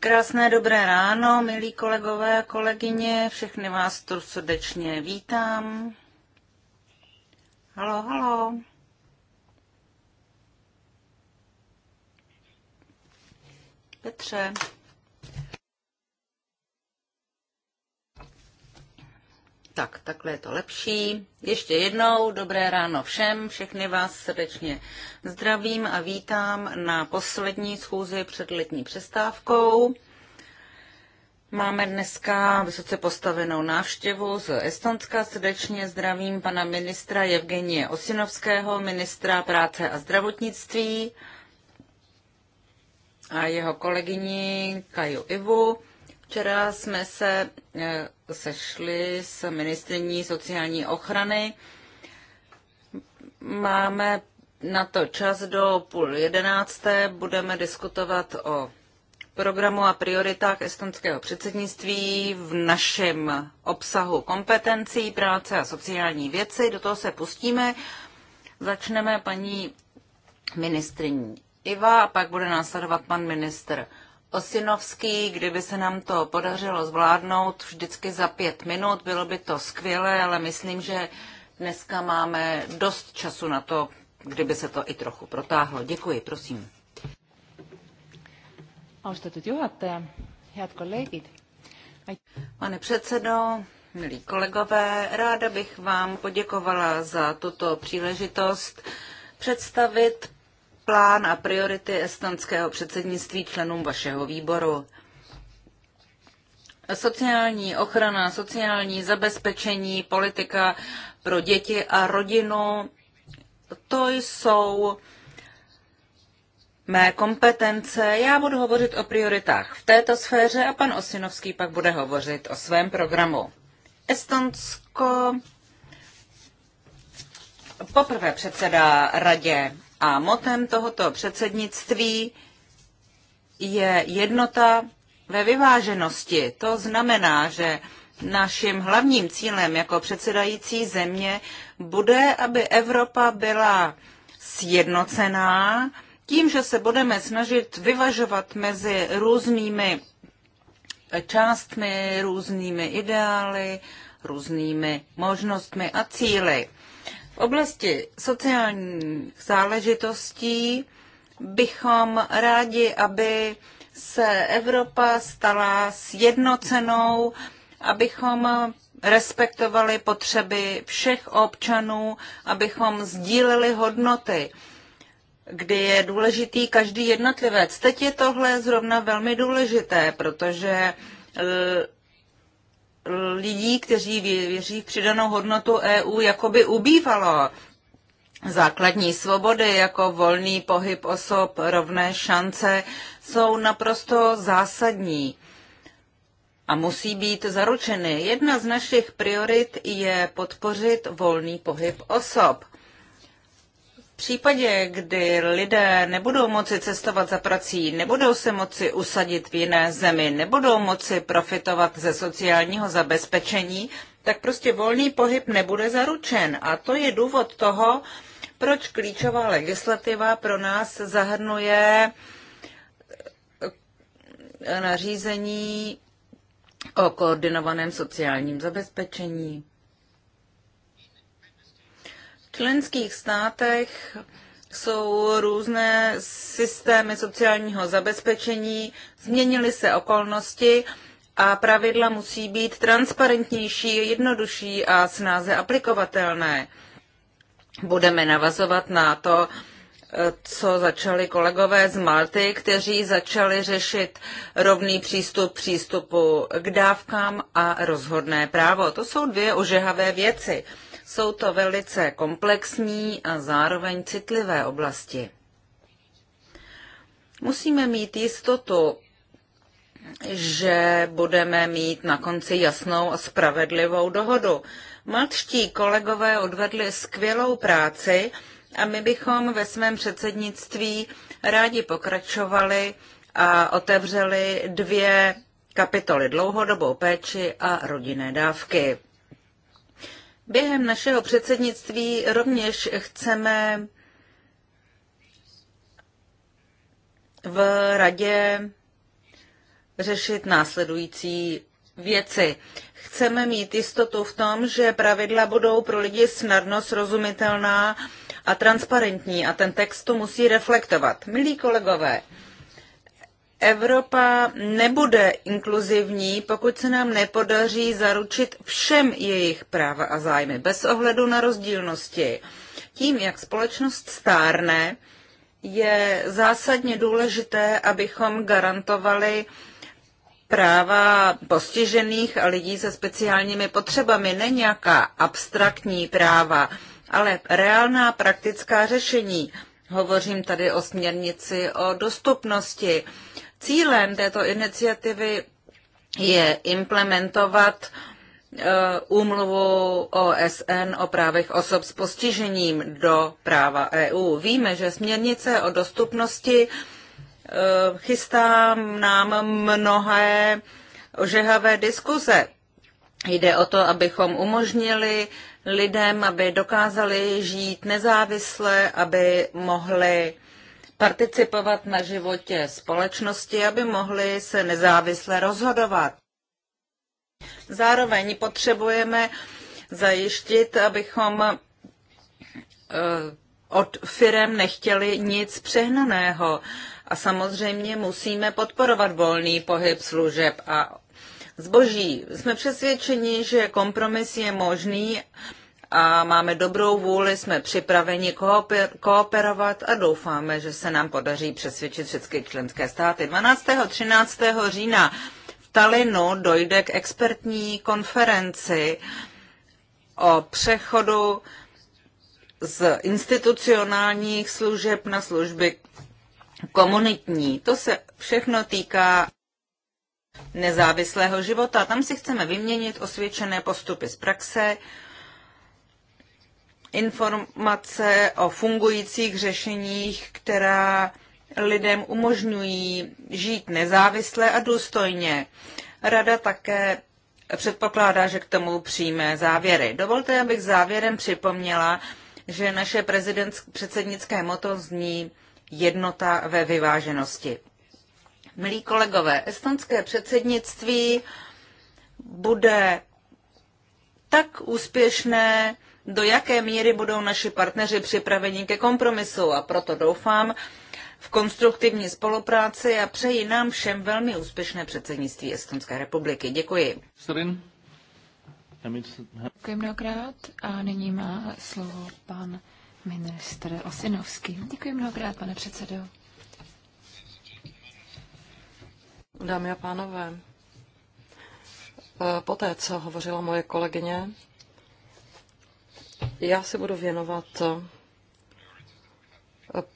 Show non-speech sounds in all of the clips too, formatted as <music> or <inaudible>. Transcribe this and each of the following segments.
Krásné dobré ráno, milí kolegové a kolegyně, všechny vás tu srdečně vítám. Halo, halo. Petře. Tak, takhle je to lepší. Ještě jednou dobré ráno všem, všechny vás srdečně zdravím a vítám na poslední schůzi před letní přestávkou. Máme dneska vysoce postavenou návštěvu z Estonska. Srdečně zdravím pana ministra Evgenie Osinovského, ministra práce a zdravotnictví a jeho kolegyni Kaju Ivu. Včera jsme se eh, sešli s ministriní sociální ochrany. Máme na to čas do půl jedenácté. Budeme diskutovat o programu a prioritách estonského předsednictví v našem obsahu kompetencí, práce a sociální věci. Do toho se pustíme. Začneme paní ministriní Iva a pak bude následovat pan ministr Osinovský, kdyby se nám to podařilo zvládnout vždycky za pět minut, bylo by to skvělé, ale myslím, že dneska máme dost času na to, kdyby se to i trochu protáhlo. Děkuji, prosím. Pane předsedo, milí kolegové, ráda bych vám poděkovala za tuto příležitost představit plán a priority estonského předsednictví členům vašeho výboru. Sociální ochrana, sociální zabezpečení, politika pro děti a rodinu, to jsou mé kompetence. Já budu hovořit o prioritách v této sféře a pan Osinovský pak bude hovořit o svém programu. Estonsko poprvé předsedá radě a motem tohoto předsednictví je jednota ve vyváženosti. To znamená, že naším hlavním cílem jako předsedající země bude, aby Evropa byla sjednocená tím, že se budeme snažit vyvažovat mezi různými částmi, různými ideály, různými možnostmi a cíly. V oblasti sociálních záležitostí bychom rádi, aby se Evropa stala sjednocenou, abychom respektovali potřeby všech občanů, abychom sdíleli hodnoty, kdy je důležitý každý jednotlivec. Teď je tohle zrovna velmi důležité, protože eh, lidí, kteří věří v přidanou hodnotu EU, jako by ubývalo. Základní svobody jako volný pohyb osob, rovné šance jsou naprosto zásadní a musí být zaručeny. Jedna z našich priorit je podpořit volný pohyb osob případě, kdy lidé nebudou moci cestovat za prací, nebudou se moci usadit v jiné zemi, nebudou moci profitovat ze sociálního zabezpečení, tak prostě volný pohyb nebude zaručen. A to je důvod toho, proč klíčová legislativa pro nás zahrnuje eh, nařízení o koordinovaném sociálním zabezpečení členských státech jsou různé systémy sociálního zabezpečení, změnily se okolnosti a pravidla musí být transparentnější, jednodušší a snáze aplikovatelné. Budeme navazovat na to, co začali kolegové z Malty, kteří začali řešit rovný přístup přístupu k dávkám a rozhodné právo. To jsou dvě ožehavé věci. Jsou to velice komplexní a zároveň citlivé oblasti. Musíme mít jistotu, že budeme mít na konci jasnou a spravedlivou dohodu. Maltští kolegové odvedli skvělou práci a my bychom ve svém předsednictví rádi pokračovali a otevřeli dvě kapitoly dlouhodobou péči a rodinné dávky. Během našeho předsednictví rovněž chceme v radě řešit následující věci. Chceme mít jistotu v tom, že pravidla budou pro lidi snadno srozumitelná a transparentní a ten text to musí reflektovat. Milí kolegové, Evropa nebude inkluzivní, pokud se nám nepodaří zaručit všem jejich práva a zájmy, bez ohledu na rozdílnosti. Tím, jak společnost stárne, je zásadně důležité, abychom garantovali práva postižených a lidí se speciálními potřebami. Ne nějaká abstraktní práva, ale reálná praktická řešení. Hovořím tady o směrnici o dostupnosti Cílem této iniciativy je implementovat eh, úmluvu OSN o právech osob s postižením do práva EU. Víme, že směrnice o dostupnosti eh, chystá nám mnohé ožehavé diskuze. Jde o to, abychom umožnili lidem, aby dokázali žít nezávisle, aby mohli participovat na životě společnosti, aby mohli se nezávisle rozhodovat. Zároveň potřebujeme zajištit, abychom eh, od firem nechtěli nic přehnaného. A samozřejmě musíme podporovat volný pohyb služeb a zboží. Jsme přesvědčeni, že kompromis je možný a máme dobrou vůli, jsme připraveni kooperovat a doufáme, že se nám podaří přesvědčit všechny členské státy. 12. 13. října v Talinu dojde k expertní konferenci o přechodu z institucionálních služeb na služby komunitní. To se všechno týká nezávislého života. Tam si chceme vyměnit osvědčené postupy z praxe, informace o fungujících řešeních, která lidem umožňují žít nezávisle a důstojně. Rada také předpokládá, že k tomu přijme závěry. Dovolte, abych závěrem připomněla, že naše předsednické moto zní jednota ve vyváženosti. Milí kolegové, estonské předsednictví bude tak úspěšné, do jaké míry budou naši partneři připraveni ke kompromisu a proto doufám v konstruktivní spolupráci a přeji nám všem velmi úspěšné předsednictví Estonské republiky. Děkuji. Děkuji mnohokrát a nyní má slovo pan ministr Osinovský. Děkuji mnohokrát, pane předsedo. Dámy a pánové, eh, poté, co hovořila moje kolegyně, já se budu věnovat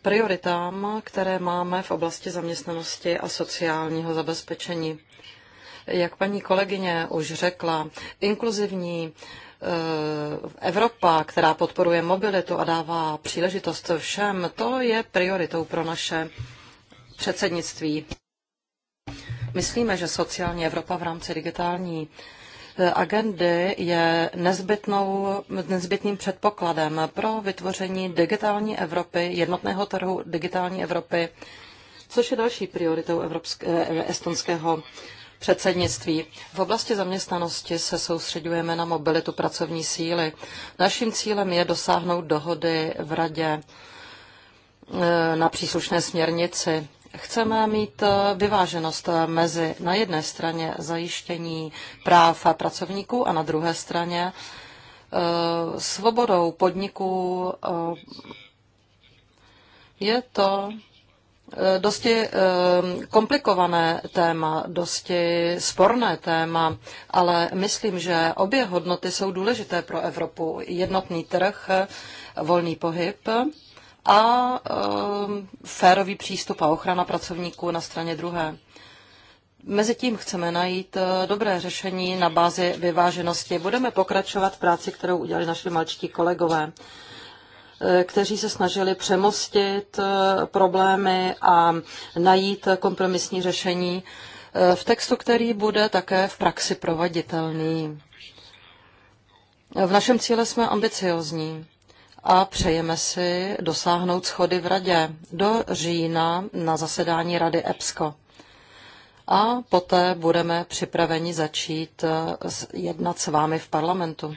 prioritám, které máme v oblasti zaměstnanosti a sociálního zabezpečení. Jak paní kolegyně už řekla, inkluzivní eh, Evropa, která podporuje mobilitu a dává příležitost všem, to je prioritou pro naše předsednictví. Myslíme, že sociální Evropa v rámci digitální agendy je nezbytnou, nezbytným předpokladem pro vytvoření digitální Evropy, jednotného trhu digitální Evropy, což je další prioritou evropské, estonského předsednictví. V oblasti zaměstnanosti se soustředujeme na mobilitu pracovní síly. Naším cílem je dosáhnout dohody v radě e, na příslušné směrnici Chceme mít eh, vyváženost eh, mezi na jedné straně zajištění práv a pracovníků a na druhé straně eh, svobodou podniků. Je to dosti komplikované téma, dosti sporné téma, ale myslím, že obě hodnoty jsou důležité pro Evropu. Jednotný trh, volný pohyb a um, férový přístup a ochrana pracovníků na straně druhé. Mezitím chceme najít uh, dobré řešení na bázi vyváženosti. Budeme pokračovat v práci, kterou udělali naši malčtí kolegové, uh, kteří se snažili přemostit uh, problémy a najít kompromisní řešení v textu, který bude také v praxi proveditelný. V našem cíle jsme ambiciozní a přejeme si dosáhnout schody v radě do října na zasedání rady EPSCO. A poté budeme připraveni začít eh, jednat s vámi v parlamentu.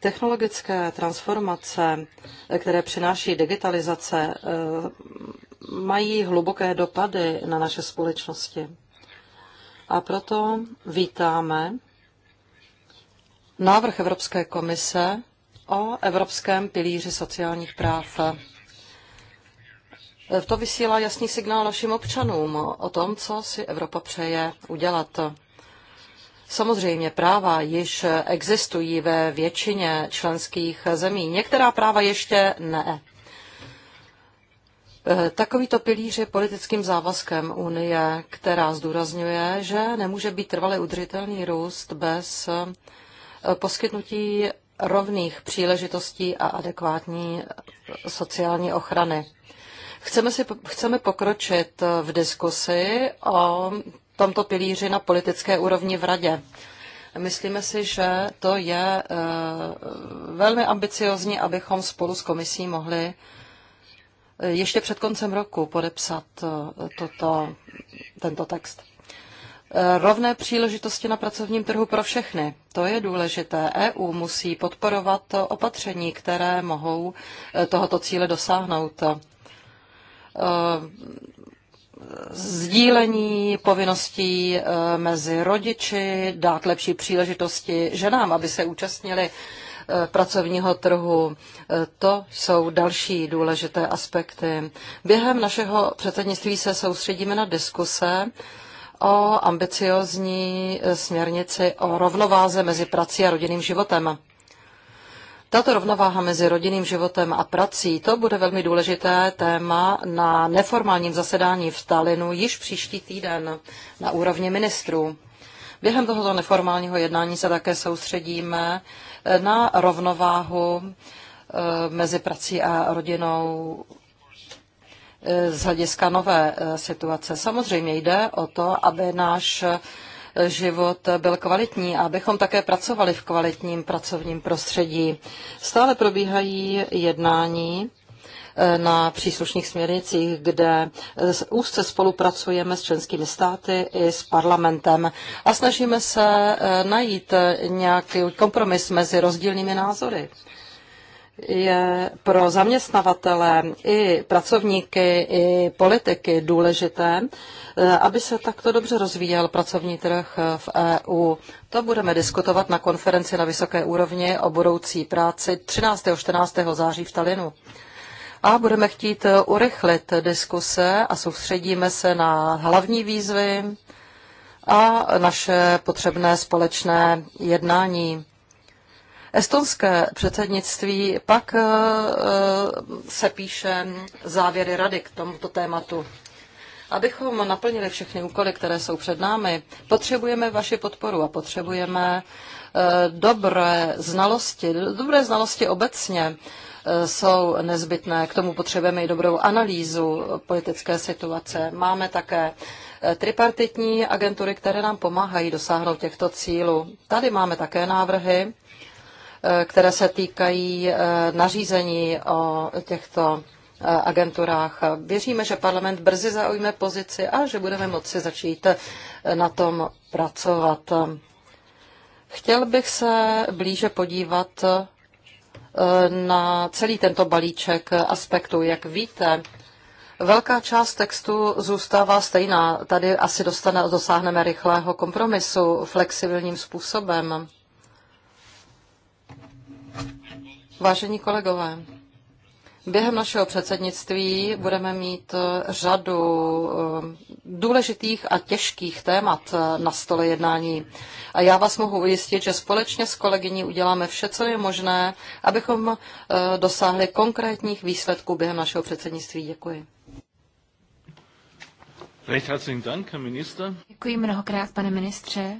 Technologické transformace, eh, které přináší digitalizace, eh, mají hluboké dopady na naše společnosti. A proto vítáme návrh Evropské komise o Evropském pilíři sociálních práv. To vysílá jasný signál našim občanům o tom, co si Evropa přeje udělat. Samozřejmě práva již existují ve většině členských zemí, některá práva ještě ne. Takovýto pilíř je politickým závazkem Unie, která zdůrazňuje, že nemůže být trvale udržitelný růst bez poskytnutí rovných příležitostí a adekvátní sociální ochrany. Chceme, si, chceme pokročit v diskusi o tomto pilíři na politické úrovni v Radě. Myslíme si, že to je eh, velmi ambiciozní, abychom spolu s komisí mohli eh, ještě před koncem roku podepsat eh, toto, tento text. Rovné příležitosti na pracovním trhu pro všechny. To je důležité. EU musí podporovat opatření, které mohou eh, tohoto cíle dosáhnout. Eh, sdílení povinností eh, mezi rodiči, dát lepší příležitosti ženám, aby se účastnili pracovního trhu. To jsou další důležité aspekty. Během našeho předsednictví se soustředíme na diskuse, o ambiciozní eh, směrnici o rovnováze mezi prací a rodinným životem. Tato rovnováha mezi rodinným životem a prací, to bude velmi důležité téma na neformálním zasedání v Talinu již příští týden na úrovni ministrů. Během tohoto neformálního jednání se také soustředíme eh, na rovnováhu eh, mezi prací a rodinou Eh, z hlediska nové eh, situace. Samozřejmě jde o to, aby náš eh, život byl kvalitní a abychom také pracovali v kvalitním pracovním prostředí. Stále probíhají jednání na příslušných směrnicích, kde úzce spolupracujeme s členskými státy i s parlamentem a snažíme se najít nějaký kompromis mezi rozdílnými názory je pro zaměstnavatele i pracovníky, i politiky důležité, eh, aby se takto dobře rozvíjel pracovní trh v EU. To budeme diskutovat na konferenci na vysoké úrovni o budoucí práci 13. a 14. září v Talinu. A budeme chtít urychlit diskuse a soustředíme se na hlavní výzvy a naše potřebné společné jednání Estonské předsednictví pak eh, se píše závěry rady k tomuto tématu. Abychom naplnili všechny úkoly, které jsou před námi, potřebujeme vaši podporu a potřebujeme eh, dobré znalosti. Dobré znalosti obecně eh, jsou nezbytné. K tomu potřebujeme i dobrou analýzu politické situace. Máme také tripartitní agentury, které nám pomáhají dosáhnout těchto cílů. Tady máme také návrhy které se týkají eh, nařízení o těchto eh, agenturách. Věříme, že parlament brzy zaujme pozici a že budeme moci začít eh, na tom pracovat. Chtěl bych se blíže podívat na celý tento balíček aspektů. Jak víte, velká část textu zůstává stejná. Tady asi dostane, dosáhneme rychlého kompromisu flexibilním způsobem. Vážení kolegové, během našeho předsednictví budeme mít eh, řadu eh, důležitých a těžkých témat eh, na stole jednání. A já vás mohu ujistit, že společně s kolegyní uděláme vše, co je možné, abychom dosáhli konkrétních výsledků během našeho předsednictví. Děkuji. Děkuji mnohokrát, pane ministře.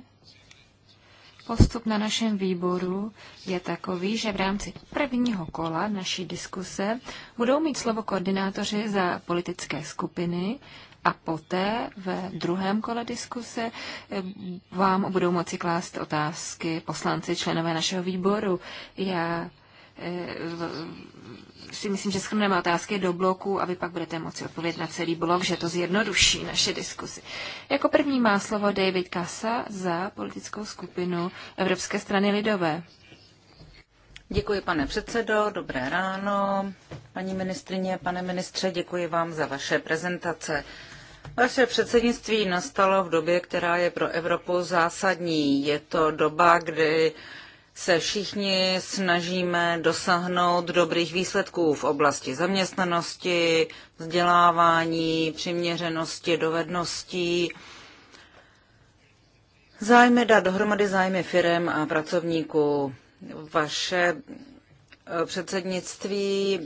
Postup na našem výboru je takový, že v rámci prvního kola naší diskuse budou mít slovo koordinátoři za politické skupiny a poté ve druhém kole diskuse eh, vám budou moci klást otázky poslanci, členové našeho výboru. Já eh, si myslím, že schrneme otázky do bloku a vy pak budete moci odpovědět na celý blok, že to zjednoduší naše diskusy. Jako první má slovo David Kasa za politickou skupinu Evropské strany lidové. Děkuji, pane předsedo, dobré ráno. Paní ministrině, pane ministře, děkuji vám za vaše prezentace. Vaše předsednictví nastalo v době, která je pro Evropu zásadní. Je to doba, kdy se všichni snažíme dosáhnout dobrých výsledků v oblasti zaměstnanosti, vzdělávání, přiměřenosti, dovedností. Zájmy dát dohromady zájmy firem a pracovníků. Vaše eh, předsednictví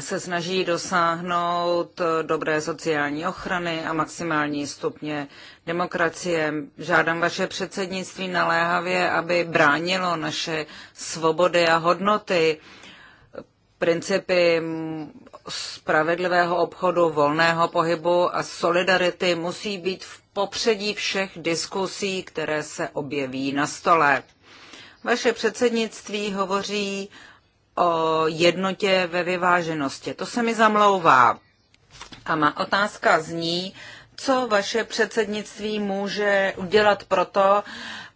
se snaží dosáhnout eh, dobré sociální ochrany a maximální stupně demokracie. Žádám vaše předsednictví naléhavě, aby bránilo naše svobody a hodnoty, principy spravedlivého obchodu, volného pohybu a solidarity musí být v popředí všech diskusí, které se objeví na stole. Vaše předsednictví hovoří o jednotě ve vyváženosti. To se mi zamlouvá. A má otázka zní, co vaše předsednictví může udělat proto,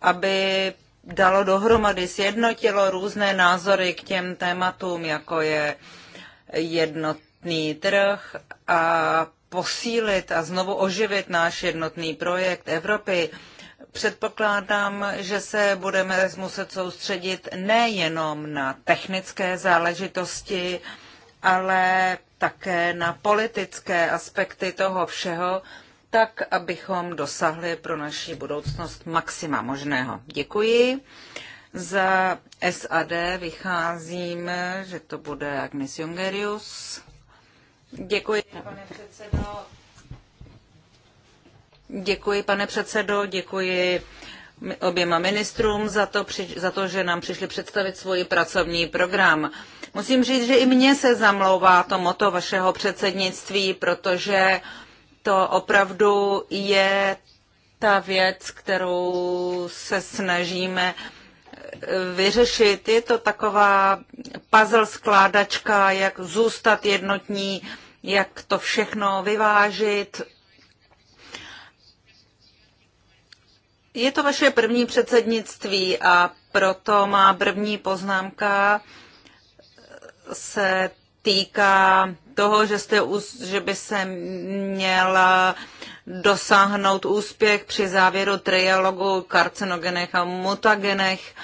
aby dalo dohromady, sjednotilo různé názory k těm tématům, jako je jednotný trh a posílit a znovu oživit náš jednotný projekt Evropy. Předpokládám, že se budeme muset soustředit nejenom na technické záležitosti, ale také na politické aspekty toho všeho, tak, abychom dosáhli pro naši budoucnost maxima možného. Děkuji. Za SAD vycházím, že to bude Agnes Jungerius. Děkuji, pane předsedo. Děkuji, pane předsedo, děkuji oběma ministrům za to, za to, že nám přišli představit svůj pracovní program. Musím říct, že i mně se zamlouvá to moto vašeho předsednictví, protože to opravdu je ta věc, kterou se snažíme eh, vyřešit. Je to taková puzzle skládačka, jak zůstat jednotní, jak to všechno vyvážit, Je to vaše první předsednictví a proto má první poznámka se týká toho, že, jste, že by se měl dosáhnout úspěch při závěru trialogu karcinogenech a mutagenech,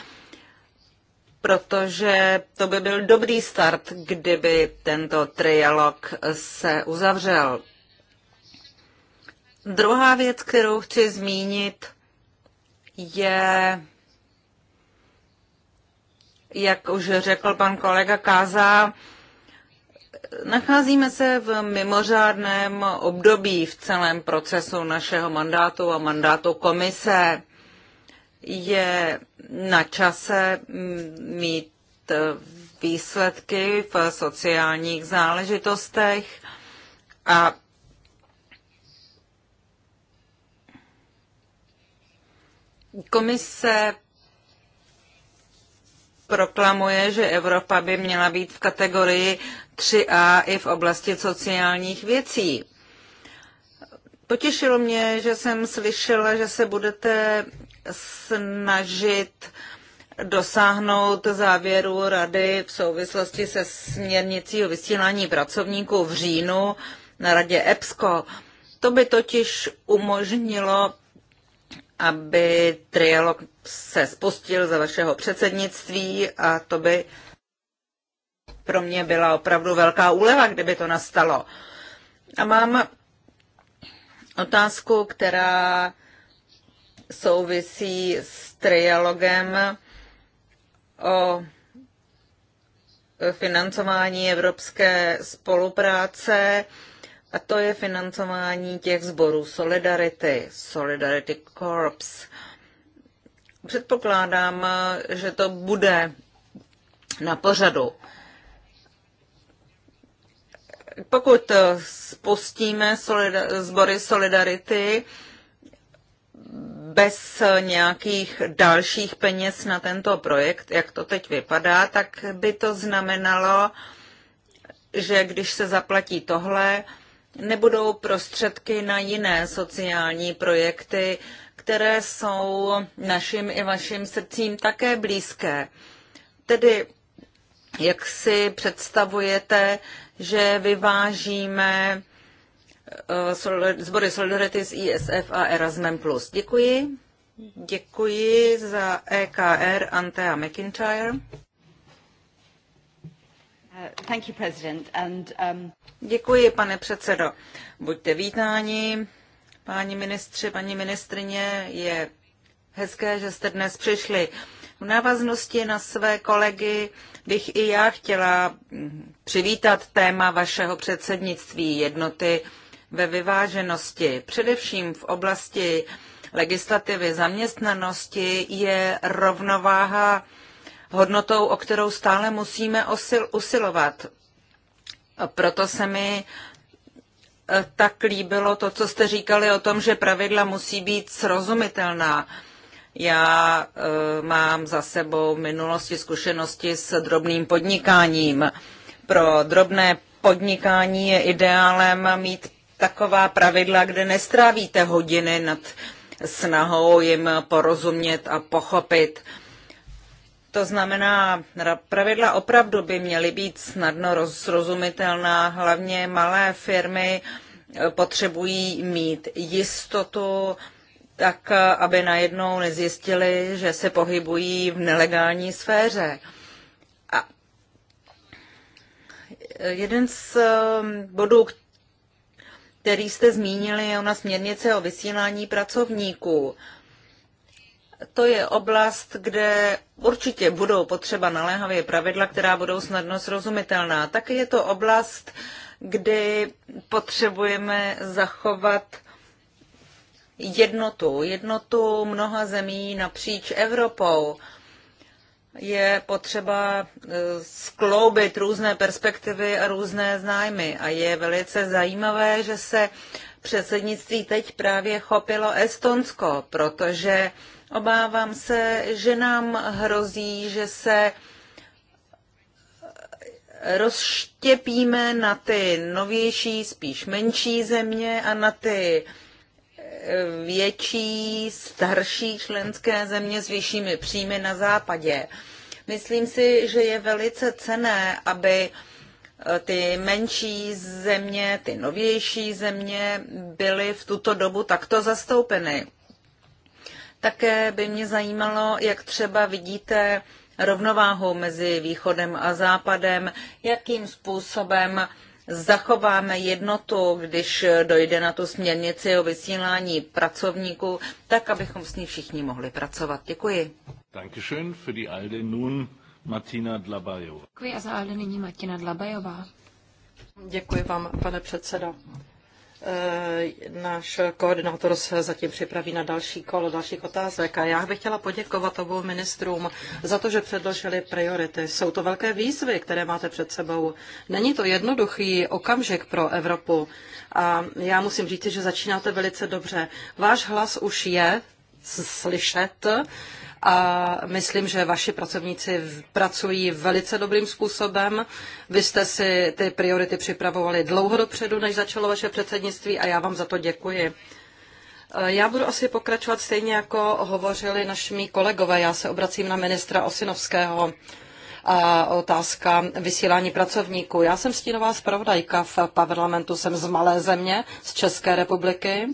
protože to by byl dobrý start, kdyby tento trialog se uzavřel. Druhá věc, kterou chci zmínit, je, jak už řekl pan kolega Káza, nacházíme se v mimořádném období v celém procesu našeho mandátu a mandátu komise. Je na čase mít výsledky v sociálních záležitostech a Komise proklamuje, že Evropa by měla být v kategorii 3A i v oblasti sociálních věcí. Potěšilo mě, že jsem slyšela, že se budete snažit dosáhnout závěru rady v souvislosti se směrnicí o vysílání pracovníků v říjnu na radě EPSCO. To by totiž umožnilo aby trialog se spustil za vašeho předsednictví a to by pro mě byla opravdu velká úleva, kdyby to nastalo. A mám otázku, která souvisí s trialogem o financování evropské spolupráce. A to je financování těch sborů Solidarity, Solidarity Corps. Předpokládám, že to bude na pořadu. Pokud spustíme solida- sbory Solidarity bez nějakých dalších peněz na tento projekt, jak to teď vypadá, tak by to znamenalo, že když se zaplatí tohle, nebudou prostředky na jiné sociální projekty, které jsou našim i vašim srdcím také blízké. Tedy, jak si představujete, že vyvážíme eh, sbory Solidarity s ISF a Erasmem+. Děkuji. Děkuji za EKR Antea McIntyre. Uh, um, Děkuji, pane předsedo. Buďte vítáni, páni ministři, paní ministrině. Je hezké, že jste dnes přišli. V návaznosti na své kolegy bych i já chtěla mm, přivítat téma vašeho předsednictví jednoty ve vyváženosti. Především v oblasti legislativy zaměstnanosti je rovnováha hodnotou, o kterou stále musíme osil, usilovat. Proto se mi eh, tak líbilo to, co jste říkali o tom, že pravidla musí být srozumitelná. Já e, mám za sebou v minulosti zkušenosti s drobným podnikáním. Pro drobné podnikání je ideálem mít taková pravidla, kde nestrávíte hodiny nad snahou jim porozumět a pochopit. E, to znamená, pravidla opravdu by měly být snadno srozumitelná, hlavně malé firmy eh, potřebují mít jistotu, tak eh, aby najednou nezjistili, že se pohybují v nelegální sféře. A jeden z eh, bodů, který jste zmínili, je ona směrnice o vysílání pracovníků to je oblast, kde určitě budou potřeba naléhavě pravidla, která budou snadno srozumitelná. Také je to oblast, kdy potřebujeme zachovat jednotu, jednotu mnoha zemí napříč Evropou. Je potřeba e, skloubit různé perspektivy a různé zájmy a je velice zajímavé, že se předsednictví teď právě chopilo Estonsko, protože Obávám se, že nám hrozí, že se rozštěpíme na ty novější, spíš menší země a na ty eh, větší, starší členské země s vyššími příjmy na západě. Myslím si, že je velice cené, aby eh, ty menší země, ty novější země byly v tuto dobu takto zastoupeny. Také by mě zajímalo, jak třeba vidíte rovnováhu mezi východem a západem, jakým způsobem zachováme jednotu, když dojde na tu směrnici o vysílání pracovníků, tak abychom s ní všichni mohli pracovat. Děkuji. Dankeschön für die ALDE nun Martina Dlabajová. Děkuji a za ALDE nyní Martina Dlabajová. Děkuji vám, pane předsedo. Eh, náš koordinátor se zatím připraví na další kolo dalších otázek a já bych chtěla poděkovat obou ministrům za to, že předložili priority. Jsou to velké výzvy, které máte před sebou. Není to jednoduchý okamžik pro Evropu a já musím říct, že začínáte velice dobře. Váš hlas už je slyšet a myslím, že vaši pracovníci pracují velice dobrým způsobem. Vy jste si ty priority připravovali dlouho dopředu, než začalo vaše předsednictví a já vám za to děkuji. E, já budu asi pokračovat stejně, jako hovořili naši kolegové. Já se obracím na ministra Osinovského a otázka vysílání pracovníků. Já jsem stínová zpravodajka v parlamentu, jsem z malé země, z České republiky.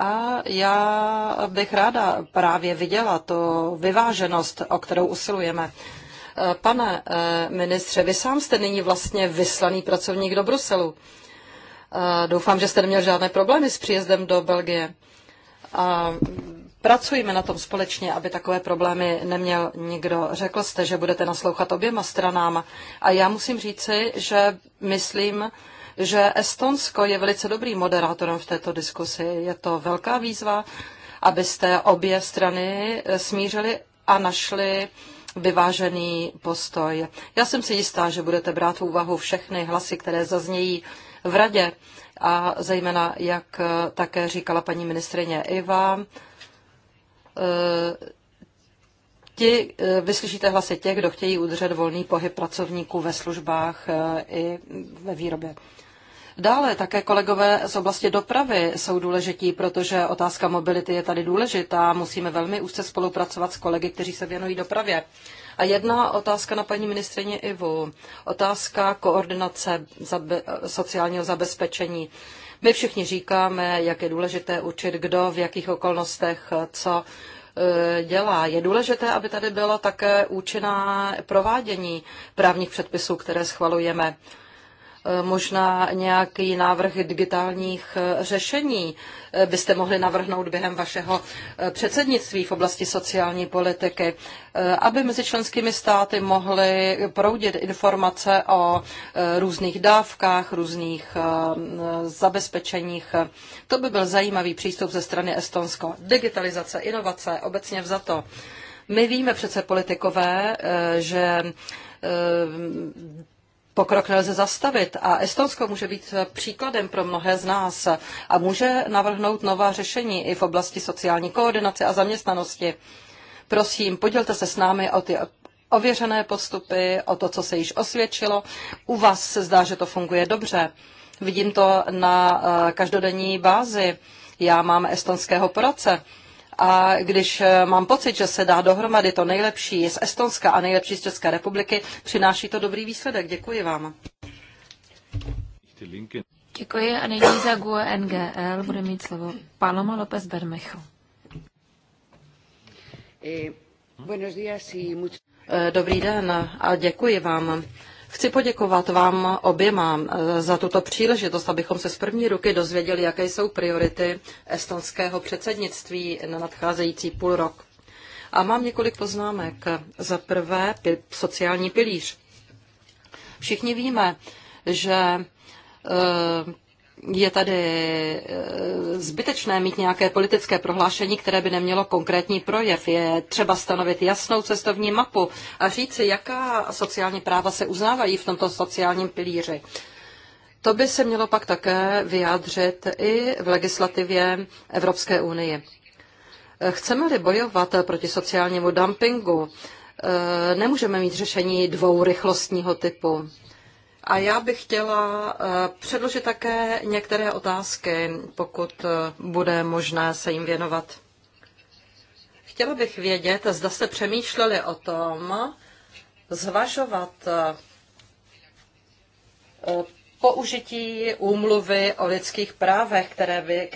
A já bych ráda právě viděla tu vyváženost, o kterou usilujeme. Eh, Pane eh, ministře, vy sám jste nyní vlastně vyslaný pracovník do Bruselu. Eh, doufám, že jste neměl žádné problémy s příjezdem do Belgie. A pracujeme na tom společně, aby takové problémy neměl nikdo. Řekl jste, že budete naslouchat oběma stranám a já musím říci, že myslím, že Estonsko je velice dobrým moderátorem v této diskusi. Je to velká výzva, abyste obě strany smířili a našli vyvážený postoj. Já jsem si jistá, že budete brát v úvahu všechny hlasy, které zaznějí v radě a zejména, jak také říkala paní ministrině Iva, eh, ti, eh, vyslyšíte hlasy těch, kdo chtějí udržet volný pohyb pracovníků ve službách eh, i ve výrobě. Dále také kolegové z oblasti dopravy jsou důležití, protože otázka mobility je tady důležitá. Musíme velmi úzce spolupracovat s kolegy, kteří se věnují dopravě. A jedna otázka na paní ministrině Ivu. Otázka koordinace zabe- sociálního zabezpečení. My všichni říkáme, jak je důležité učit, kdo v jakých okolnostech co e, dělá. Je důležité, aby tady bylo také účinná provádění právních předpisů, které schvalujeme. Eh, možná nějaký návrh digitálních eh, řešení eh, byste mohli navrhnout během vašeho předsednictví v oblasti sociální politiky, aby mezi členskými státy mohly proudit informace o různých dávkách, různých zabezpečeních. To by byl zajímavý přístup ze strany Estonsko. Digitalizace, inovace, obecně vzato. My víme přece politikové, že pokrok nelze zastavit a Estonsko může být příkladem pro mnohé z nás a může navrhnout nová řešení i v oblasti sociální koordinace a zaměstnanosti. Prosím, podělte se s námi o ty ověřené postupy, o to, co se již osvědčilo. U vás se zdá, že to funguje dobře. Vidím to na eh, každodenní bázi. Já mám estonského poradce a když eh, mám pocit, že se dá dohromady to nejlepší z Estonska a nejlepší z České republiky, přináší to dobrý výsledek. Děkuji vám. Děkuji a nyní za GUE NGL bude mít slovo Paloma López Bermejo. Eh, eh, dobrý den a děkuji vám. Chci poděkovat vám oběma eh, za tuto příležitost, abychom se z první ruky dozvěděli, jaké jsou priority estonského předsednictví na nadcházející půl rok. A mám několik poznámek. Za prvé, sociální pilíř. Všichni víme, že eh, je tady eh, zbytečné mít nějaké politické prohlášení, které by nemělo konkrétní projev. Je třeba stanovit jasnou cestovní mapu a říci, jaká sociální práva se uznávají v tomto sociálním pilíři. To by se mělo pak také vyjádřit i v legislativě Evropské unie. Eh, chceme-li bojovat proti sociálnímu dumpingu, eh, nemůžeme mít řešení dvourychlostního typu. A já bych chtěla eh, předložit také některé otázky, pokud eh, bude možné se jim věnovat. Chtěla bych vědět, zda jste přemýšleli o tom, zvažovat eh, použití úmluvy o lidských právech, které by,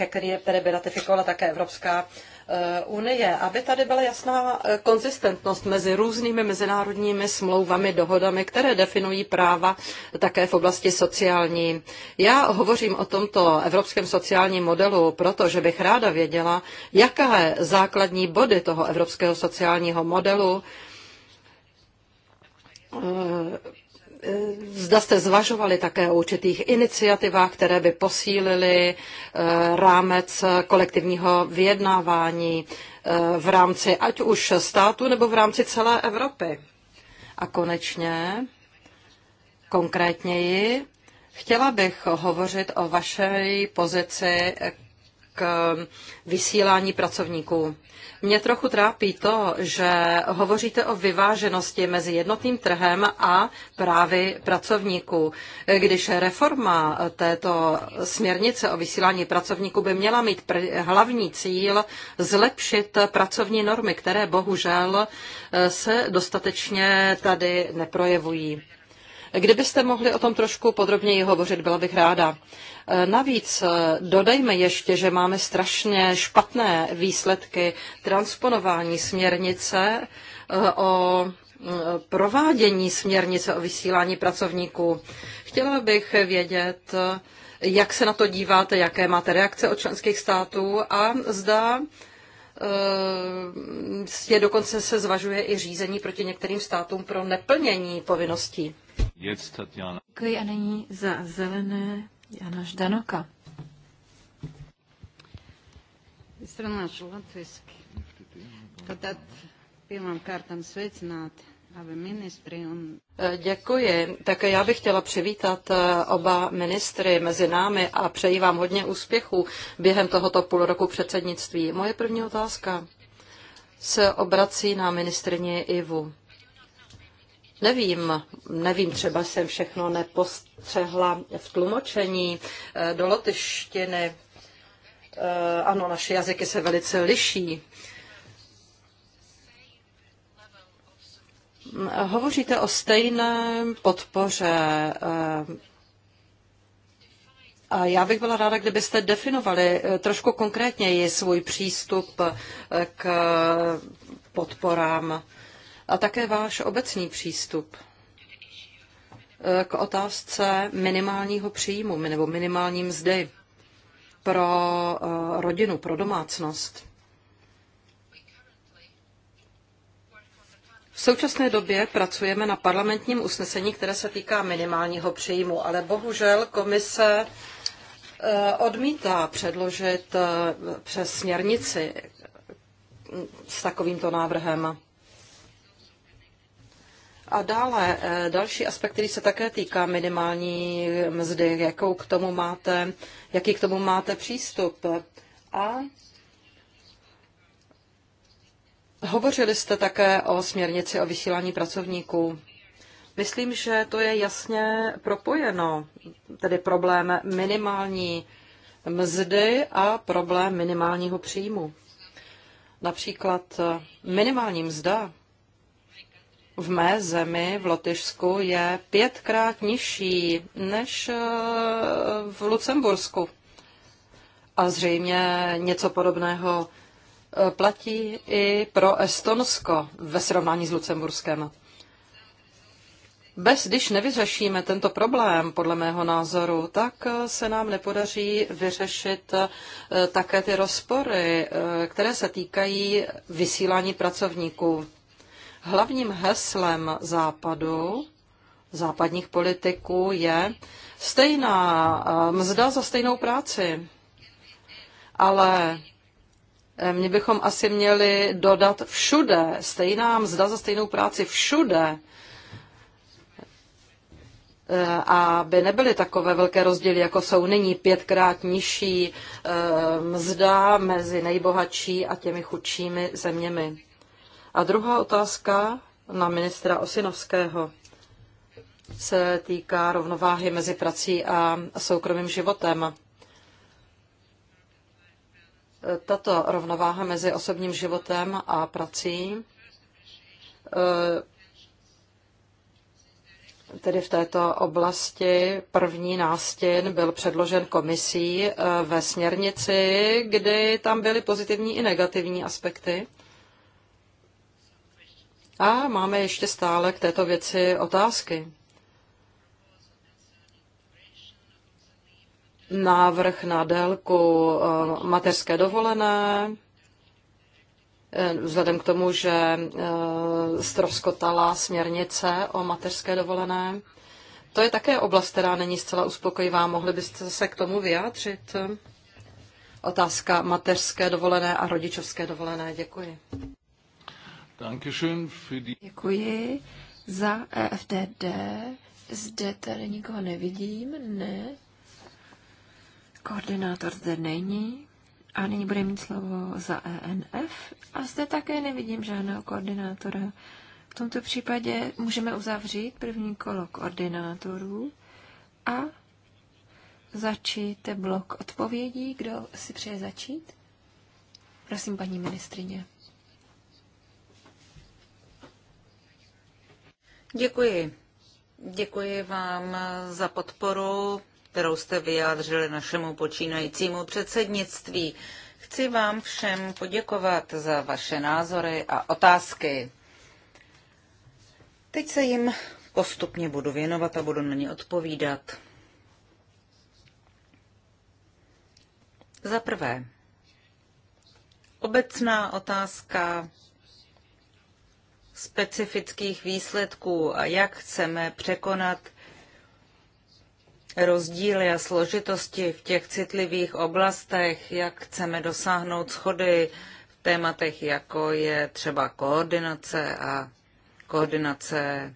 které by ratifikovala také Evropská Eh, unie, aby tady byla jasná eh, konzistentnost mezi různými mezinárodními smlouvami, dohodami, které definují práva také v oblasti sociální. Já hovořím o tomto evropském sociálním modelu, protože bych ráda věděla, jaké základní body toho evropského sociálního modelu eh, Eh, zda jste zvažovali také o určitých iniciativách, které by posílily eh, rámec kolektivního vyjednávání eh, v rámci ať už státu nebo v rámci celé Evropy. A konečně, konkrétněji, chtěla bych hovořit o vaší pozici k um, vysílání pracovníků. Mě trochu trápí to, že hovoříte o vyváženosti mezi jednotným trhem a právy pracovníků. Když reforma této směrnice o vysílání pracovníků by měla mít hlavní cíl zlepšit pracovní normy, které bohužel eh, se dostatečně tady neprojevují. Kdybyste mohli o tom trošku podrobněji hovořit, byla bych ráda. E, navíc e, dodejme ještě, že máme strašně špatné výsledky transponování směrnice e, o provádění směrnice o vysílání pracovníků. Chtěla bych vědět, jak se na to díváte, jaké máte reakce od členských států a zda Eh, je dokonce se zvažuje i řízení proti některým státům pro neplnění povinností. Děkuji a nyní za zelené Jana Ždanoka. Strana jsem? Tad pirmām kārtām sveicināt E, děkuji. Tak já bych chtěla přivítat e, oba ministry mezi námi a přeji vám hodně úspěchů během tohoto půl roku předsednictví. Moje první otázka se obrací na ministrině Ivu. Nevím, nevím, třeba jsem všechno nepostřehla v tlumočení e, do lotyštiny. Ano, naše jazyky se velice liší. Hovoříte o stejné podpoře eh, a já bych byla ráda, kdybyste definovali eh, trošku konkrétněji svůj přístup eh, k podporám a také váš obecný přístup k otázce minimálního příjmu nebo minimální mzdy pro rodinu, pro domácnost. V současné době pracujeme na parlamentním usnesení, které se týká minimálního příjmu, ale bohužel komise eh, odmítá předložit eh, přes směrnici mm, s takovýmto návrhem. A dále eh, další aspekt, který se také týká minimální mzdy, jakou k tomu máte, jaký k tomu máte přístup. A Hovořili jste také o směrnici o vysílání pracovníků. Myslím, že to je jasně propojeno, tedy problém minimální mzdy a problém minimálního příjmu. Například eh, minimální mzda v mé zemi, v Lotyšsku, je pětkrát nižší než eh, v Lucembursku. A zřejmě něco podobného platí i pro Estonsko ve srovnání s Lucemburskem. Bez, když nevyřešíme tento problém, podle mého názoru, tak se nám nepodaří vyřešit eh, také ty rozpory, eh, které se týkají vysílání pracovníků. Hlavním heslem západu, západních politiků je stejná eh, mzda za stejnou práci. Ale Eh, Mě bychom asi měli dodat všude, stejná mzda za stejnou práci všude, eh, aby nebyly takové velké rozdíly, jako jsou nyní pětkrát nižší eh, mzda mezi nejbohatší a těmi chudšími zeměmi. A druhá otázka na ministra Osinovského se týká rovnováhy mezi prací a soukromým životem tato rovnováha mezi osobním životem a prací eh, tedy v této oblasti první nástin byl předložen komisí eh, ve směrnici, kdy tam byly pozitivní i negativní aspekty. A máme ještě stále k této věci otázky. návrh na délku eh, mateřské dovolené, eh, vzhledem k tomu, že stroskotala eh, směrnice o mateřské dovolené. To je také oblast, která není zcela uspokojivá. Mohli byste se k tomu vyjádřit? Otázka mateřské dovolené a rodičovské dovolené. Děkuji. Děkuji za EFDD. Zde tady nikoho nevidím, ne. Koordinátor zde není a nyní bude mít slovo za ENF a zde také nevidím žádného koordinátora. V tomto případě můžeme uzavřít první kolo koordinátorů a začít blok odpovědí. Kdo si přeje začít? Prosím, paní ministrině. Děkuji. Děkuji vám za podporu kterou jste vyjádřili našemu počínajícímu předsednictví. Chci vám všem poděkovat za vaše názory a otázky. Teď se jim postupně budu věnovat a budu na ně odpovídat. Za prvé, obecná otázka specifických výsledků a jak chceme překonat rozdíly a složitosti v těch citlivých oblastech, jak chceme dosáhnout schody v tématech, jako je třeba koordinace a koordinace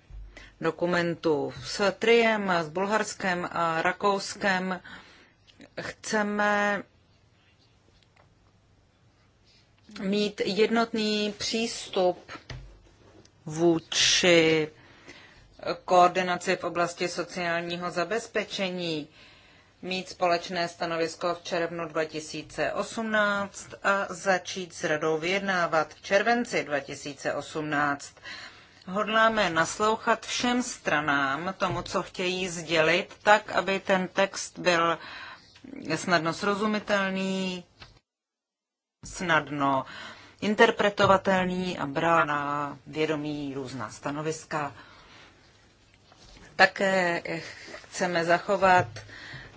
dokumentů. S Triem, s Bulharskem a Rakouskem chceme mít jednotný přístup vůči koordinaci v oblasti sociálního zabezpečení, mít společné stanovisko v červnu 2018 a začít s radou vyjednávat v červenci 2018. Hodláme naslouchat všem stranám tomu, co chtějí sdělit, tak, aby ten text byl snadno srozumitelný, snadno interpretovatelný a brána vědomí různá stanoviska. Také chceme zachovat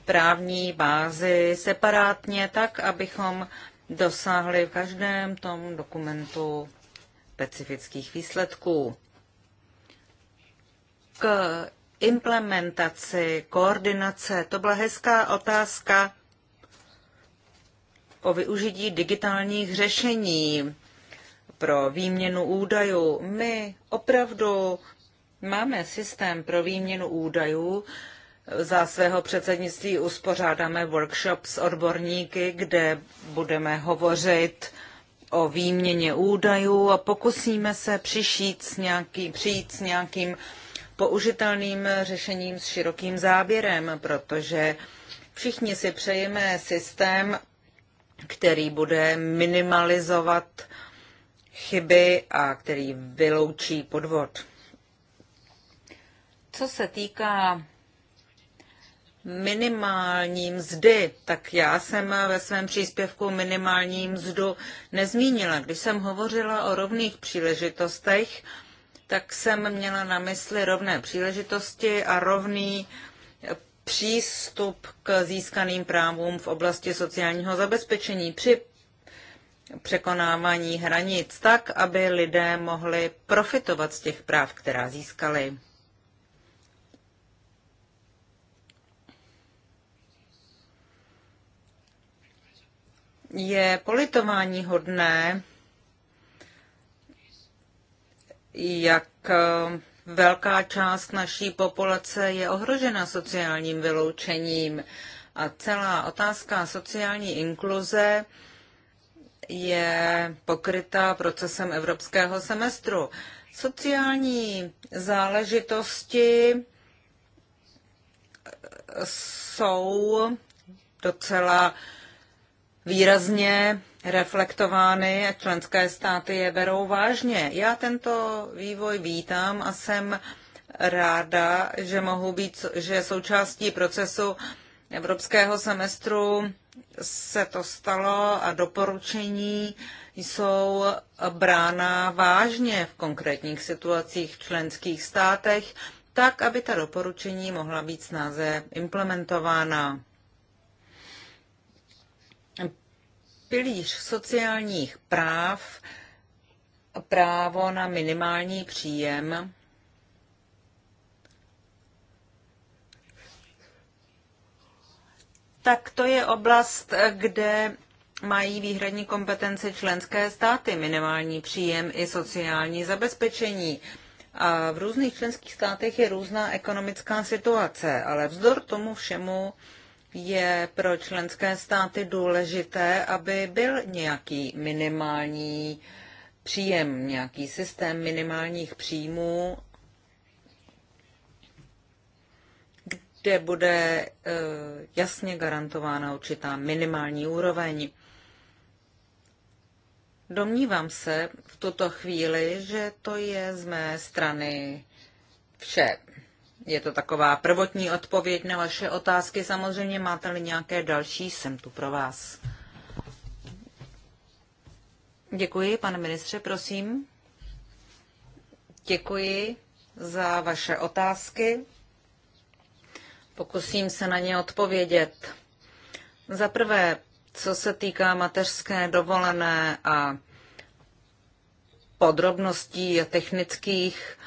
právní bázi separátně tak, abychom dosáhli v každém tom dokumentu specifických výsledků. K implementaci, koordinace, to byla hezká otázka o využití digitálních řešení pro výměnu údajů. My opravdu Máme systém pro výměnu údajů. Za svého předsednictví uspořádáme workshop s odborníky, kde budeme hovořit o výměně údajů a pokusíme se přišít s nějaký, přijít s nějakým použitelným řešením s širokým záběrem, protože všichni si přejeme systém, který bude minimalizovat chyby a který vyloučí podvod. Co se týká minimální mzdy, tak já jsem ve svém příspěvku minimální mzdu nezmínila. Když jsem hovořila o rovných příležitostech, tak jsem měla na mysli rovné příležitosti a rovný přístup k získaným právům v oblasti sociálního zabezpečení při překonávání hranic tak, aby lidé mohli profitovat z těch práv, která získali. je politování hodné, jak eh, velká část naší populace je ohrožena sociálním vyloučením. A celá otázka sociální inkluze je pokrytá procesem evropského semestru. Sociální záležitosti jsou docela uh, výrazně reflektovány a členské státy je berou vážně. Já tento vývoj vítám a jsem ráda, že mohu být, že součástí procesu evropského semestru se to stalo a doporučení jsou brána vážně v konkrétních situacích v členských státech, tak, aby ta doporučení mohla být snáze implementována. pilíř sociálních práv, právo na minimální příjem, tak to je oblast, kde mají výhradní kompetence členské státy, minimální příjem i sociální zabezpečení. A v různých členských státech je různá ekonomická situace, ale vzdor tomu všemu je pro členské státy důležité, aby byl nějaký minimální příjem, nějaký systém minimálních příjmů, kde bude eh, jasně garantována určitá minimální úroveň. Domnívám se v tuto chvíli, že to je z mé strany vše. Je to taková prvotní odpověď na vaše otázky. Samozřejmě máte-li nějaké další, jsem tu pro vás. Děkuji, pane ministře, prosím. Děkuji za vaše otázky. Pokusím se na ně odpovědět. Za prvé, co se týká mateřské dovolené a podrobností a technických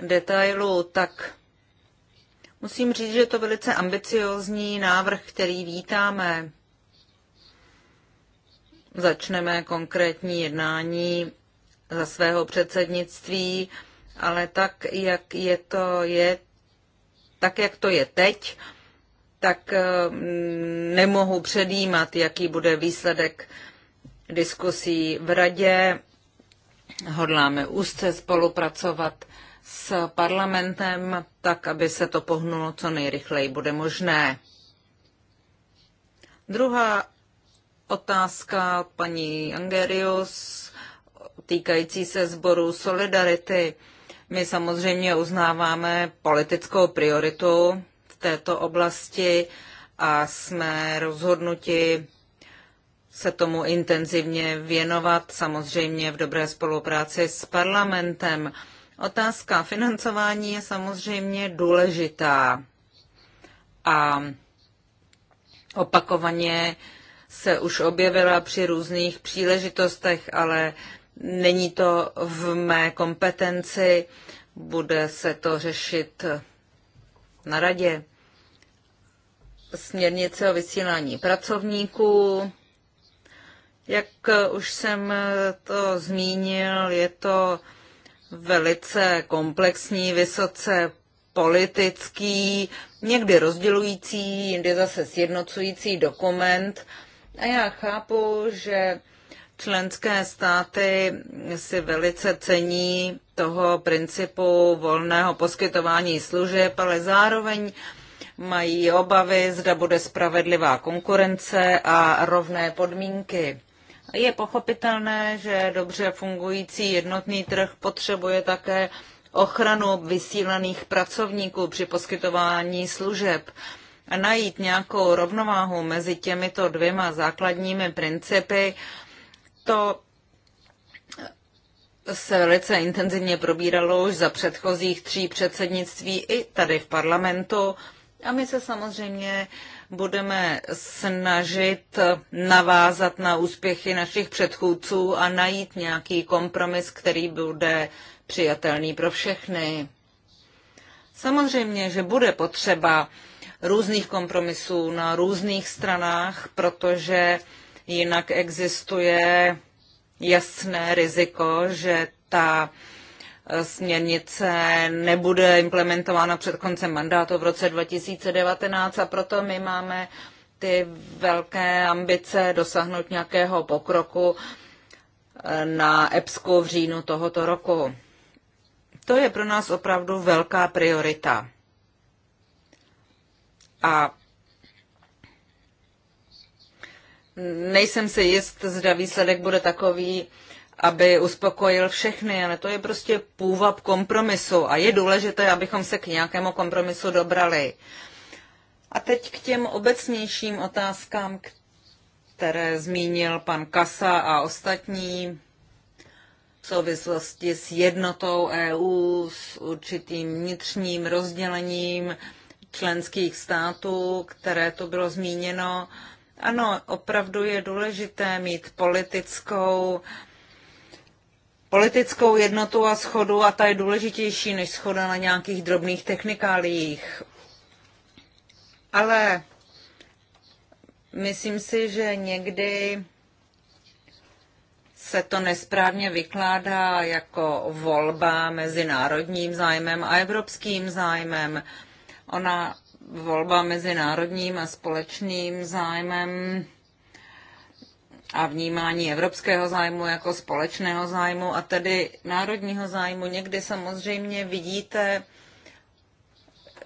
detailů, tak Musím říct, že je to velice ambiciozní návrh, který vítáme. Začneme konkrétní jednání za svého předsednictví, ale tak, jak je to je, tak, jak to je teď, tak eh, mm, nemohu předjímat, jaký bude výsledek diskusí v radě. Hodláme úzce spolupracovat s parlamentem, tak aby se to pohnulo co nejrychleji bude možné. Druhá otázka paní Angerius týkající se sboru Solidarity. My samozřejmě uznáváme politickou prioritu v této oblasti a jsme rozhodnuti se tomu intenzivně věnovat, samozřejmě v dobré spolupráci s parlamentem. Otázka financování je samozřejmě důležitá a opakovaně se už objevila při různých příležitostech, ale není to v mé kompetenci, bude se to řešit na radě. Směrnice o vysílání pracovníků. Jak už jsem to zmínil, je to velice komplexní, vysoce politický, někdy rozdělující, jindy zase sjednocující dokument. A já chápu, že členské státy si velice cení toho principu volného poskytování služeb, ale zároveň mají obavy, zda bude spravedlivá konkurence a rovné podmínky. Je pochopitelné, že dobře fungující jednotný trh potřebuje také ochranu vysílaných pracovníků při poskytování služeb. A najít nějakou rovnováhu mezi těmito dvěma základními principy, to se velice intenzivně probíralo už za předchozích tří předsednictví i tady v parlamentu. A my se samozřejmě uh, budeme snažit navázat na úspěchy našich předchůdců a najít nějaký kompromis, který bude přijatelný pro všechny. Samozřejmě, že bude potřeba různých kompromisů na různých stranách, protože jinak existuje jasné riziko, že ta směrnice nebude implementována před koncem mandátu v roce 2019 a proto my máme ty velké ambice dosáhnout nějakého pokroku eh, na EPSku v říjnu tohoto roku. To je pro nás opravdu velká priorita. A nejsem si jist, zda výsledek bude takový, aby uspokojil všechny, ale to je prostě půvab kompromisu a je důležité, abychom se k nějakému kompromisu dobrali. A teď k těm obecnějším otázkám, které zmínil pan Kasa a ostatní v souvislosti s jednotou EU, s určitým vnitřním rozdělením členských států, které to bylo zmíněno. Ano, opravdu je důležité mít politickou politickou jednotu a schodu a ta je důležitější než schoda na nějakých drobných technikáliích. Ale myslím si, že někdy se to nesprávně vykládá jako volba mezi národním zájmem a evropským zájmem. Ona volba mezi národním a společným zájmem a vnímání evropského zájmu jako společného zájmu a tedy národního zájmu. Někdy samozřejmě vidíte,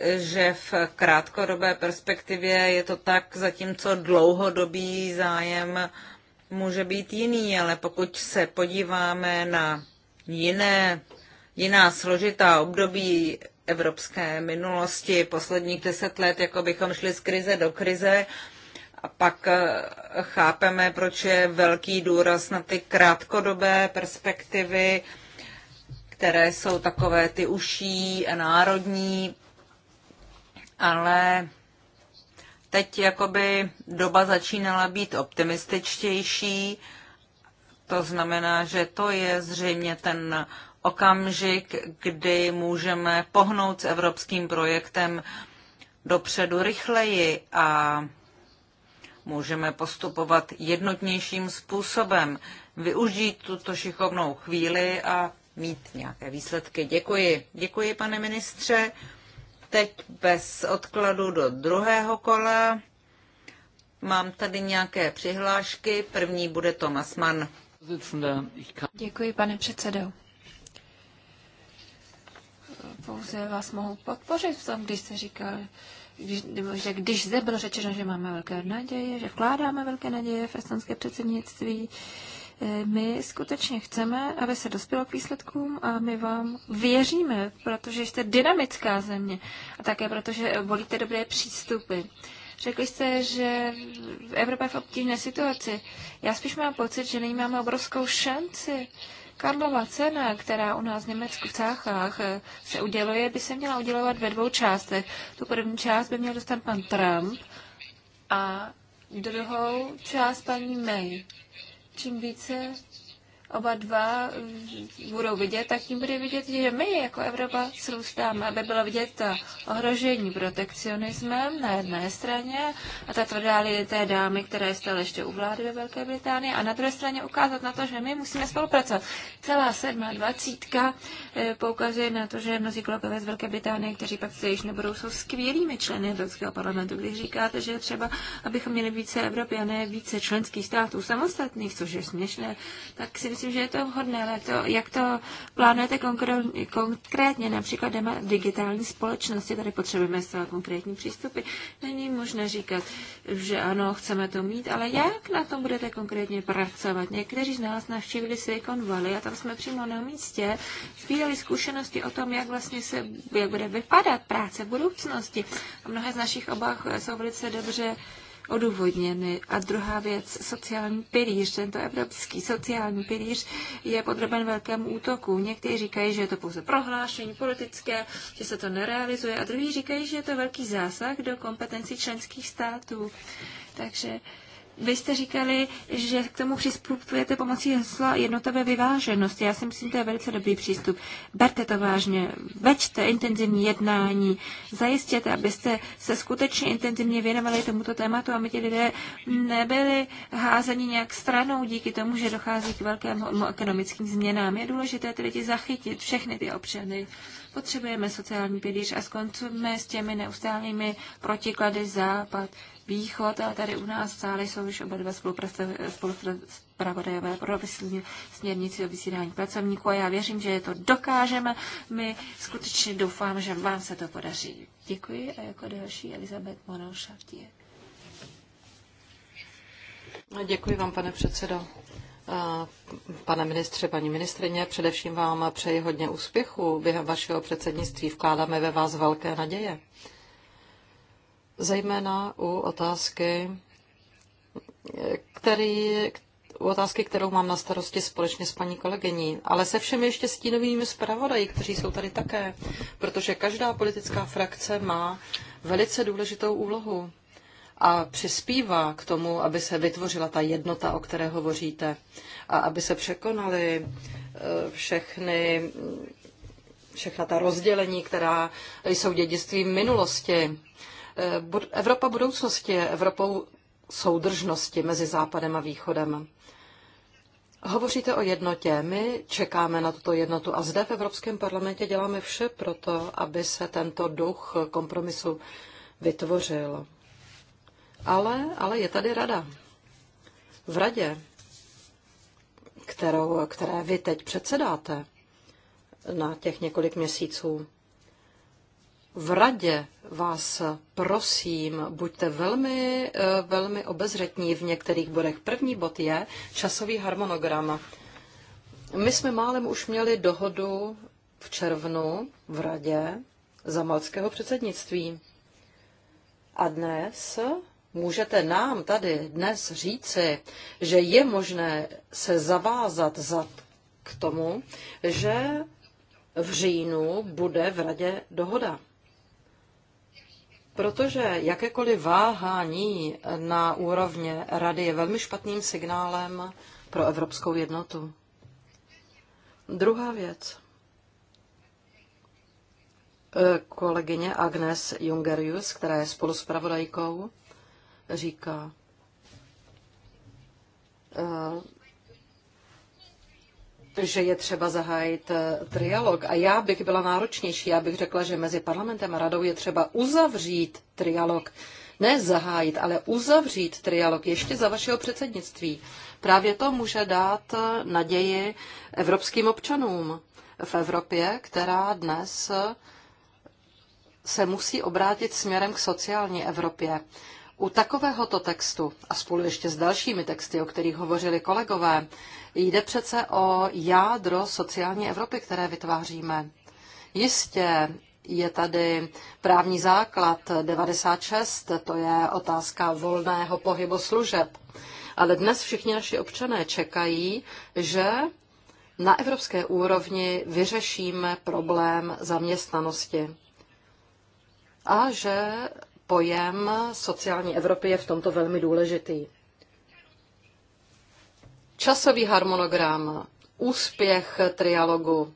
že v krátkodobé perspektivě je to tak, zatímco dlouhodobý zájem může být jiný, ale pokud se podíváme na jiné, jiná složitá období evropské minulosti posledních deset let, jako bychom šli z krize do krize, a pak eh, chápeme, proč je velký důraz na ty krátkodobé perspektivy, které jsou takové ty uší a národní, ale teď jakoby doba začínala být optimističtější. To znamená, že to je zřejmě ten okamžik, kdy můžeme pohnout s evropským projektem dopředu rychleji a Můžeme postupovat jednotnějším způsobem, využít tuto šikovnou chvíli a mít nějaké výsledky. Děkuji. Děkuji, pane ministře. Teď bez odkladu do druhého kola. Mám tady nějaké přihlášky. První bude Tomas Mann. Děkuji, pane předsedo. Pouze vás mohu podpořit v tom, když jste říkal, že když zde bylo řečeno, že máme velké naděje, že vkládáme velké naděje v estonské předsednictví, eh, my skutečně chceme, aby se dospělo k výsledkům a my vám věříme, protože jste dynamická země a také protože volíte dobré přístupy. Řekli jste, že Evropa je v obtížné situaci. Já spíš mám pocit, že nyní máme obrovskou šanci Karlova cena, která u nás v Německu v Cáchách eh, se uděluje, by se měla udělovat ve dvou částech. Tu první část by měl dostat pan Trump a druhou část paní May. Čím více oba dva budou vidět, tak tím bude vidět, že my jako Evropa srůstáme, aby bylo vidět to ohrožení protekcionismem na jedné straně a ta tvrdá té dámy, která je stále ještě u vlády ve Velké Británii a na druhé straně ukázat na to, že my musíme spolupracovat. Celá sedma dvacítka eh, poukazuje na to, že mnozí kolegové z Velké Británie, kteří pak se již nebudou, jsou skvělými členy Evropského parlamentu, když říkáte, že třeba, abychom měli více Evropy a ne více členských států samostatných, což je směšné, tak si myslím, myslím, že je to vhodné, ale to, jak to plánujete konkrétně, například digitální společnosti, tady potřebujeme zcela konkrétní přístupy. Není možné říkat, že ano, chceme to mít, ale jak na tom budete konkrétně pracovat? Někteří z nás navštívili Silicon Valley a tam jsme přímo na místě sbírali zkušenosti o tom, jak vlastně se, jak bude vypadat práce v budoucnosti. A mnohé z našich obav jsou velice dobře odůvodněny. A druhá věc, sociální pilíř, tento evropský sociální pilíř je podroben velkému útoku. Někteří říkají, že je to pouze prohlášení politické, že se to nerealizuje a druhý říkají, že je to velký zásah do kompetencí členských států. Takže vy jste říkali, že k tomu přistupujete pomocí hesla jednotové vyváženosti. Já si myslím, že to je velice dobrý přístup. Berte to vážně, veďte intenzivní jednání, zajistěte, abyste se skutečně intenzivně věnovali tomuto tématu, aby ti lidé nebyli házeni nějak stranou díky tomu, že dochází k velkým ekonomickým změnám. Je důležité ty lidi zachytit, všechny ty občany. Potřebujeme sociální pilíř a skoncujeme s těmi neustálými protiklady západ východ, a tady u nás v jsou už oba dva spolupravodajové pro směrnici o vysílání pracovníků a já věřím, že to dokážeme. My skutečně doufám, že vám se to podaří. Děkuji a jako další Elizabeth Monel Chartier. No, děkuji vám, pane předsedo. Pane ministře, paní ministrině, především vám přeji hodně úspěchu. Během vašeho předsednictví vkládáme ve vás velké naděje zejména u otázky, který, u otázky, kterou mám na starosti společně s paní kolegyní, ale se všemi ještě stínovými zpravodají, kteří jsou tady také, protože každá politická frakce má velice důležitou úlohu a přispívá k tomu, aby se vytvořila ta jednota, o které hovoříte, a aby se překonaly eh, všechny, všechna ta rozdělení, která jsou dědictvím minulosti Eh, Evropa budoucnosti je Evropou soudržnosti mezi Západem a Východem. Hovoříte o jednotě. My čekáme na tuto jednotu a zde v Evropském parlamentě děláme vše pro to, aby se tento duch kompromisu vytvořil. Ale, ale je tady rada. V radě, kterou, které vy teď předsedáte na těch několik měsíců, v radě vás prosím, buďte velmi, eh, velmi obezřetní v některých bodech. První bod je časový harmonogram. My jsme málem už měli dohodu v červnu v radě za malckého předsednictví. A dnes můžete nám tady dnes říci, že je možné se zavázat za k tomu, že v říjnu bude v radě dohoda. Protože jakékoliv váhání na úrovně rady je velmi špatným signálem pro evropskou jednotu. Druhá věc. E, kolegyně Agnes Jungerius, která je spoluspravodajkou, říká, e, že je třeba zahájit eh, trialog. A já bych byla náročnější, já bych řekla, že mezi parlamentem a radou je třeba uzavřít trialog. Ne zahájit, ale uzavřít trialog ještě za vašeho předsednictví. Právě to může dát eh, naději evropským občanům v Evropě, která dnes eh, se musí obrátit směrem k sociální Evropě. U takovéhoto textu, a spolu ještě s dalšími texty, o kterých hovořili kolegové, Jde přece o jádro sociální Evropy, které vytváříme. Jistě je tady právní základ 96, to je otázka volného pohybu služeb. Ale dnes všichni naši občané čekají, že na evropské úrovni vyřešíme problém zaměstnanosti a že pojem sociální Evropy je v tomto velmi důležitý. Časový harmonogram, úspěch trialogu,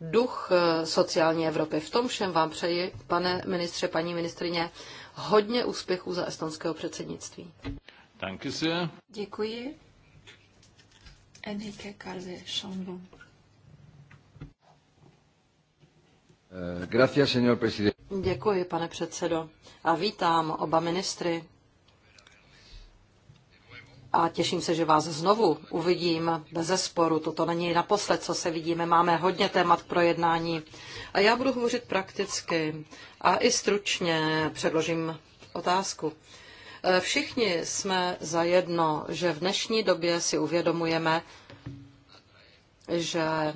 duch eh, sociální Evropy. V tom všem vám přeji, pane ministře, paní ministrině, hodně úspěchů za estonského předsednictví. Danke sehr. Děkuji. Enrique Calve eh, Gracias, señor presidente. Děkuji, pane předsedo. A vítám oba ministry a těším se, že vás znovu uvidím bez sporu. Toto není naposled, co se vidíme. Máme hodně témat k projednání a já budu hovořit prakticky a i stručně předložím otázku. E, všichni jsme zajedno, že v dnešní době si uvědomujeme, že e,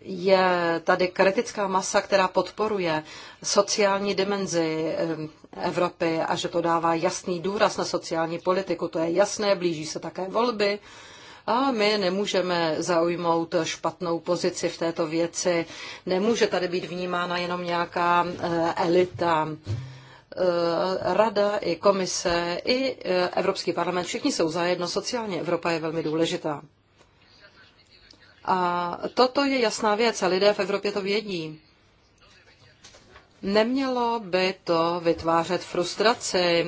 je tady kritická masa, která podporuje sociální dimenzi eh, Evropy a že to dává jasný důraz na sociální politiku. To je jasné, blíží se také volby. A my nemůžeme zaujmout špatnou pozici v této věci. Nemůže tady být vnímána jenom nějaká eh, elita. Eh, Rada i komise i Evropský parlament, všichni jsou zajedno. Sociálně Evropa je velmi důležitá. A toto je jasná věc a lidé v Evropě to vědí. Nemělo by to vytvářet frustraci,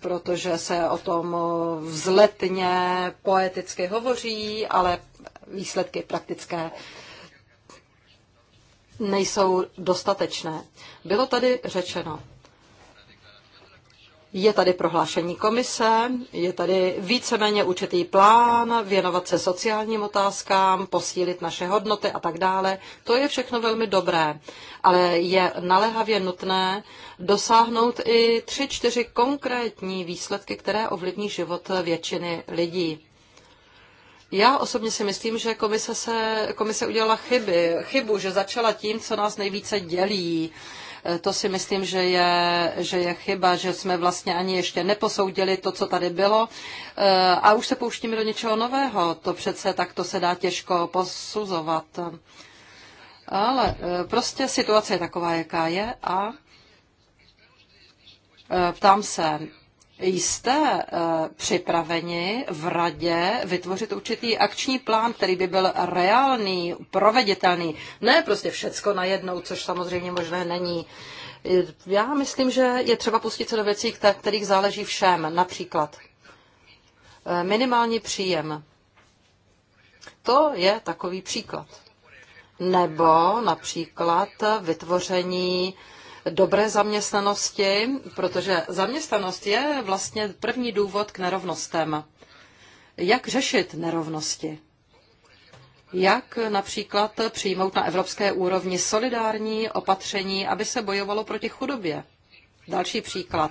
protože se o tom vzletně poeticky hovoří, ale výsledky praktické nejsou dostatečné. Bylo tady řečeno, je tady prohlášení komise, je tady víceméně určitý plán věnovat se sociálním otázkám, posílit naše hodnoty a tak dále. To je všechno velmi dobré, ale je naléhavě nutné dosáhnout i tři, čtyři konkrétní výsledky, které ovlivní život většiny lidí. Já osobně si myslím, že komise, se, komise udělala chyby, chybu, že začala tím, co nás nejvíce dělí Eh, to si myslím, že je, že je chyba, že jsme vlastně ani ještě neposoudili to, co tady bylo. Eh, a už se pouštíme do něčeho nového. To přece takto se dá těžko posuzovat. Ale eh, prostě situace je taková, jaká je a ptám se, Jste eh, připraveni v radě vytvořit určitý akční plán, který by byl reálný, proveditelný, ne prostě všecko najednou, což samozřejmě možné není. Já myslím, že je třeba pustit se do věcí, kterých záleží všem. Například eh, minimální příjem. To je takový příklad. Nebo například vytvoření dobré zaměstnanosti, protože zaměstnanost je vlastně první důvod k nerovnostem. Jak řešit nerovnosti? Jak například přijmout na evropské úrovni solidární opatření, aby se bojovalo proti chudobě? Další příklad.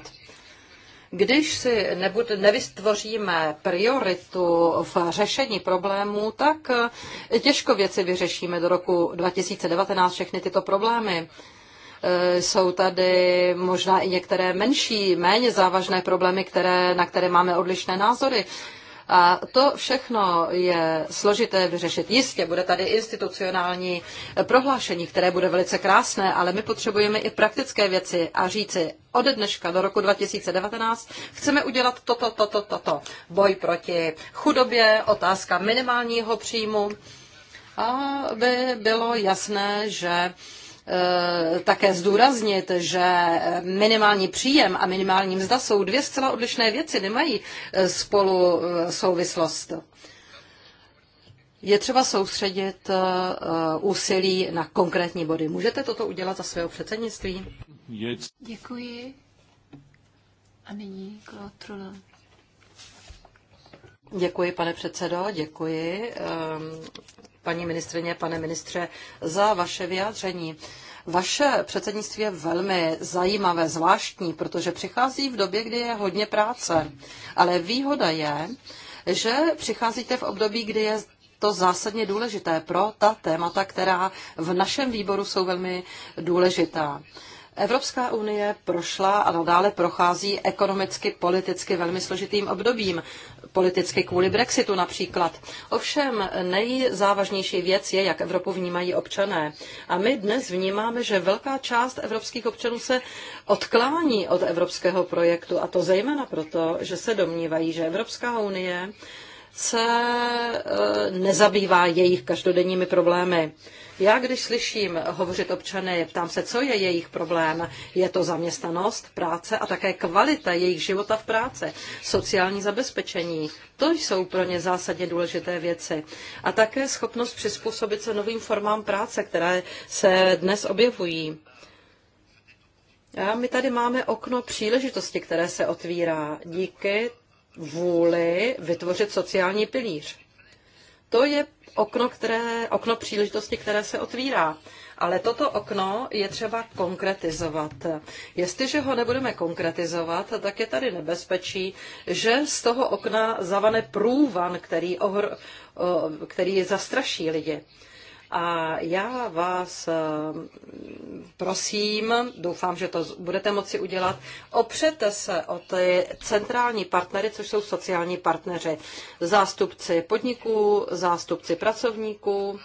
Když si nebud, nevystvoříme prioritu v řešení problémů, tak těžko věci vyřešíme do roku 2019 všechny tyto problémy. Eh, jsou tady možná i některé menší, méně závažné problémy, které, na které máme odlišné názory. A to všechno je složité vyřešit. Jistě bude tady institucionální prohlášení, které bude velice krásné, ale my potřebujeme i praktické věci a říci ode dneška do roku 2019 chceme udělat toto, toto, toto. Boj proti chudobě, otázka minimálního příjmu, by bylo jasné, že Eh, také zdůraznit, že minimální příjem a minimální mzda jsou dvě zcela odlišné věci, nemají eh, spolu eh, souvislost. Je třeba soustředit úsilí na konkrétní body. Můžete toto udělat za svého předsednictví? Děkuji. A nyní Klotrula. Děkuji, pane předsedo, děkuji ehm, paní ministrině, pane ministře, za vaše vyjádření. Vaše předsednictví je velmi zajímavé, zvláštní, protože přichází v době, kdy je hodně práce. Ale výhoda je, že přicházíte v období, kdy je to zásadně důležité pro ta témata, která v našem výboru jsou velmi důležitá. Evropská unie prošla a nadále prochází ekonomicky, politicky velmi složitým obdobím politicky kvůli Brexitu například. Ovšem nejzávažnější věc je, jak Evropu vnímají občané. A my dnes vnímáme, že velká část evropských občanů se odklání od evropského projektu a to zejména proto, že se domnívají, že Evropská unie se e, nezabývá jejich každodenními problémy. Já když slyším hovořit občany, ptám se, co je jejich problém. Je to zaměstnanost, práce a také kvalita jejich života v práci, sociální zabezpečení. To jsou pro ně zásadně důležité věci. A také schopnost přizpůsobit se novým formám práce, které se dnes objevují. A my tady máme okno příležitosti, které se otvírá díky vůli vytvořit sociální pilíř. To je okno, které, okno příležitosti, které se otvírá. Ale toto okno je třeba konkretizovat. Jestliže ho nebudeme konkretizovat, tak je tady nebezpečí, že z toho okna zavane průvan, který, ohr, který zastraší lidi. A já vás eh, prosím, doufám, že to budete moci udělat, opřete se o ty centrální partnery, což jsou sociální partneři, zástupci podniků, zástupci pracovníků.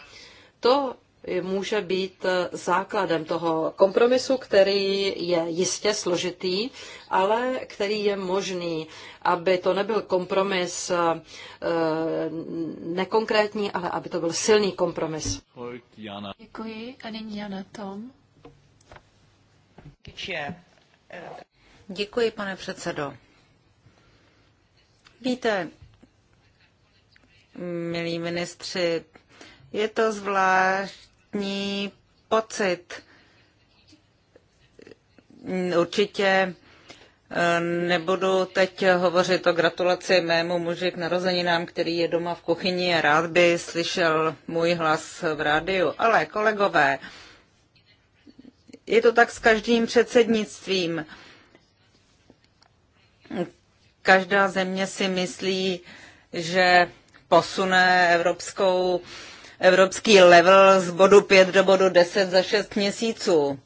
To může být e, základem toho kompromisu, který je jistě složitý, ale který je možný, aby to nebyl kompromis e, nekonkrétní, ale aby to byl silný kompromis. Děkuji a nyní Jana Tom. Děkuji, pane předsedo. Víte, milí ministři, je to zvlášť vlastní pocit. Určitě eh, nebudu teď hovořit o gratulaci mému muži k narozeninám, který je doma v kuchyni a rád by slyšel můj hlas v rádiu. Ale kolegové, je to tak s každým předsednictvím. Každá země si myslí, že posune Evropskou evropský level z bodu 5 do bodu 10 za 6 měsíců.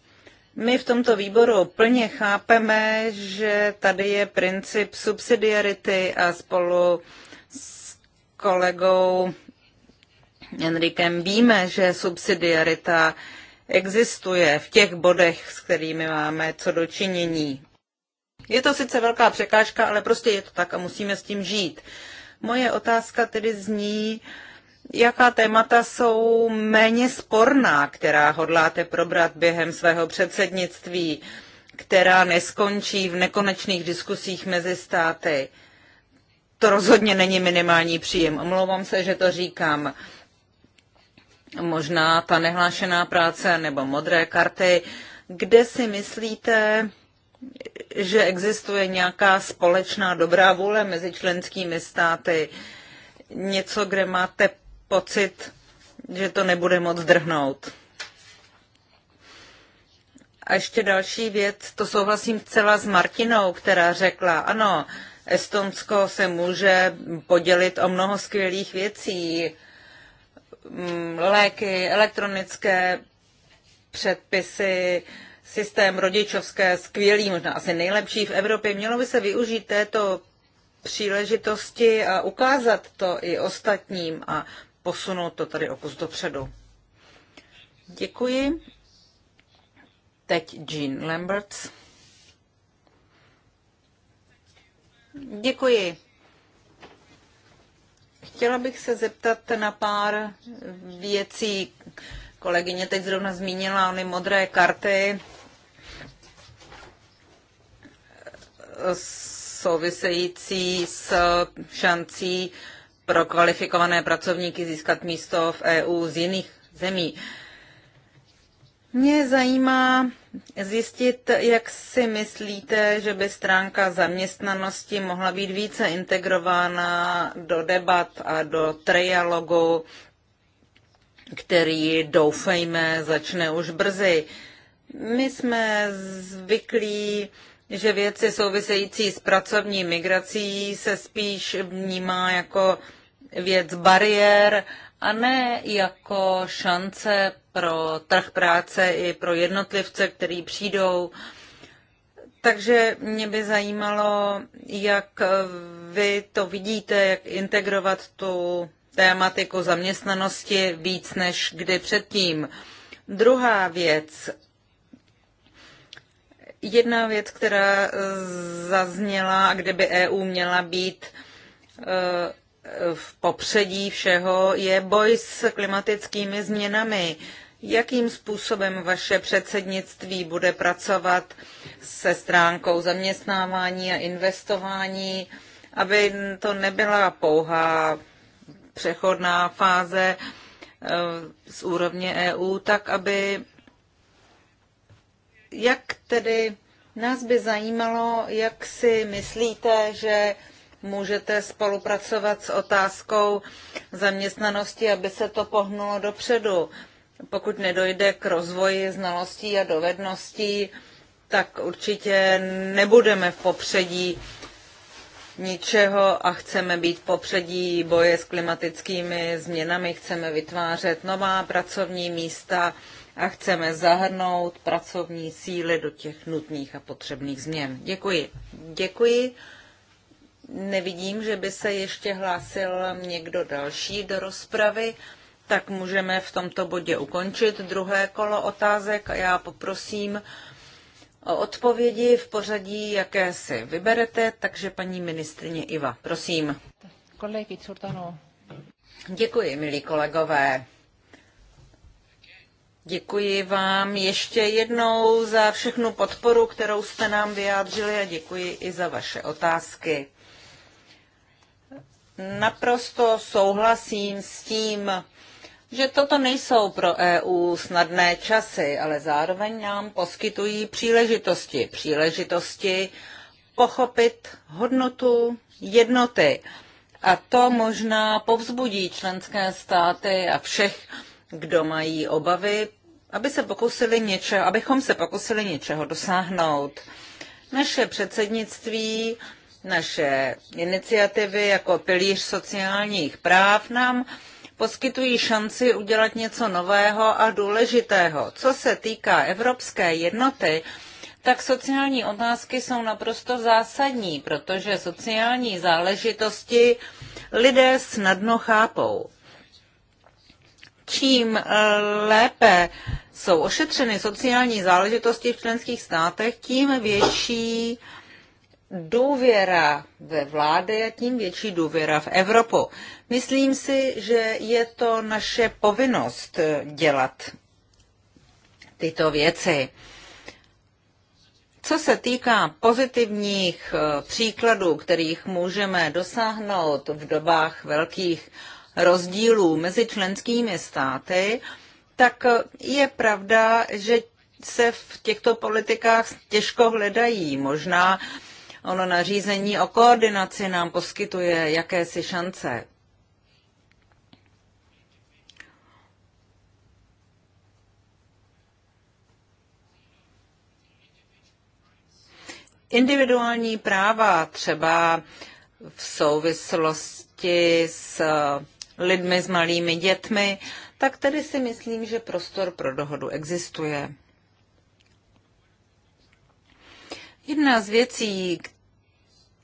My v tomto výboru plně chápeme, že tady je princip subsidiarity a spolu s kolegou Enrikem víme, že subsidiarita existuje v těch bodech, s kterými máme co dočinění. Je to sice velká překážka, ale prostě je to tak a musíme s tím žít. Moje otázka tedy zní, Jaká témata jsou méně sporná, která hodláte probrat během svého předsednictví, která neskončí v nekonečných diskusích mezi státy? To rozhodně není minimální příjem. Omlouvám se, že to říkám. Možná ta nehlášená práce nebo modré karty. Kde si myslíte, že existuje nějaká společná dobrá vůle mezi členskými státy? něco, kde máte pocit, že to nebude moc drhnout. A ještě další věc, to souhlasím celá s Martinou, která řekla, ano, Estonsko se může podělit o mnoho skvělých věcí, mm, léky, elektronické předpisy, systém rodičovské, skvělý, možná asi nejlepší v Evropě. Mělo by se využít této příležitosti a ukázat to i ostatním a posunout to tady o kus dopředu. Děkuji. Teď Jean Lambert. Děkuji. Chtěla bych se zeptat na pár věcí. Kolegyně teď zrovna zmínila ony modré karty. související s šancí pro kvalifikované pracovníky získat místo v EU z jiných zemí. Mě zajímá zjistit, jak si myslíte, že by stránka zaměstnanosti mohla být více integrována do debat a do trialogu, který doufejme začne už brzy. My jsme zvyklí, že věci související s pracovní migrací se spíš vnímá jako věc bariér a ne jako šance pro trh práce i pro jednotlivce, který přijdou. Takže mě by zajímalo, jak vy to vidíte, jak integrovat tu tématiku zaměstnanosti víc než kdy předtím. Druhá věc. Jedna věc, která zazněla, kdyby EU měla být eh, v popředí všeho je boj s klimatickými změnami. Jakým způsobem vaše předsednictví bude pracovat se stránkou zaměstnávání a investování, aby to nebyla pouhá přechodná fáze eh, z úrovně EU, tak aby jak tedy nás by zajímalo, jak si myslíte, že můžete spolupracovat s otázkou zaměstnanosti, aby se to pohnulo dopředu. Pokud nedojde k rozvoji znalostí a dovedností, tak určitě nebudeme v popředí ničeho a chceme být popředí boje s klimatickými změnami, chceme vytvářet nová pracovní místa a chceme zahrnout pracovní síly do těch nutných a potřebných změn. Děkuji. Děkuji. Nevidím, že by se ještě hlásil někdo další do rozpravy, tak můžeme v tomto bodě ukončit druhé kolo otázek a já poprosím o odpovědi v pořadí, jaké si vyberete, takže paní ministrině Iva, prosím. Děkuji, milí kolegové. Děkuji vám ještě jednou za všechnu podporu, kterou jste nám vyjádřili a děkuji i za vaše otázky. Naprosto souhlasím s tím, že toto nejsou pro EU snadné časy, ale zároveň nám poskytují příležitosti. Příležitosti pochopit hodnotu jednoty. A to možná povzbudí členské státy a všech, kdo mají obavy, aby se pokusili něčeho, abychom se pokusili něčeho dosáhnout. Naše předsednictví naše iniciativy jako pilíř sociálních práv nám poskytují šanci udělat něco nového a důležitého. Co se týká evropské jednoty, tak sociální otázky jsou naprosto zásadní, protože sociální záležitosti lidé snadno chápou. Čím eh, lépe jsou ošetřeny sociální záležitosti v členských státech, tím větší důvěra ve vlády a tím větší důvěra v Evropu. Myslím si, že je to naše povinnost dělat tyto věci. Co se týká pozitivních eh, příkladů, kterých můžeme dosáhnout v dobách velkých rozdílů mezi členskými státy, tak eh, je pravda, že se v těchto politikách těžko hledají. Možná Ono nařízení o koordinaci nám poskytuje jakési šance. Individuální práva třeba v souvislosti s lidmi s malými dětmi, tak tedy si myslím, že prostor pro dohodu existuje. Jedna z věcí,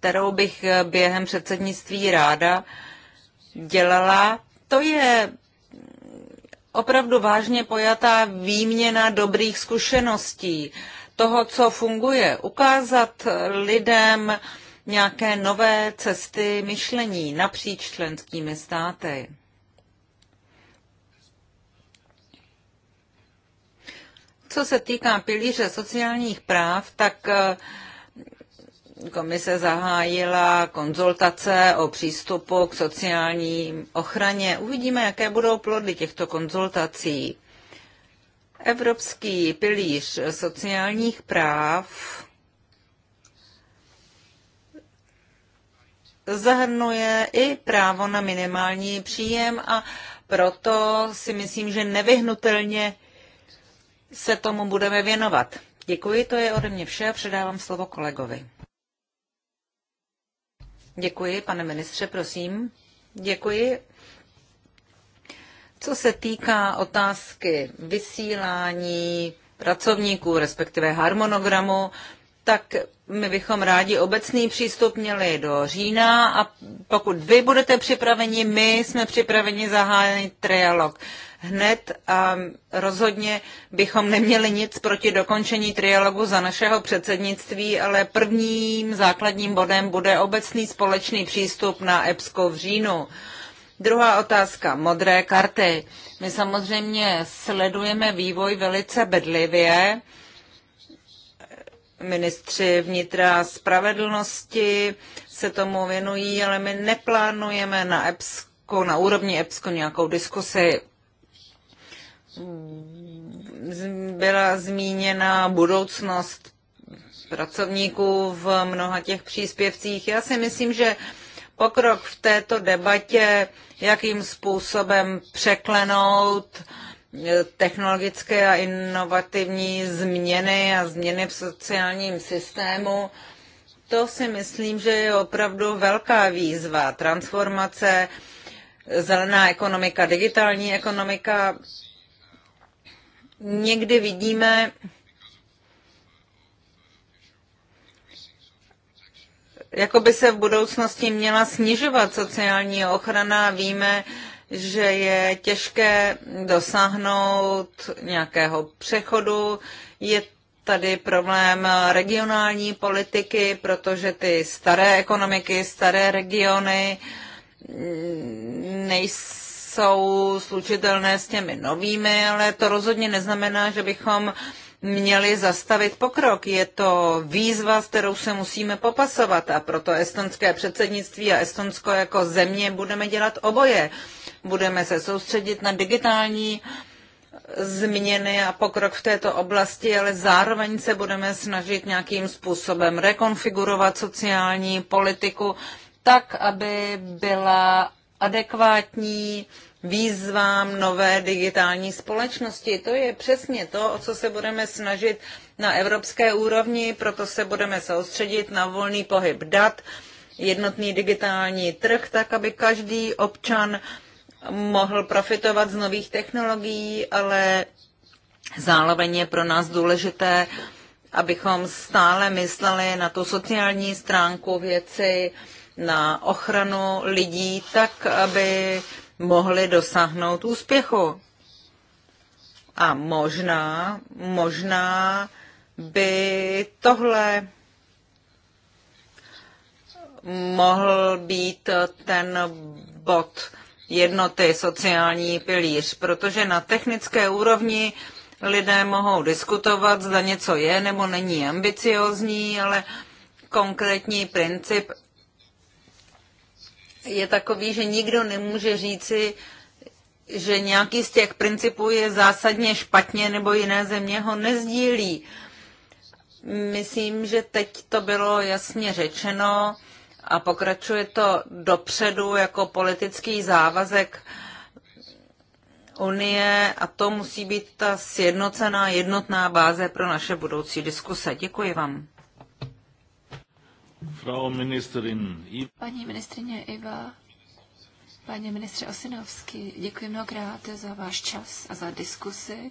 kterou bych eh, během předsednictví ráda dělala, to je opravdu vážně pojatá výměna dobrých zkušeností, toho, co funguje, ukázat lidem nějaké nové cesty myšlení napříč členskými státy. Co se týká pilíře sociálních práv, tak uh, Komise zahájila konzultace o přístupu k sociální ochraně. Uvidíme, jaké budou plody těchto konzultací. Evropský pilíř sociálních práv zahrnuje i právo na minimální příjem a proto si myslím, že nevyhnutelně se tomu budeme věnovat. Děkuji, to je ode mě vše a předávám slovo kolegovi. Děkuji, pane ministře, prosím. Děkuji. Co se týká otázky vysílání pracovníků, respektive harmonogramu, tak my bychom rádi obecný přístup měli do října a pokud vy budete připraveni, my jsme připraveni zahájit trialog hned a rozhodně bychom neměli nic proti dokončení trialogu za našeho předsednictví, ale prvním základním bodem bude obecný společný přístup na EPSCO v říjnu. Druhá otázka, modré karty. My samozřejmě sledujeme vývoj velice bedlivě ministři vnitra a spravedlnosti se tomu věnují, ale my neplánujeme na EPSCO, na úrovni EPSCO nějakou diskusi. Byla zmíněna budoucnost pracovníků v mnoha těch příspěvcích. Já si myslím, že pokrok v této debatě, jakým způsobem překlenout uh, technologické a inovativní změny a změny v sociálním systému. To si myslím, že je opravdu velká výzva. Transformace, zelená ekonomika, digitální ekonomika. Někdy vidíme, jako by se v budoucnosti měla snižovat sociální ochrana. Víme, že je těžké dosáhnout nějakého přechodu. Je tady problém regionální politiky, protože ty staré ekonomiky, staré regiony nejsou slučitelné s těmi novými, ale to rozhodně neznamená, že bychom měli zastavit pokrok. Je to výzva, s kterou se musíme popasovat a proto estonské předsednictví a Estonsko jako země budeme dělat oboje. Budeme se soustředit na digitální změny a pokrok v této oblasti, ale zároveň se budeme snažit nějakým způsobem rekonfigurovat sociální politiku tak, aby byla adekvátní výzvám nové digitální společnosti. To je přesně to, o co se budeme snažit na evropské úrovni, proto se budeme soustředit na volný pohyb dat, jednotný digitální trh, tak aby každý občan mohl profitovat z nových technologií, ale zároveň je pro nás důležité, abychom stále mysleli na tu sociální stránku věci, na ochranu lidí, tak aby mohli dosáhnout úspěchu. A možná, možná by tohle mohl být ten bod, jednoty, sociální pilíř, protože na technické úrovni lidé mohou diskutovat, zda něco je nebo není ambiciozní, ale konkrétní princip je takový, že nikdo nemůže říci, že nějaký z těch principů je zásadně špatně nebo jiné země ho nezdílí. Myslím, že teď to bylo jasně řečeno a pokračuje to dopředu jako politický závazek Unie a to musí být ta sjednocená, jednotná báze pro naše budoucí diskuse. Děkuji vám. Frau Paní ministrině Iva, paní ministře Osinovský, děkuji mnohokrát za váš čas a za diskusi.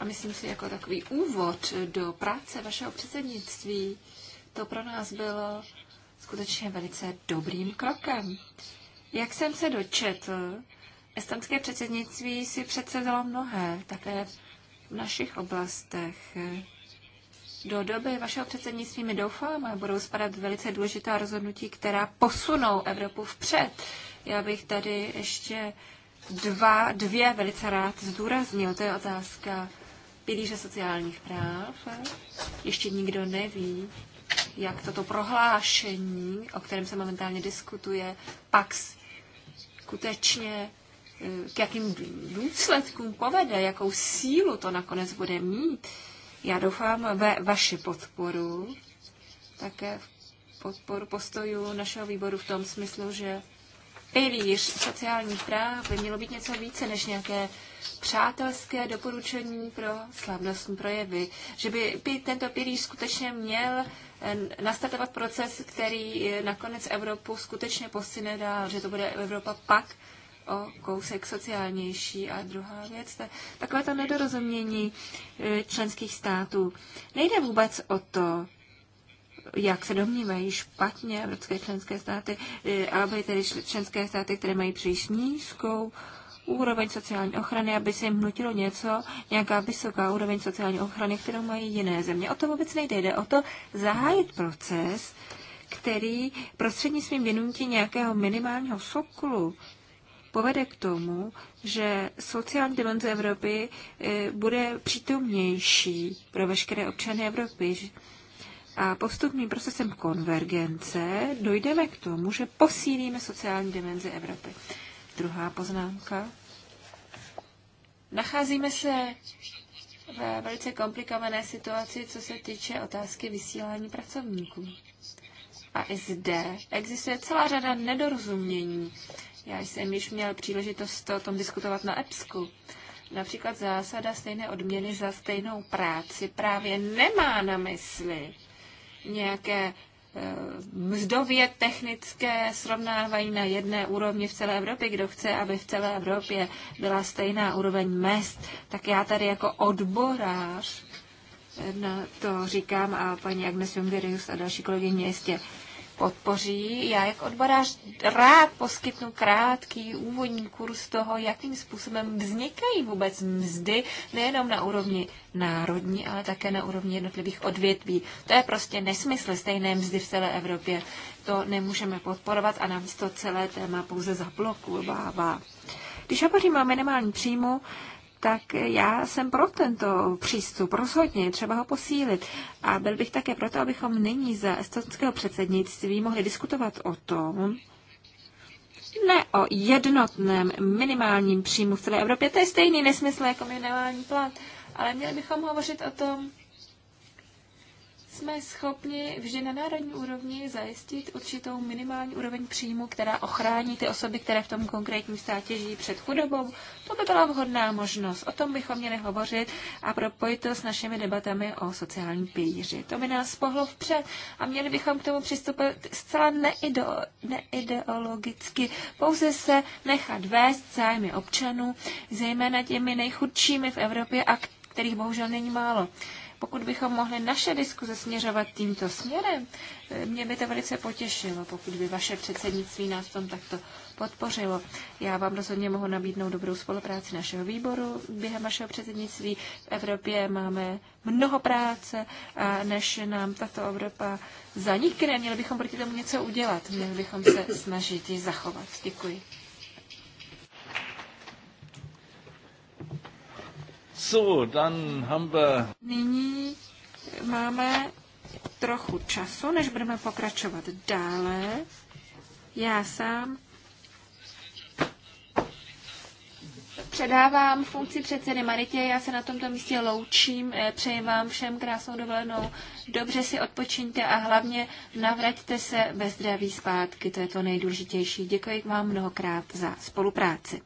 A myslím si, jako takový úvod do práce vašeho předsednictví, to pro nás bylo skutečně velice dobrým krokem. Jak jsem se dočetl, estonské předsednictví si předsedalo mnohé, také v našich oblastech. Do doby vašeho předsednictví doufám, a budou spadat velice důležitá rozhodnutí, která posunou Evropu vpřed. Já bych tady ještě dva, dvě velice rád zdůraznil. To je otázka pilíře sociálních práv. Ještě nikdo neví, jak toto prohlášení, o kterém se momentálně diskutuje, pak skutečně e, k jakým důsledkům povede, jakou sílu to nakonec bude mít. Já doufám ve vaši podporu, také v podporu postojů našeho výboru v tom smyslu, že pilíř sociálních práv by mělo být něco více než nějaké přátelské doporučení pro slavnostní projevy. Že by, by tento pilíř skutečně měl Eh, nastartovat proces, který eh, nakonec Evropu skutečně posune dál, že to bude Evropa pak o kousek sociálnější. A druhá věc, to, takové to nedorozumění eh, členských států. Nejde vůbec o to, jak se domnívají špatně evropské členské státy, aby tedy členské státy, které mají příliš nízkou úroveň sociální ochrany, aby se jim hnutilo něco, nějaká vysoká úroveň sociální ochrany, kterou mají jiné země. O to vůbec nejde. Jde o to zahájit proces, který prostřednictvím vynutí nějakého minimálního soklu povede k tomu, že sociální dimenze Evropy e, bude přítomnější pro veškeré občany Evropy. A postupným procesem konvergence dojdeme k tomu, že posílíme sociální dimenze Evropy. Druhá poznámka. Nacházíme se ve velice komplikované situaci, co se týče otázky vysílání pracovníků. A i zde existuje celá řada nedorozumění. Já jsem již měl příležitost o tom diskutovat na EPSku. Například zásada stejné odměny za stejnou práci právě nemá na mysli nějaké Eh, mzdově technické srovnávají na jedné úrovni v celé Evropě. Kdo chce, aby v celé Evropě byla stejná úroveň mest, tak já tady jako odborář eh, na to říkám a paní Agnes Jungerius a další kolegyně jistě podpoří. Já jako odborář rád poskytnu krátký úvodní kurz toho, jakým způsobem vznikají vůbec mzdy, nejenom na úrovni národní, ale také na úrovni jednotlivých odvětví. To je prostě nesmysl stejné mzdy v celé Evropě. To nemůžeme podporovat a nám to celé téma pouze zablokovává. Když hovoříme o minimální příjmu, tak já jsem pro tento přístup rozhodně, třeba ho posílit. A byl bych také proto, abychom nyní za estonského předsednictví mohli diskutovat o tom, ne o jednotném minimálním příjmu v celé Evropě, to je stejný nesmysl jako minimální plat, ale měli bychom hovořit o tom, jsme schopni vždy na národní úrovni zajistit určitou minimální úroveň příjmu, která ochrání ty osoby, které v tom konkrétním státě žijí před chudobou. To by byla vhodná možnost. O tom bychom měli hovořit a propojit to s našimi debatami o sociálním pilíři. To by nás pohlo vpřed a měli bychom k tomu přistupovat zcela neideo, neideologicky. Pouze se nechat vést zájmy občanů, zejména těmi nejchudšími v Evropě a kterých bohužel není málo pokud bychom mohli naše diskuze směřovat tímto směrem, eh, mě by to velice potěšilo, pokud by vaše předsednictví nás v tom takto podpořilo. Já vám rozhodně mohu nabídnout dobrou spolupráci našeho výboru během vašeho předsednictví. V Evropě máme mnoho práce a než nám tato Evropa zanikne, měli bychom proti tomu něco udělat. Měli bychom se snažit ji zachovat. Děkuji. So, dann haben wir... Nyní máme trochu času, než budeme pokračovat dále. Já sám předávám funkci předsedy Maritě, já se na tomto místě loučím, eh, přeji vám všem krásnou dovolenou, dobře si odpočiňte a hlavně navraťte se ve zdraví zpátky, to je to nejdůležitější. Děkuji vám mnohokrát za spolupráci.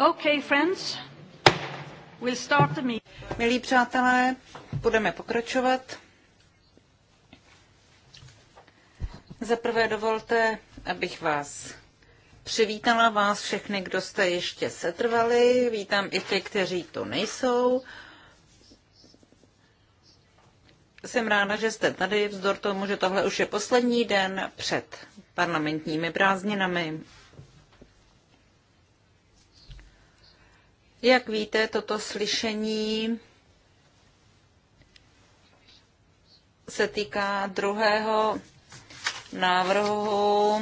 Okay, friends. We'll start the meeting. Milí přátelé, budeme pokračovat. Za prvé dovolte, abych vás přivítala vás všechny, kdo jste ještě setrvali. Vítám i ty, kteří to nejsou. Jsem ráda, že jste tady, vzdor tomu, že tohle už je poslední den před parlamentními prázdninami. Jak víte, toto slyšení se týká druhého návrhu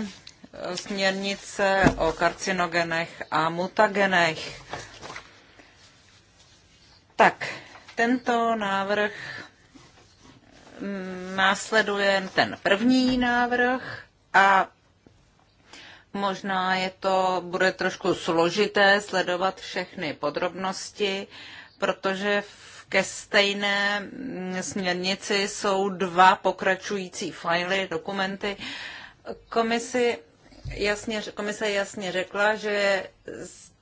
směrnice o karcinogenech a mutagenech. Tak, tento návrh mm, následuje ten první návrh a Možná je to, bude trošku složité sledovat všechny podrobnosti, protože v ke stejné směrnici jsou dva pokračující fajly, dokumenty. Komisi jasně, komise jasně řekla, že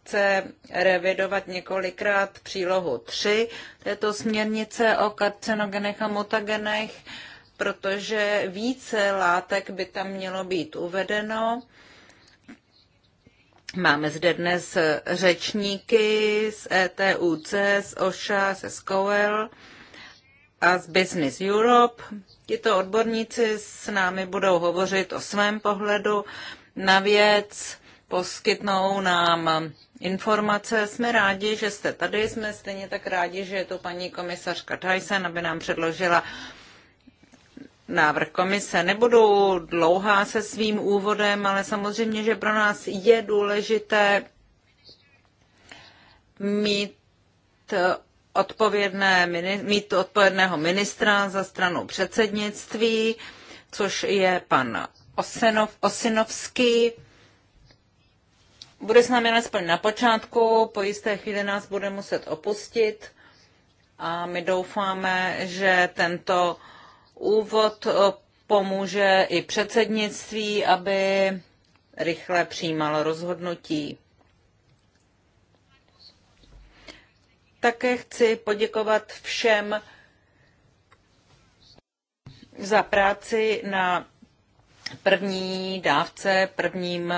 chce revidovat několikrát přílohu 3 této směrnice o karcinogenech a mutagenech, protože více látek by tam mělo být uvedeno. Máme zde dnes řečníky z ETUC, z OSHA, ze SCOEL a z Business Europe. Tito odborníci s námi budou hovořit o svém pohledu na věc, poskytnou nám informace. Jsme rádi, že jste tady, jsme stejně tak rádi, že je tu paní komisařka Tyson, aby nám předložila návrh komise. Nebudu dlouhá se svým úvodem, ale samozřejmě, že pro nás je důležité mít eh, odpovědné, mít odpovědného ministra za stranu předsednictví, což je pan Osinov, Osinovský. Bude s námi alespoň na počátku, po jisté chvíli nás bude muset opustit a my doufáme, že tento úvod eh, pomůže i předsednictví, aby rychle přijímalo rozhodnutí. Také chci poděkovat všem za práci na první dávce, prvním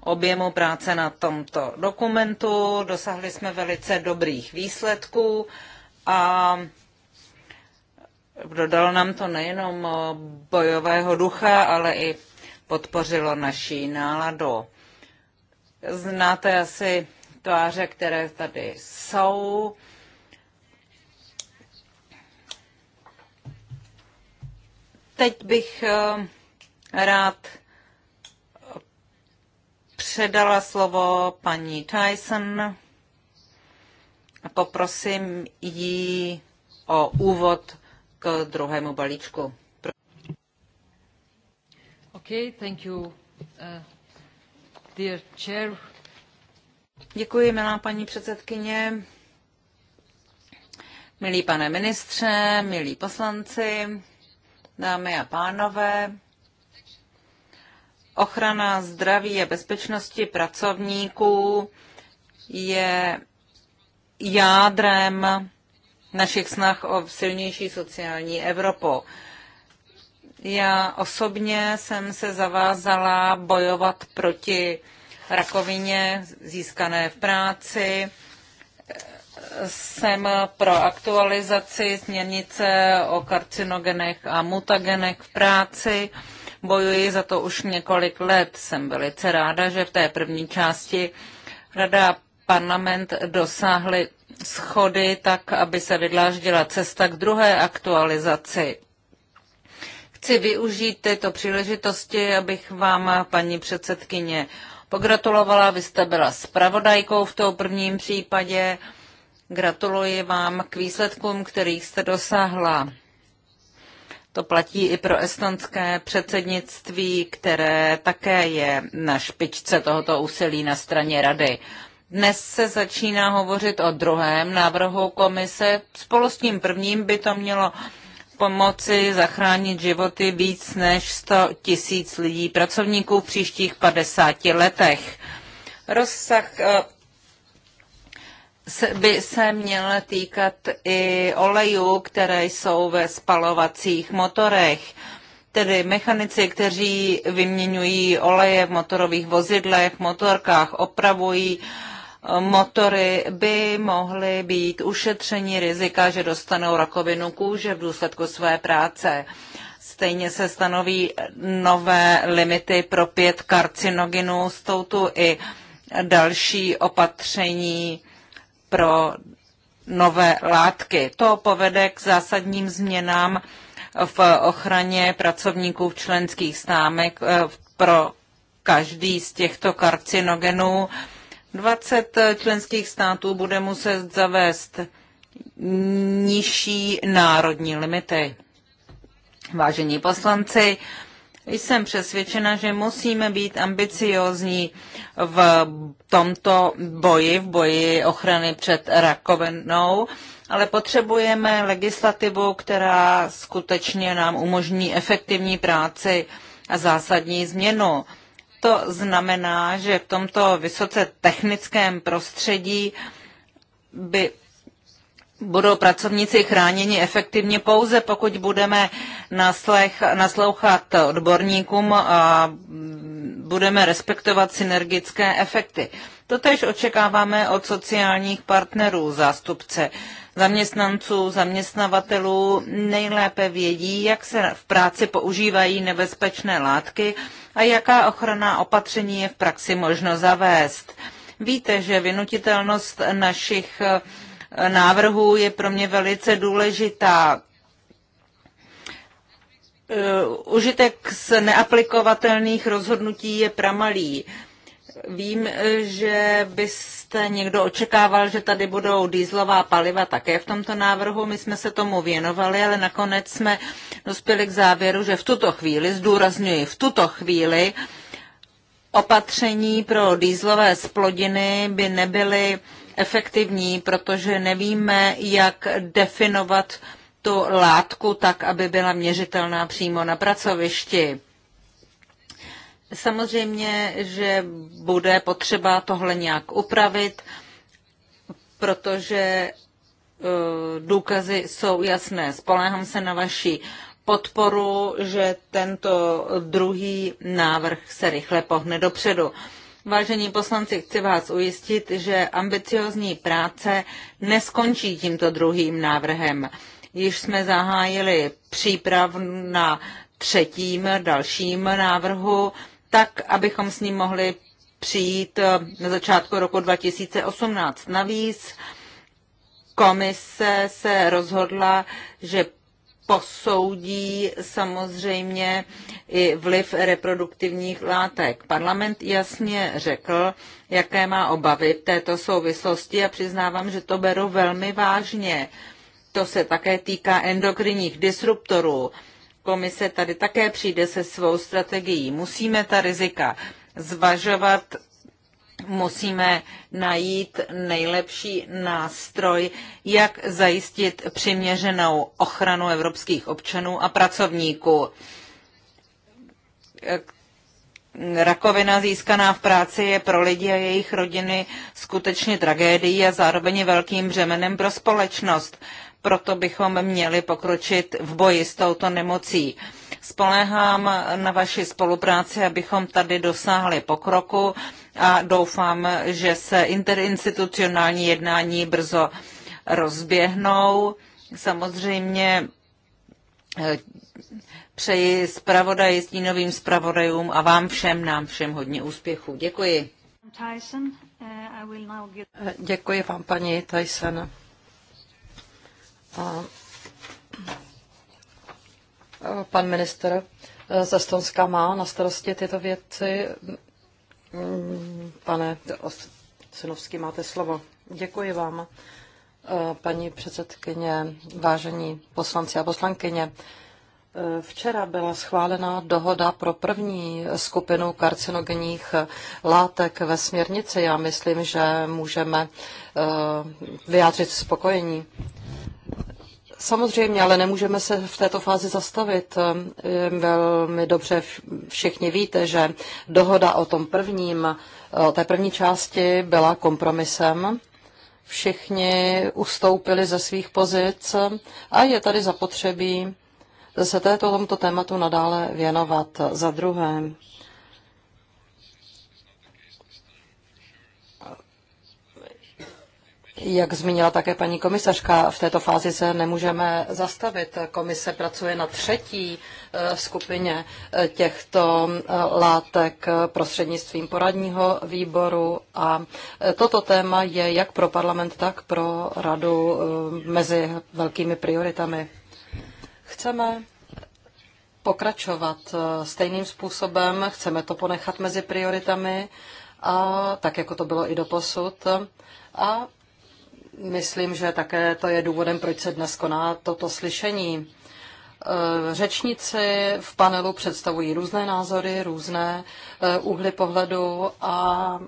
objemu práce na tomto dokumentu. Dosahli jsme velice dobrých výsledků a dodalo nám to nejenom bojového ducha, ale i podpořilo naší náladu. Znáte asi tváře, které tady jsou. Teď bych eh, rád předala slovo paní Tyson a poprosím ji o úvod k druhému balíčku. thank you, uh, dear chair. Děkuji, milá paní předsedkyně. Milý pane ministře, milí poslanci, dámy a pánové, ochrana zdraví a bezpečnosti pracovníků je jádrem našich snah o silnější sociální Evropu. Já osobně jsem se zavázala bojovat proti rakovině získané v práci. Jsem pro aktualizaci směrnice o karcinogenech a mutagenech v práci. Bojuji za to už několik let. Jsem velice ráda, že v té první části Rada parlament dosáhly schody tak, aby se vydláždila cesta k druhé aktualizaci. Chci využít této příležitosti, abych vám, paní předsedkyně, pogratulovala. Vy jste byla spravodajkou v tom prvním případě. Gratuluji vám k výsledkům, kterých jste dosáhla. To platí i pro estonské předsednictví, které také je na špičce tohoto úsilí na straně rady. Dnes se začíná hovořit o druhém návrhu komise. Spolu s tím prvním by to mělo pomoci zachránit životy víc než 100 tisíc lidí pracovníků v příštích 50 letech. Rozsah eh, by se měl týkat i olejů, které jsou ve spalovacích motorech. Tedy mechanici, kteří vyměňují oleje v motorových vozidlech, motorkách, opravují uh, motory by mohly být ušetřeni rizika, že dostanou rakovinu kůže v důsledku své práce. Stejně se stanoví nové limity pro pět karcinogenů, s touto i další opatření pro nové látky. To povede k zásadním změnám v ochraně pracovníků v členských stámek eh, pro každý z těchto karcinogenů. 20 členských států bude muset zavést nižší národní limity. Vážení poslanci, jsem přesvědčena, že musíme být ambiciozní v tomto boji, v boji ochrany před rakovinou, ale potřebujeme legislativu, která skutečně nám umožní efektivní práci a zásadní změnu. To znamená, že v tomto vysoce technickém prostředí by budou pracovníci chráněni efektivně pouze, pokud budeme naslech, naslouchat odborníkům a budeme respektovat synergické efekty. Totež očekáváme od sociálních partnerů zástupce zaměstnanců, zaměstnavatelů nejlépe vědí, jak se v práci používají nebezpečné látky a jaká ochranná opatření je v praxi možno zavést. Víte, že vynutitelnost našich eh, návrhů je pro mě velice důležitá. Eh, užitek z neaplikovatelných rozhodnutí je pramalý. Vím, že byste někdo očekával, že tady budou dýzlová paliva také v tomto návrhu. My jsme se tomu věnovali, ale nakonec jsme dospěli k závěru, že v tuto chvíli, zdůrazňuji, v tuto chvíli opatření pro dýzlové splodiny by nebyly efektivní, protože nevíme, jak definovat tu látku tak, aby byla měřitelná přímo na pracovišti. Samozřejmě, že bude potřeba tohle nějak upravit, protože eh, důkazy jsou jasné. Spoléhám se na vaši podporu, že tento druhý návrh se rychle pohne dopředu. Vážení poslanci, chci vás ujistit, že ambiciozní práce neskončí tímto druhým návrhem. Již jsme zahájili příprav na třetím dalším návrhu, tak, abychom s ním mohli přijít eh, na začátku roku 2018. Navíc komise se rozhodla, že posoudí samozřejmě i vliv reproduktivních látek. Parlament jasně řekl, jaké má obavy v této souvislosti a přiznávám, že to beru velmi vážně. To se také týká endokrinních disruptorů. Komise tady také přijde se svou strategií. Musíme ta rizika zvažovat, musíme najít nejlepší nástroj, jak zajistit přiměřenou ochranu evropských občanů a pracovníků. Rakovina získaná v práci je pro lidi a jejich rodiny skutečně tragédií a zároveň velkým břemenem pro společnost proto bychom měli pokročit v boji s touto nemocí. Spolehám na vaši spolupráci, abychom tady dosáhli pokroku a doufám, že se interinstitucionální jednání brzo rozběhnou. Samozřejmě eh, přeji zpravodaji, stínovým zpravodajům a vám všem, nám všem hodně úspěchů. Děkuji. Tyson, eh, give... Děkuji vám, paní Tyson. A pan minister e, z Estonska má na starosti tyto věci. Mm, pane synovský máte slovo. Děkuji vám, e, paní předsedkyně, vážení poslanci a poslankyně. E, včera byla schválena dohoda pro první skupinu karcinogenních látek ve směrnici. Já myslím, že můžeme vyjádřit spokojení. Samozřejmě, ale nemůžeme se v této fázi zastavit. Velmi dobře všichni víte, že dohoda o tom prvním, o té první části byla kompromisem. Všichni ustoupili ze svých pozic a je tady zapotřebí se této, tomto tématu nadále věnovat. Za druhé, Jak zmínila také paní komisařka, v této fázi se nemůžeme zastavit. Komise pracuje na třetí eh, skupině eh, těchto eh, látek prostřednictvím poradního výboru a toto téma je jak pro parlament, tak pro radu mezi velkými prioritami. Chceme pokračovat stejným způsobem, chceme to ponechat mezi prioritami, a tak jako to bylo i doposud. A myslím, že také to je důvodem, proč se dnes koná toto slyšení. Eh, Řečníci v panelu představují různé názory, různé eh, úhly pohledu a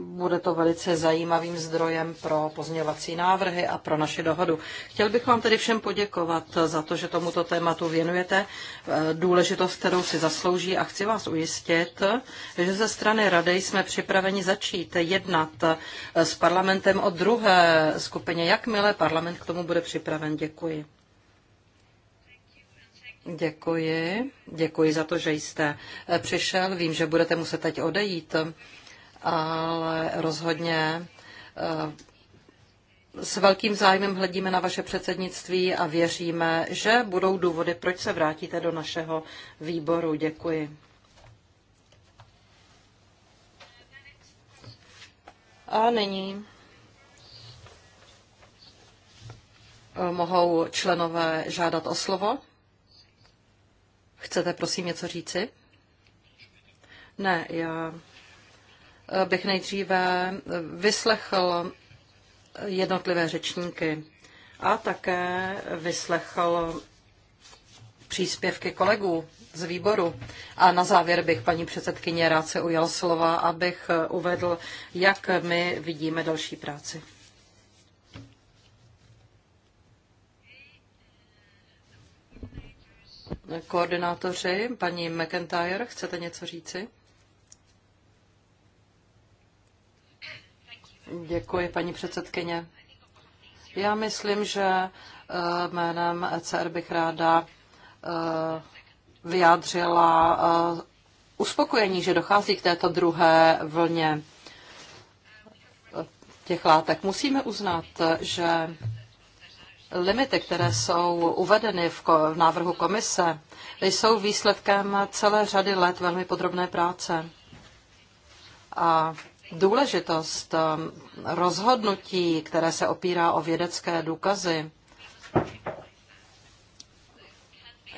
bude to velice zajímavým zdrojem pro pozměňovací návrhy a pro naši dohodu. Chtěl bych vám tedy všem poděkovat za to, že tomuto tématu věnujete eh, důležitost, kterou si zaslouží a chci vás ujistit, že ze strany Rady jsme připraveni začít jednat s parlamentem o druhé skupině, jakmile parlament k tomu bude připraven. Děkuji. Děkuji. Děkuji za to, že jste eh, přišel. Vím, že budete muset teď odejít, ale rozhodně eh, s velkým zájmem hledíme na vaše předsednictví a věříme, že budou důvody, proč se vrátíte do našeho výboru. Děkuji. A nyní eh, mohou členové žádat o slovo. Chcete prosím něco říci? Ne, já eh, bych nejdříve eh, vyslechl jednotlivé řečníky a také vyslechl příspěvky kolegů z výboru. A na závěr bych paní předsedkyně rád se ujal slova, abych eh, uvedl, jak my vidíme další práci. Koordinátoři, paní McIntyre, chcete něco říci? Děkuji, paní předsedkyně. Já myslím, že eh, jménem ECR bych ráda eh, vyjádřila eh, uspokojení, že dochází k této druhé vlně těch látek. Musíme uznat, že limity, které jsou uvedeny v návrhu komise, jsou výsledkem celé řady let velmi podrobné práce. A důležitost um, rozhodnutí, které se opírá o vědecké důkazy,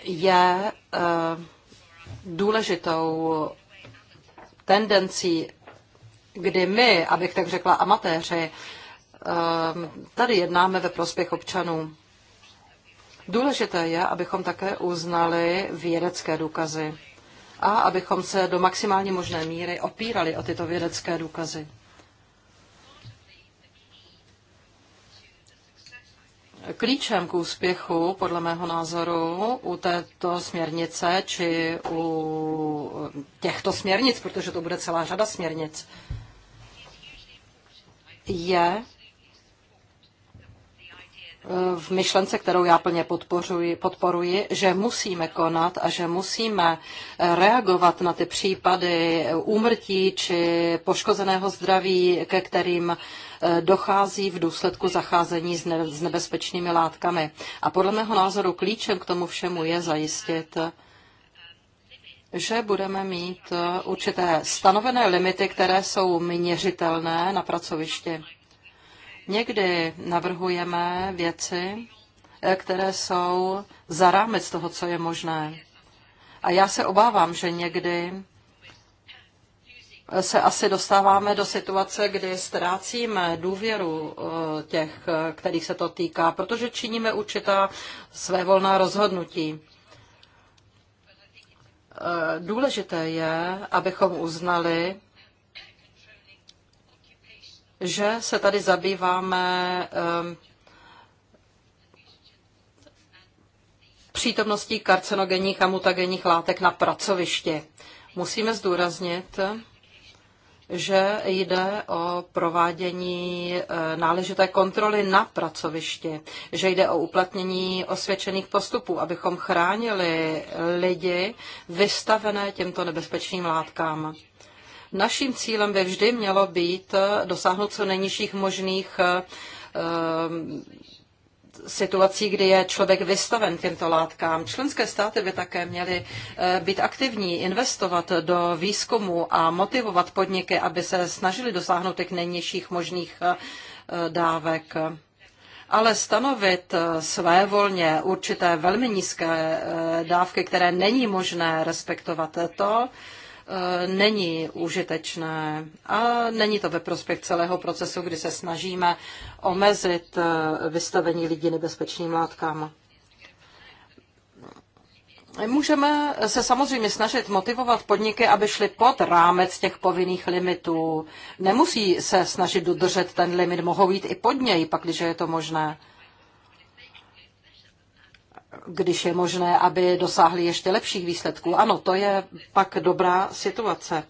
je uh, důležitou tendencí, kdy my, abych tak řekla, amatéři, Ehm, tady jednáme ve prospěch občanů. Důležité je, abychom také uznali vědecké důkazy a abychom se do maximální možné míry opírali o tyto vědecké důkazy. Klíčem k úspěchu, podle mého názoru, u této směrnice či u těchto směrnic, protože to bude celá řada směrnic, je v myšlence, kterou já plně podporuji, podporuji, že musíme konat a že musíme reagovat na ty případy úmrtí či poškozeného zdraví, ke kterým eh, dochází v důsledku zacházení s nebezpečnými látkami. A podle mého názoru klíčem k tomu všemu je zajistit že budeme mít eh, určité stanovené limity, které jsou měřitelné na pracovišti. Někdy navrhujeme věci, eh, které jsou za rámec toho, co je možné. A já se obávám, že někdy eh, se asi dostáváme do situace, kdy ztrácíme důvěru eh, těch, kterých se to týká, protože činíme určitá svévolná rozhodnutí. Důležité je, abychom uznali, že se tady zabýváme ehm, přítomností karcinogenních a mutagenních látek na pracovišti. Musíme zdůraznit, že jde o provádění e, náležité kontroly na pracovišti, že jde o uplatnění osvědčených postupů, abychom chránili lidi vystavené těmto nebezpečným látkám. Naším cílem by vždy mělo být eh, dosáhnout co nejnižších možných eh, eh, situací, kdy je člověk vystaven těmto látkám. Členské státy by také měly být aktivní, investovat do výzkumu a motivovat podniky, aby se snažili dosáhnout těch nejnižších možných dávek. Ale stanovit své volně určité velmi nízké dávky, které není možné respektovat, to Eh, není užitečné a není to ve prospěch celého procesu, kdy se snažíme omezit eh, vystavení lidí nebezpečným látkám. Můžeme se samozřejmě snažit motivovat podniky, aby šly pod rámec těch povinných limitů. Nemusí se snažit dodržet ten limit, mohou jít i pod něj, pakliže je to možné když je možné, aby dosáhli ještě lepších výsledků. Ano, to je pak dobrá situace.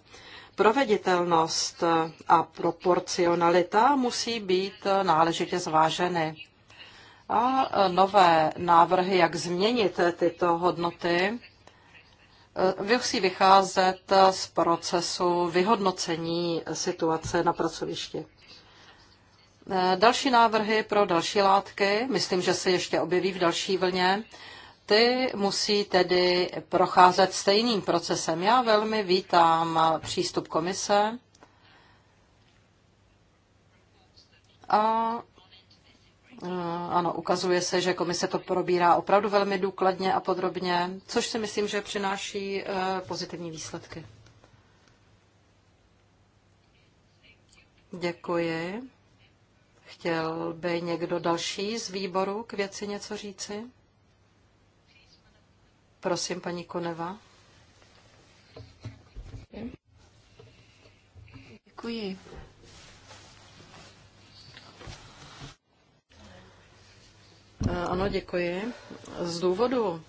Proveditelnost a proporcionalita musí být náležitě zváženy. A nové návrhy, jak změnit tyto hodnoty, musí vycházet z procesu vyhodnocení situace na pracovišti. Eh, další návrhy pro další látky, myslím, že se ještě objeví v další vlně, ty musí tedy procházet stejným procesem. Já velmi vítám přístup komise a eh, ano, ukazuje se, že komise to probírá opravdu velmi důkladně a podrobně, což si myslím, že přináší eh, pozitivní výsledky. Děkuji. Chtěl by někdo další z výboru k věci něco říci? Prosím, paní Koneva. Děkuji. Eh, ano, děkuji. Z důvodu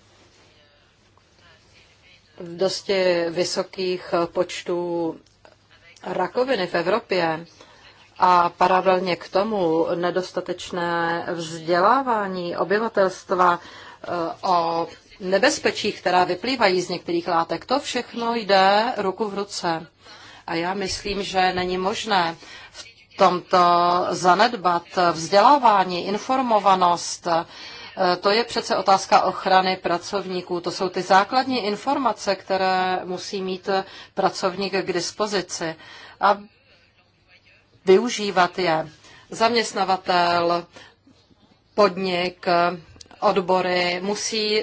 dosti vysokých počtů rakoviny v Evropě a paralelně k tomu nedostatečné vzdělávání obyvatelstva eh, o nebezpečích, která vyplývají z některých látek, to všechno jde ruku v ruce. A já myslím, že není možné v tomto zanedbat vzdělávání, informovanost. Eh, to je přece otázka ochrany pracovníků. To jsou ty základní informace, které musí mít pracovník k dispozici. A využívat je. Zaměstnavatel, podnik, odbory musí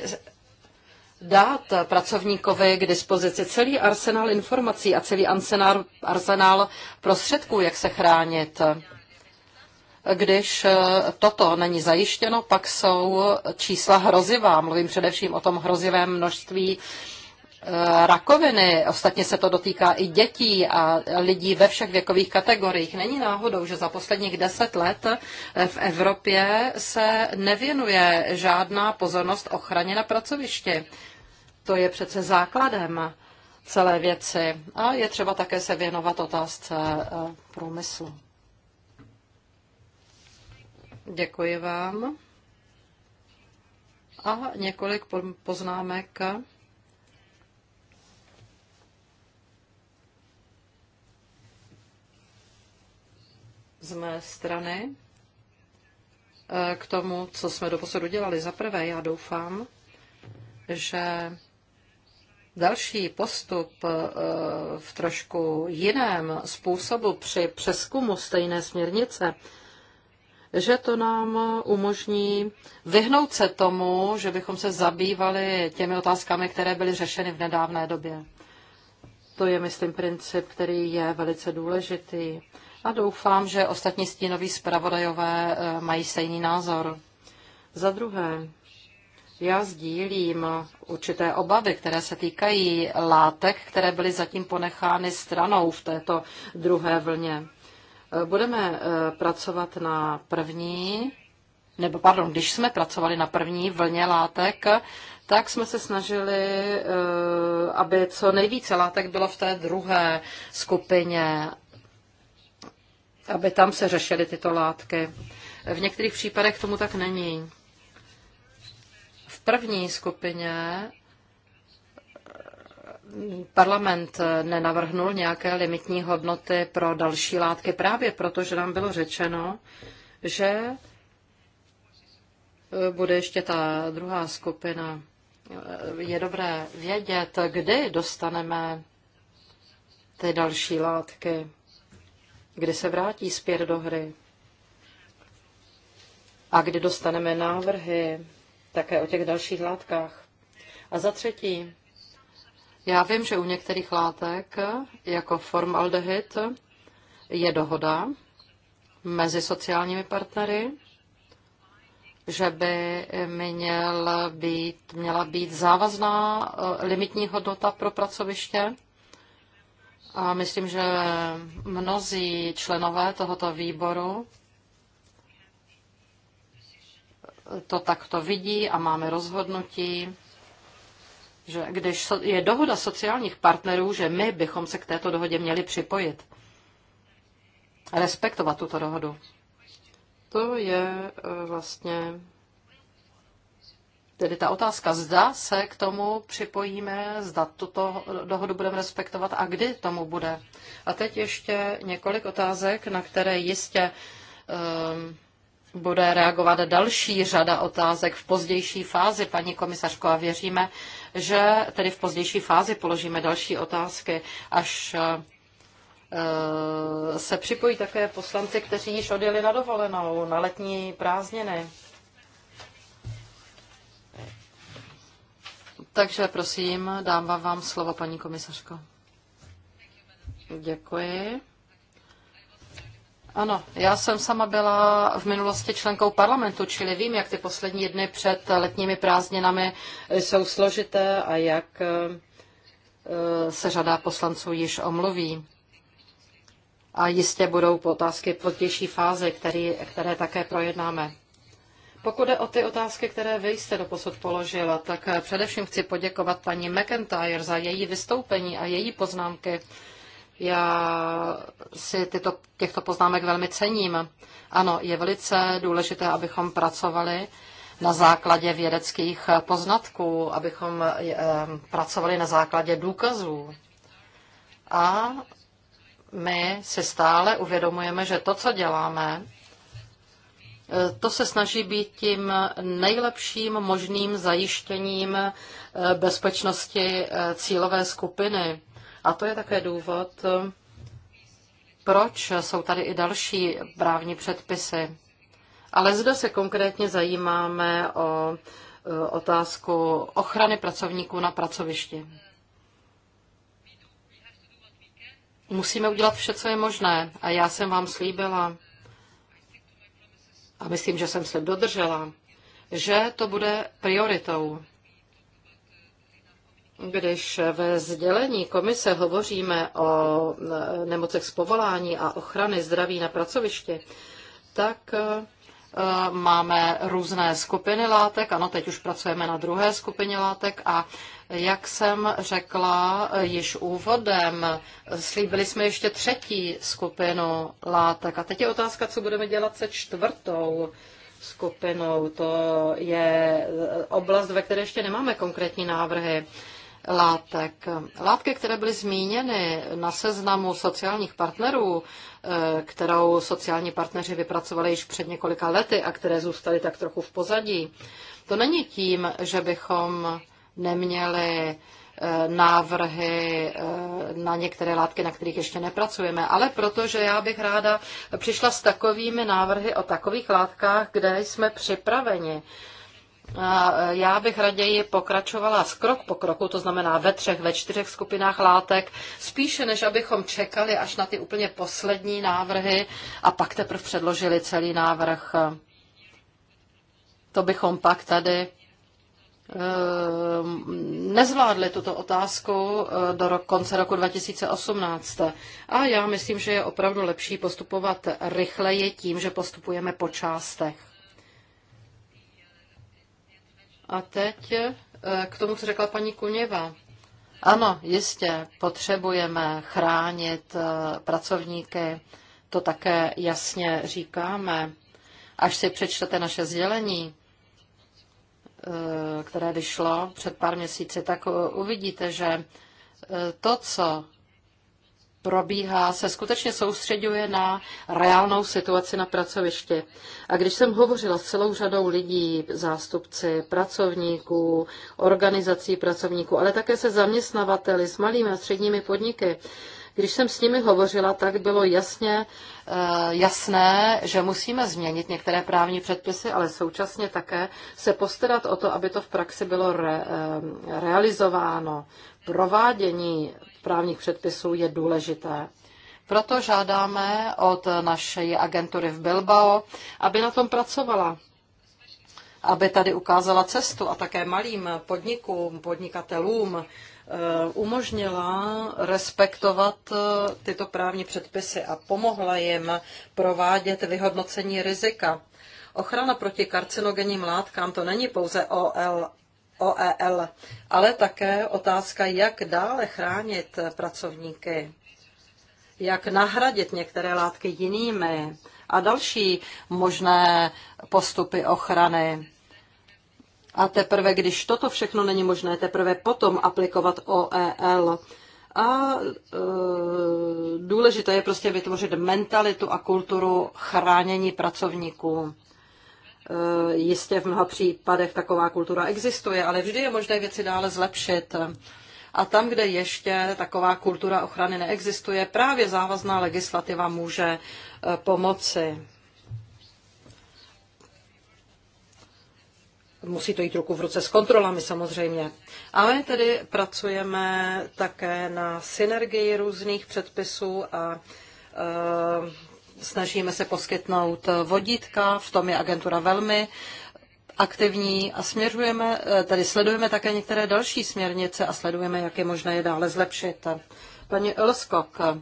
dát pracovníkovi k dispozici celý arsenál informací a celý arsenál, arsenál prostředků, jak se chránit. Když toto není zajištěno, pak jsou čísla hrozivá. Mluvím především o tom hrozivém množství uh, Eh, rakoviny. Ostatně se to dotýká i dětí a lidí ve všech věkových kategoriích. Není náhodou, že za posledních deset let eh, v Evropě se nevěnuje žádná pozornost ochraně na pracovišti. To je přece základem celé věci. A je třeba také se věnovat otázce eh, průmyslu. Děkuji vám. A několik poznámek z mé strany eh, k tomu, co jsme do posledu dělali. Za prvé, já doufám, že další postup eh, v trošku jiném způsobu při přeskumu stejné směrnice, že to nám umožní vyhnout se tomu, že bychom se zabývali těmi otázkami, které byly řešeny v nedávné době. To je, myslím, princip, který je velice důležitý a doufám, že ostatní stínoví zpravodajové eh, mají stejný názor. Za druhé, já sdílím určité obavy, které se týkají látek, které byly zatím ponechány stranou v této druhé vlně. Eh, budeme eh, pracovat na první, nebo pardon, když jsme pracovali na první vlně látek, tak jsme se snažili, aby co nejvíce látek bylo v té druhé skupině aby tam se řešily tyto látky. V některých případech tomu tak není. V první skupině eh, parlament nenavrhnul nějaké limitní hodnoty pro další látky právě proto, že nám bylo řečeno, že eh, bude ještě ta druhá skupina. Eh, je dobré vědět, kdy dostaneme ty další látky kdy se vrátí zpět do hry a kdy dostaneme návrhy také o těch dalších látkách. A za třetí, já vím, že u některých látek, jako formaldehyd, je dohoda mezi sociálními partnery, že by měl být, měla být závazná eh, limitní hodnota pro pracoviště a myslím, že mnozí členové tohoto výboru to takto vidí a máme rozhodnutí, že když je dohoda sociálních partnerů, že my bychom se k této dohodě měli připojit. Respektovat tuto dohodu. To je e, vlastně Tedy ta otázka, zda se k tomu připojíme, zda tuto dohodu budeme respektovat a kdy tomu bude. A teď ještě několik otázek, na které jistě um, bude reagovat další řada otázek v pozdější fázi, paní komisařko, a věříme, že tedy v pozdější fázi položíme další otázky, až uh, se připojí také poslanci, kteří již odjeli na dovolenou, na letní prázdniny. Takže prosím, dám vám slovo, paní komisařko. Děkuji. Ano, já jsem sama byla v minulosti členkou parlamentu, čili vím, jak ty poslední dny před letními prázdninami jsou složité a jak eh, eh, se řada poslanců již omluví. A jistě budou po otázky po těžší fázi, které také projednáme. Pokud jde o ty otázky, které vy jste doposud položila, tak eh, především chci poděkovat paní McIntyre za její vystoupení a její poznámky. Já si tyto, těchto poznámek velmi cením. Ano, je velice důležité, abychom pracovali na základě vědeckých eh, poznatků, abychom eh, pracovali na základě důkazů. A my si stále uvědomujeme, že to, co děláme, Eh, to se snaží být tím nejlepším možným zajištěním eh, bezpečnosti eh, cílové skupiny. A to je také důvod, proč jsou tady i další právní předpisy. Ale zde se konkrétně zajímáme o otázku ochrany pracovníků na pracovišti. Musíme udělat vše, co je možné. A já jsem vám slíbila, a myslím, že jsem se dodržela, že to bude prioritou. Když ve sdělení komise hovoříme o nemocech z povolání a ochrany zdraví na pracovišti, tak Eh, máme různé skupiny látek, ano, teď už pracujeme na druhé skupině látek a jak jsem řekla eh, již úvodem, slíbili jsme ještě třetí skupinu látek a teď je otázka, co budeme dělat se čtvrtou skupinou. To je eh, oblast, ve které ještě nemáme konkrétní návrhy látek. Látky, které byly zmíněny na seznamu sociálních partnerů, eh, kterou sociální partneři vypracovali již před několika lety a které zůstaly tak trochu v pozadí, to není tím, že bychom neměli eh, návrhy eh, na některé látky, na kterých ještě nepracujeme, ale protože já bych ráda přišla s takovými návrhy o takových látkách, kde jsme připraveni a e, Já bych raději pokračovala z krok po kroku, to znamená ve třech, ve čtyřech skupinách látek, spíše než abychom čekali až na ty úplně poslední návrhy a pak teprve předložili celý návrh. To bychom pak tady e, nezvládli tuto otázku e, do konce roku 2018. A já myslím, že je opravdu lepší postupovat rychleji tím, že postupujeme po částech. A teď eh, k tomu, co řekla paní Kuněva. Ano, jistě, potřebujeme chránit eh, pracovníky, to také jasně říkáme. Až si přečtete naše sdělení, eh, které vyšlo před pár měsíci, tak uvidíte, že to, co probíhá, se skutečně soustředuje na reálnou situaci na pracovišti. A když jsem hovořila s celou řadou lidí, zástupci pracovníků, organizací pracovníků, ale také se zaměstnavateli, s malými a středními podniky, když jsem s nimi hovořila, tak bylo jasně eh, jasné, že musíme změnit některé právní předpisy, ale současně také se postarat o to, aby to v praxi bylo re, eh, realizováno. Provádění právních předpisů je důležité. Proto žádáme od naší agentury v Bilbao, aby na tom pracovala, aby tady ukázala cestu a také malým podnikům, podnikatelům eh, umožnila respektovat eh, tyto právní předpisy a pomohla jim provádět vyhodnocení rizika. Ochrana proti karcinogenním látkám to není pouze OL, OEL, ale také otázka, jak dále chránit pracovníky, jak nahradit některé látky jinými a další možné postupy ochrany. A teprve, když toto všechno není možné, teprve potom aplikovat OEL. A e, důležité je prostě vytvořit mentalitu a kulturu chránění pracovníků. Eh, jistě v mnoha případech taková kultura existuje, ale vždy je možné věci dále zlepšit. A tam, kde ještě taková kultura ochrany neexistuje, právě závazná legislativa může eh, pomoci. Musí to jít ruku v ruce s kontrolami samozřejmě. A my tedy pracujeme také na synergii různých předpisů a eh, snažíme se poskytnout eh, vodítka, v tom je agentura velmi aktivní a směřujeme, eh, tedy sledujeme také některé další směrnice a sledujeme, jak je možné je dále zlepšit. Paní Elskok, eh,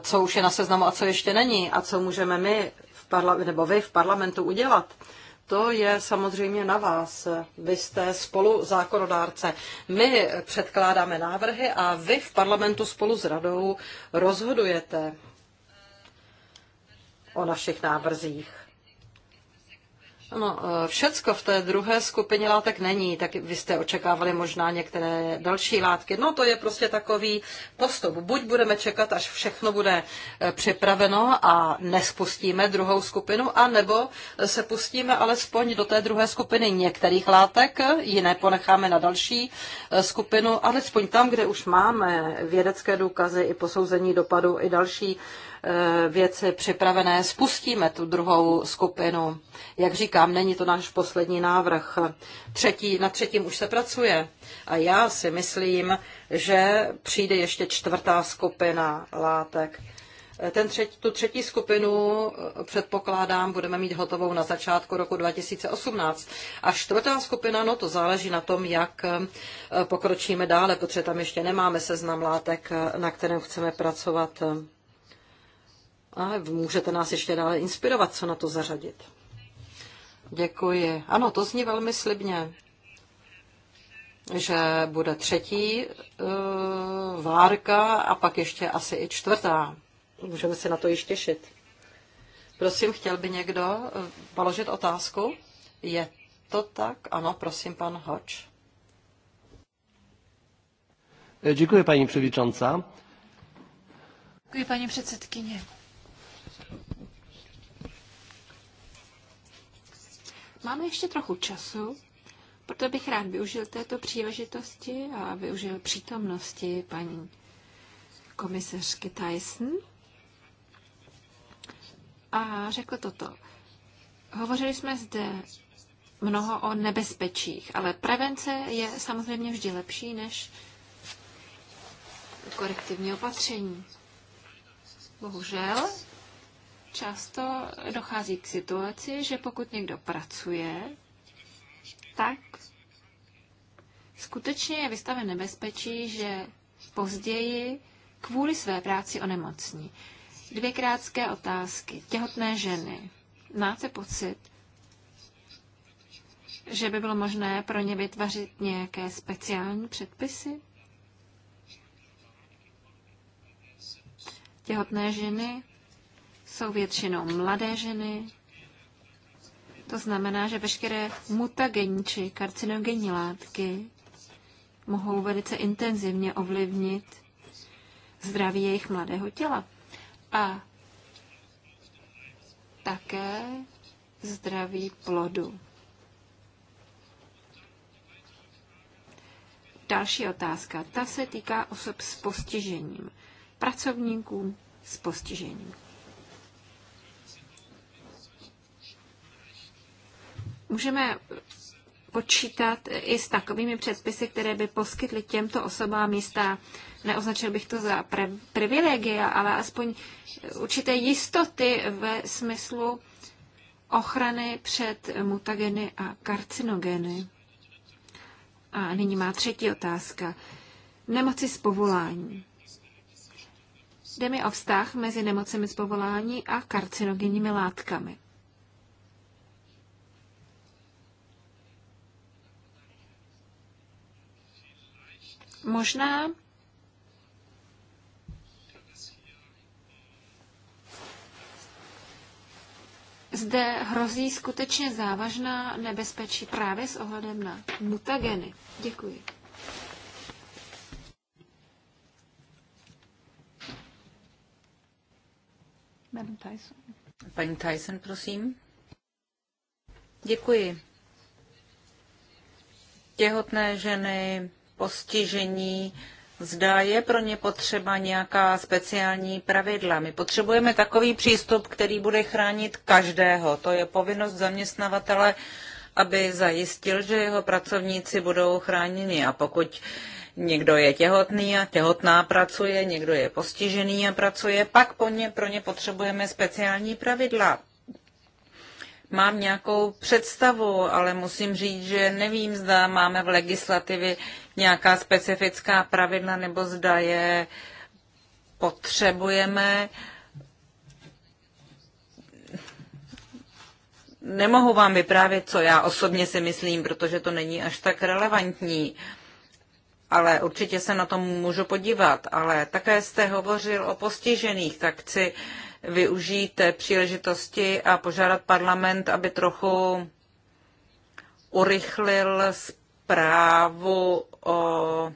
co už je na seznamu a co ještě není a co můžeme my v parla- nebo vy v parlamentu udělat, to je samozřejmě na vás. Vy jste spolu zákonodárce. My předkládáme návrhy a vy v parlamentu spolu s radou rozhodujete o našich návrzích. No, všecko v té druhé skupině látek není, tak vy jste očekávali možná některé další látky. No to je prostě takový postup. Buď budeme čekat, až všechno bude e, připraveno a nespustíme druhou skupinu, anebo se pustíme alespoň do té druhé skupiny některých látek, jiné ponecháme na další e, skupinu, alespoň tam, kde už máme vědecké důkazy i posouzení dopadu i další uh, Eh, věci připravené, spustíme tu druhou skupinu. Jak říkám, není to náš poslední návrh. Třetí, na třetím už se pracuje. A já si myslím, že přijde ještě čtvrtá skupina látek. Eh, ten třetí, tu třetí skupinu eh, předpokládám, budeme mít hotovou na začátku roku 2018. A čtvrtá skupina, no to záleží na tom, jak pokročíme dále, protože tam ještě nemáme seznam látek, na kterém chceme pracovat. A můžete nás ještě dále inspirovat, co na to zařadit. Děkuji. Ano, to zní velmi slibně, že bude třetí uh, várka a pak ještě asi i čtvrtá. Můžeme se na to již těšit. Prosím, chtěl by někdo eh, položit otázku? Je to tak? Ano, prosím, pan Hoč. Eh, děkuji, paní předsedkyně. Děkuji, paní předsedkyně. Máme ještě trochu času, proto bych rád využil této příležitosti a využil přítomnosti paní komisařky Tyson a řekl toto. Hovořili jsme zde mnoho o nebezpečích, ale prevence je samozřejmě vždy lepší než korektivní opatření. Bohužel, často dochází k situaci, že pokud někdo pracuje, tak skutečně je vystaven nebezpečí, že později kvůli své práci onemocní. Dvě krátké otázky. Těhotné ženy. Máte pocit, že by bylo možné pro ně vytvořit nějaké speciální předpisy? Těhotné ženy jsou většinou mladé ženy. To znamená, že veškeré mutagení či karcinogenní látky mohou velice intenzivně ovlivnit zdraví jejich mladého těla. A také zdraví plodu. Další otázka. Ta se týká osob s postižením. Pracovníků s postižením. Můžeme počítat i s takovými předpisy, které by poskytly těmto osobám místa. Neoznačil bych to za pre- privilegia, ale aspoň určité jistoty ve smyslu ochrany před mutageny a karcinogeny. A nyní má třetí otázka. Nemoci z povolání. Jde mi o vztah mezi nemocemi z povolání a karcinogenními látkami. Možná zde hrozí skutečně závažná nebezpečí právě s ohledem na mutageny. Děkuji. Tyson. Paní Tyson, prosím. Děkuji. Těhotné ženy, postižení, zda je pro ně potřeba nějaká speciální pravidla. My potřebujeme takový přístup, který bude chránit každého. To je povinnost zaměstnavatele, aby zajistil, že jeho pracovníci budou chráněni. A pokud někdo je těhotný a těhotná pracuje, někdo je postižený a pracuje, pak po ně, pro ně potřebujeme speciální pravidla. Mám nějakou představu, ale musím říct, že nevím, zda máme v legislativě nějaká specifická pravidla nebo zda je potřebujeme. Nemohu vám vyprávět, co já osobně si myslím, protože to není až tak relevantní ale určitě se na to můžu podívat. Ale také jste hovořil o postižených, tak chci využít příležitosti a požádat parlament, aby trochu urychlil zprávu o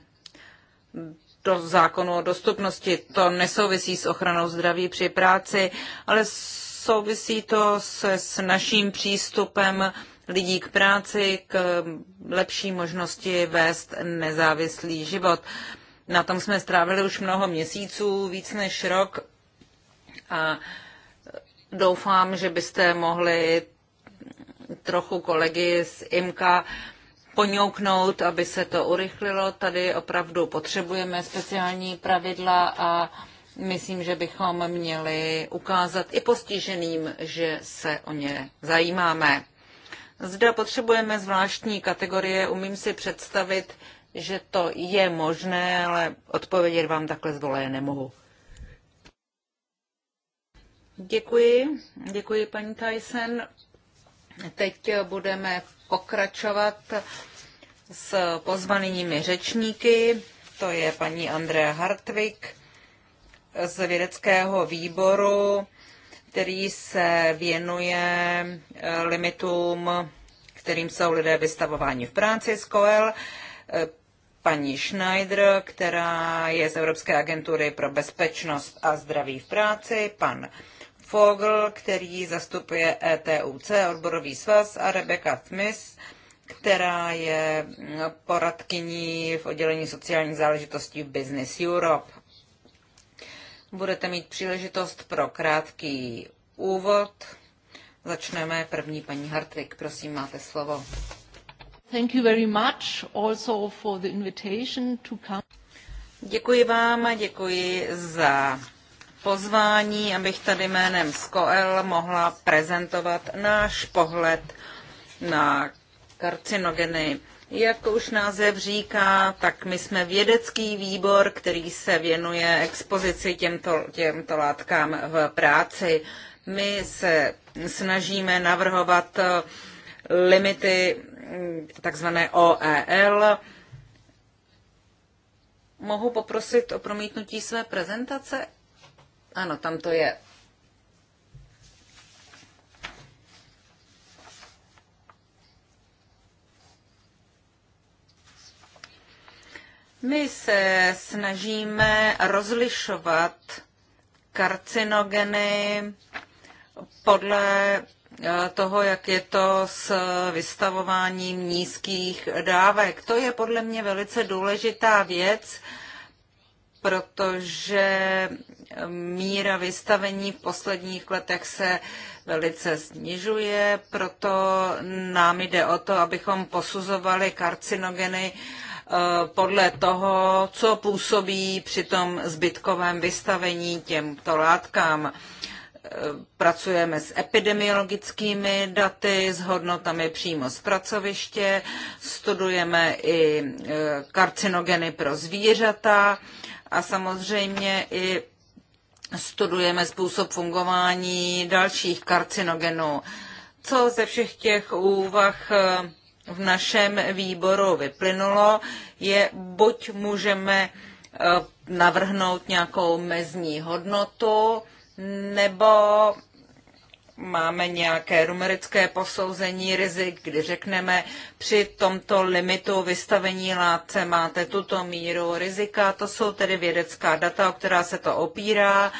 do zákonu o dostupnosti. To nesouvisí s ochranou zdraví při práci, ale souvisí to se, s naším přístupem lidí k práci, k lepší možnosti vést nezávislý život. Na tom jsme strávili už mnoho měsíců, víc než rok a doufám, že byste mohli trochu kolegy z IMKA poňouknout, aby se to urychlilo. Tady opravdu potřebujeme speciální pravidla a myslím, že bychom měli ukázat i postiženým, že se o ně zajímáme. Zda potřebujeme zvláštní kategorie, umím si představit, že to je možné, ale odpovědět vám takhle zvolé nemohu. Děkuji, děkuji paní Tyson. Teď budeme pokračovat s pozvanými řečníky. To je paní Andrea Hartwig z vědeckého výboru, který se věnuje eh, limitům, kterým jsou lidé vystavováni v práci z COEL, eh, paní Schneider, která je z Evropské agentury pro bezpečnost a zdraví v práci, pan Fogl, který zastupuje ETUC, odborový svaz, a Rebecca Smith, která je poradkyní v oddělení sociálních záležitostí v Business Europe. Budete mít příležitost pro krátký úvod. Začneme první paní Hartwig. Prosím, máte slovo. Thank you very much also for the invitation to come. Děkuji vám a děkuji za pozvání, abych tady jménem SCOEL mohla prezentovat náš pohled na karcinogeny. Jak už název říká, tak my jsme vědecký výbor, který se věnuje expozici těmto, těmto látkám v práci. My se snažíme navrhovat eh, limity mm, takzvané OEL. Mohu poprosit o promítnutí své prezentace? Ano, tam to je. My se snažíme rozlišovat karcinogeny podle eh, toho, jak je to s vystavováním nízkých dávek. To je podle mě velice důležitá věc, protože míra vystavení v posledních letech se velice snižuje, proto nám jde o to, abychom posuzovali karcinogeny eh, podle toho, co působí při tom zbytkovém vystavení těmto látkám. Eh, pracujeme s epidemiologickými daty, s hodnotami přímo z pracoviště, studujeme i eh, karcinogeny pro zvířata a samozřejmě i studujeme způsob fungování dalších karcinogenů. Co ze všech těch úvah eh, v našem výboru vyplynulo, je buď můžeme eh, navrhnout nějakou mezní hodnotu, nebo máme nějaké numerické posouzení rizik, kdy řekneme, při tomto limitu vystavení látce máte tuto míru rizika. To jsou tedy vědecká data, o která se to opírá,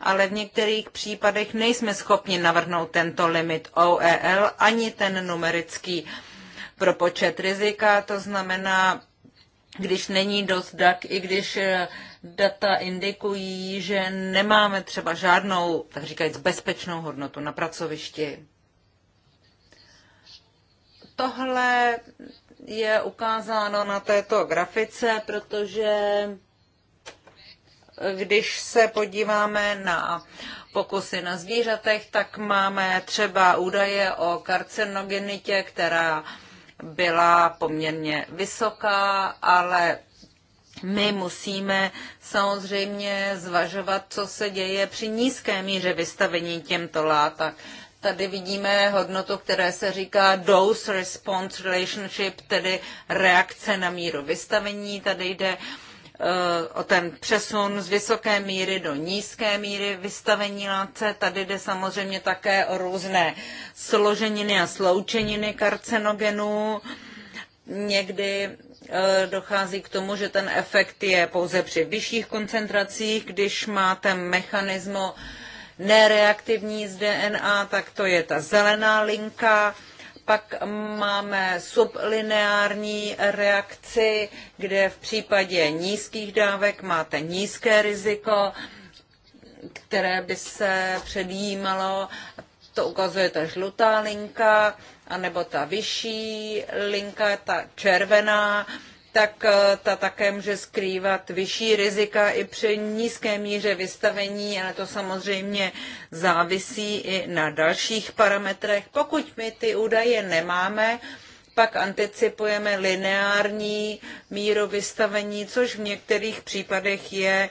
ale v některých případech nejsme schopni navrhnout tento limit OEL ani ten numerický propočet rizika. To znamená, když není dost dat, i když eh, Data indikují, že nemáme třeba žádnou, tak říkajíc, bezpečnou hodnotu na pracovišti. Tohle je ukázáno na této grafice, protože když se podíváme na pokusy na zvířatech, tak máme třeba údaje o karcinogenitě, která byla poměrně vysoká, ale my musíme samozřejmě zvažovat, co se děje při nízké míře vystavení těmto látek. Tady vidíme hodnotu, které se říká dose response relationship, tedy reakce na míru vystavení. Tady jde e, o ten přesun z vysoké míry do nízké míry vystavení látce. Tady jde samozřejmě také o různé složeniny a sloučeniny karcenogenů. Někdy Eh, dochází k tomu, že ten efekt je pouze při vyšších koncentracích, když máte mechanismo nereaktivní z DNA, tak to je ta zelená linka. Pak máme sublineární reakci, kde v případě nízkých dávek máte nízké riziko, které by se předjímalo. To ukazuje ta žlutá linka anebo ta vyšší linka, ta červená, tak eh, ta také může skrývat vyšší rizika i při nízké míře vystavení, ale to samozřejmě závisí i na dalších parametrech. Pokud my ty údaje nemáme, pak anticipujeme lineární míru vystavení, což v některých případech je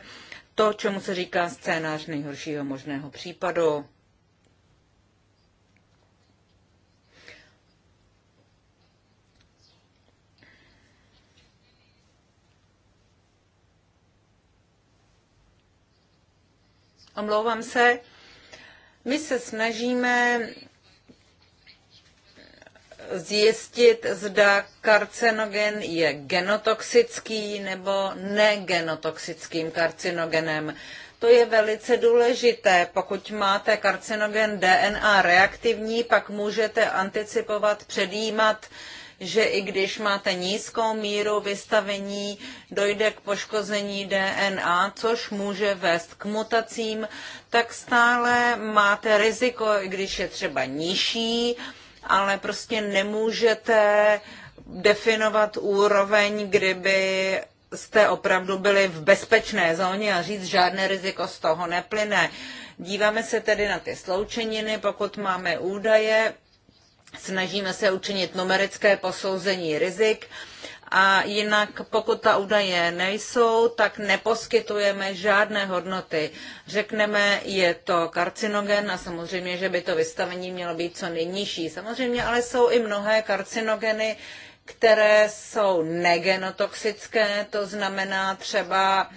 to, čemu se říká scénář nejhoršího možného případu. Omlouvám se. My se snažíme zjistit, zda karcinogen je genotoxický nebo negenotoxickým karcinogenem. To je velice důležité. Pokud máte karcinogen DNA reaktivní, pak můžete anticipovat, předjímat, uh, že i když máte nízkou míru vystavení, dojde k poškození DNA, což může vést k mutacím, tak stále máte riziko, i když je třeba nižší, ale prostě nemůžete definovat úroveň, kdyby jste opravdu byli v bezpečné zóně a říct, žádné riziko z toho neplyne. Díváme se tedy na ty sloučeniny, pokud máme údaje, snažíme se učinit numerické posouzení rizik a jinak pokud ta údaje nejsou, tak neposkytujeme žádné hodnoty. Řekneme, je to karcinogen a samozřejmě, že by to vystavení mělo být co nejnižší. Samozřejmě ale jsou i mnohé karcinogeny, které jsou negenotoxické, to znamená třeba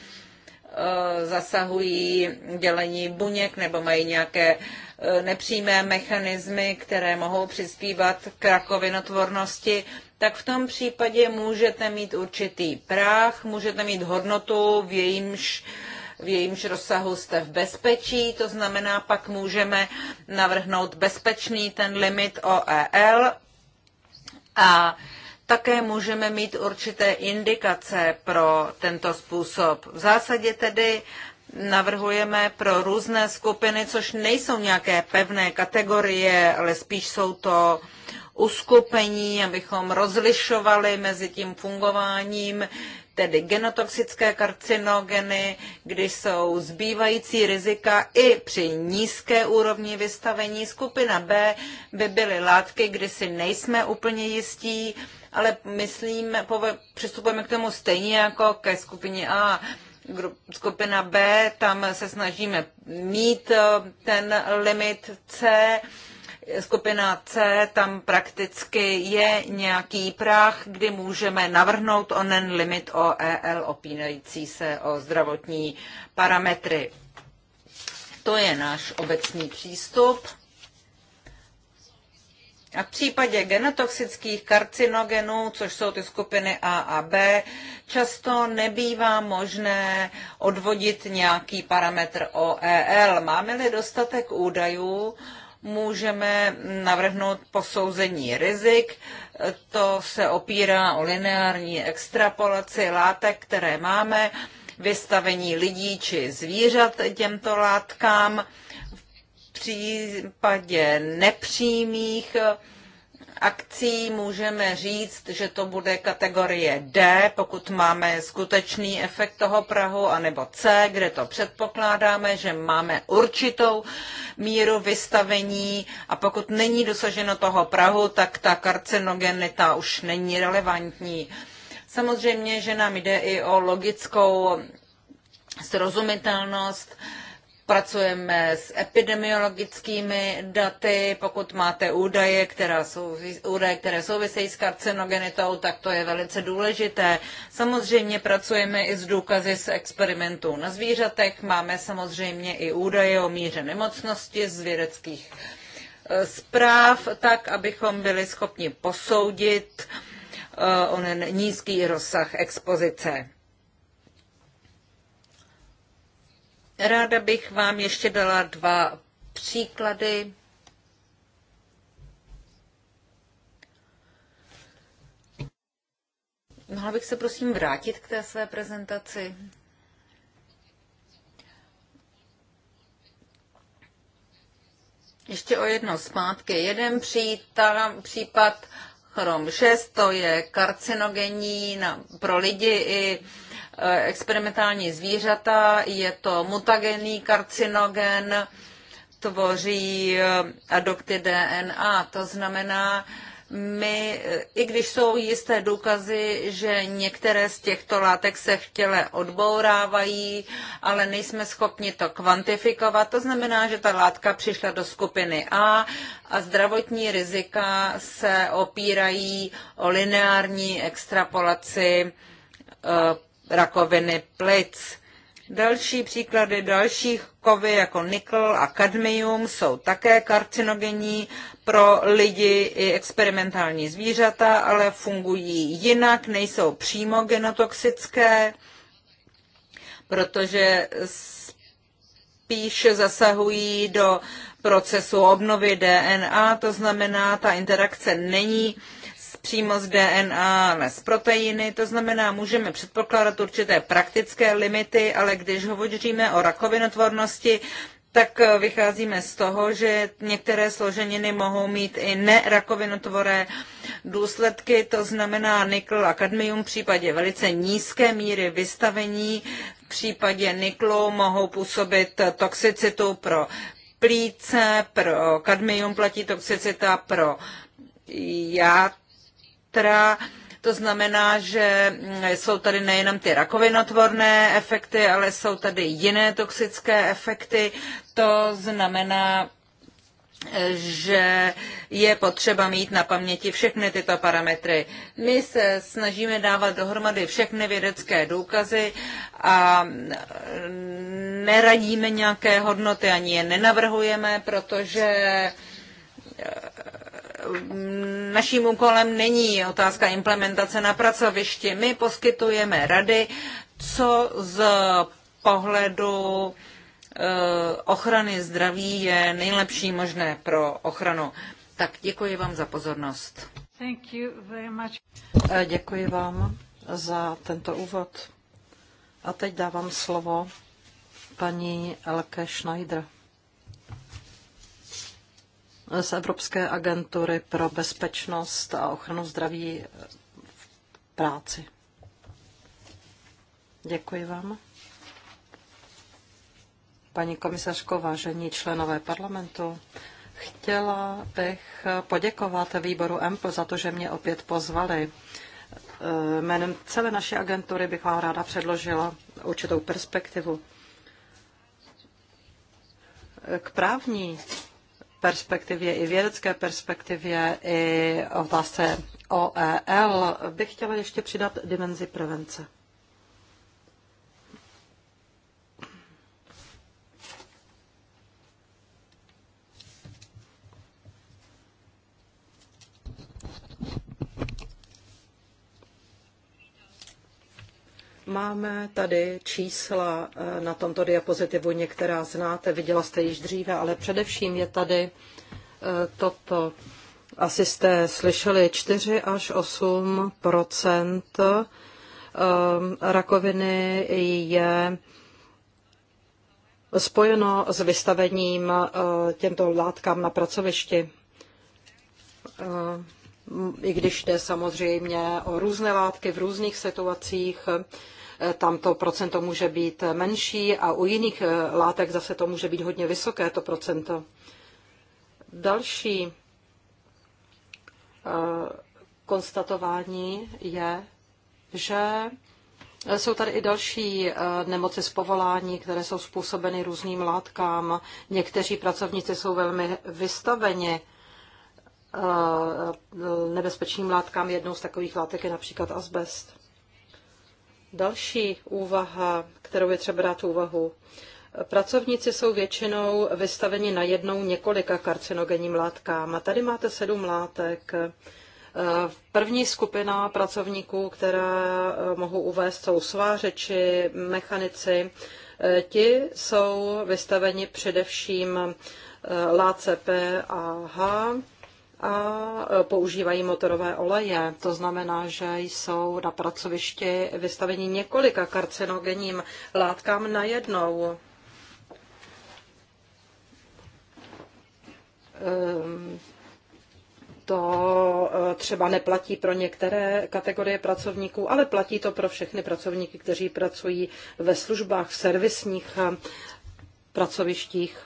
Eh, zasahují dělení buněk nebo mají nějaké eh, nepřímé mechanismy, které mohou přispívat k rakovinotvornosti, tak v tom případě můžete mít určitý práh, můžete mít hodnotu, v jejímž, v jejímž rozsahu jste v bezpečí, to znamená, pak můžeme navrhnout bezpečný ten limit OEL a uh, také můžeme mít určité indikace pro tento způsob. V zásadě tedy navrhujeme pro různé skupiny, což nejsou nějaké pevné kategorie, ale spíš jsou to uskupení, abychom rozlišovali mezi tím fungováním, tedy genotoxické karcinogeny, kdy jsou zbývající rizika i při nízké úrovni vystavení. Skupina B by byly látky, kdy si nejsme úplně jistí, ale myslím, přistupujeme k tomu stejně jako ke skupině A. Skupina B, tam se snažíme mít eh, ten limit C, skupina C, tam prakticky je nějaký práh, kdy můžeme navrhnout onen limit OEL opínající se o zdravotní parametry. To je náš obecný přístup. A v případě genotoxických karcinogenů, což jsou ty skupiny A a B, často nebývá možné odvodit nějaký parametr OEL. Máme-li dostatek údajů, můžeme navrhnout posouzení rizik. To se opírá o lineární extrapolaci látek, které máme, vystavení lidí či zvířat těmto látkám případě nepřímých eh, akcí můžeme říct, že to bude kategorie D, pokud máme skutečný efekt toho Prahu, anebo C, kde to předpokládáme, že máme určitou míru vystavení a pokud není dosaženo toho Prahu, tak ta karcinogenita už není relevantní. Samozřejmě, že nám jde i o logickou srozumitelnost, pracujeme s epidemiologickými daty. Pokud máte údaje, která jsou údaje, které souvisejí s karcinogenitou, tak to je velice důležité. Samozřejmě pracujeme i s důkazy z experimentů na zvířatech. Máme samozřejmě i údaje o míře nemocnosti z vědeckých eh, zpráv, tak abychom byli schopni posoudit eh, onen nízký rozsah expozice. Ráda bych vám ještě dala dva příklady. Mohla bych se prosím vrátit k té své prezentaci? Ještě o jedno zpátky. Jeden případ chrom 6, to je karcinogenní na, pro lidi i Eh, experimentální zvířata, je to mutagenní karcinogen, tvoří eh, adopty DNA. To znamená, my, eh, i když jsou jisté důkazy, že některé z těchto látek se v těle odbourávají, ale nejsme schopni to kvantifikovat, to znamená, že ta látka přišla do skupiny A a zdravotní rizika se opírají o lineární extrapolaci rakoviny plic. Další příklady dalších kovy jako nikl a kadmium jsou také karcinogenní pro lidi i experimentální zvířata, ale fungují jinak, nejsou přímo genotoxické, protože spíše zasahují do procesu obnovy DNA, to znamená, ta interakce není uh, přímo z DNA ale z proteiny, to znamená, můžeme předpokládat určité praktické limity, ale když hovoříme o rakovinotvornosti, tak eh, vycházíme z toho, že některé složeniny mohou mít i nerakovinotvoré důsledky, to znamená nikl a kadmium v případě velice nízké míry vystavení, v případě niklu mohou působit toxicitu pro plíce, pro kadmium platí toxicita pro já spektra. To znamená, že mm, jsou tady nejenom ty rakovinotvorné efekty, ale jsou tady jiné toxické efekty. To znamená, že je potřeba mít na paměti všechny tyto parametry. My se snažíme dávat dohromady všechny vědecké důkazy a mm, neradíme nějaké hodnoty, ani je nenavrhujeme, protože naším úkolem není otázka implementace na pracovišti. My poskytujeme rady, co z pohledu e, ochrany zdraví je nejlepší možné pro ochranu. Tak děkuji vám za pozornost. Thank you very much. E, děkuji vám za tento úvod. A teď dávám slovo paní Elke Schneider z Evropské agentury pro bezpečnost a ochranu zdraví v práci. Děkuji vám. Paní komisařko, vážení členové parlamentu, chtěla bych poděkovat výboru EMPL za to, že mě opět pozvali. Eh, jménem celé naší agentury bych vám ráda předložila určitou perspektivu. K právní perspektivě, i vědecké perspektivě, i v otázce OEL bych chtěla ještě přidat dimenzi prevence. Máme tady čísla eh, na tomto diapozitivu, některá znáte, viděla jste již dříve, ale především je tady eh, toto. Asi jste slyšeli 4 až 8 eh, rakoviny je spojeno s vystavením těmto látkám na pracovišti i když jde samozřejmě o různé látky v různých situacích, tam to procento může být menší a u jiných eh, látek zase to může být hodně vysoké, to procento. Další eh, konstatování je, že jsou tady i další eh, nemoci z povolání, které jsou způsobeny různým látkám. Někteří pracovníci jsou velmi vystaveni nebezpečným látkám. Jednou z takových látek je například asbest. Další úvaha, kterou je třeba dát úvahu. Pracovníci jsou většinou vystaveni na jednou několika karcinogenním látkám. A tady máte sedm látek. E, první skupina pracovníků, která e, mohu uvést, jsou svářeči, mechanici. E, ti jsou vystaveni především látce P a H a používají motorové oleje. To znamená, že jsou na pracovišti vystaveni několika karcinogenním látkám najednou. Ehm, to eh, třeba neplatí pro některé kategorie pracovníků, ale platí to pro všechny pracovníky, kteří pracují ve službách, v servisních eh, pracovištích.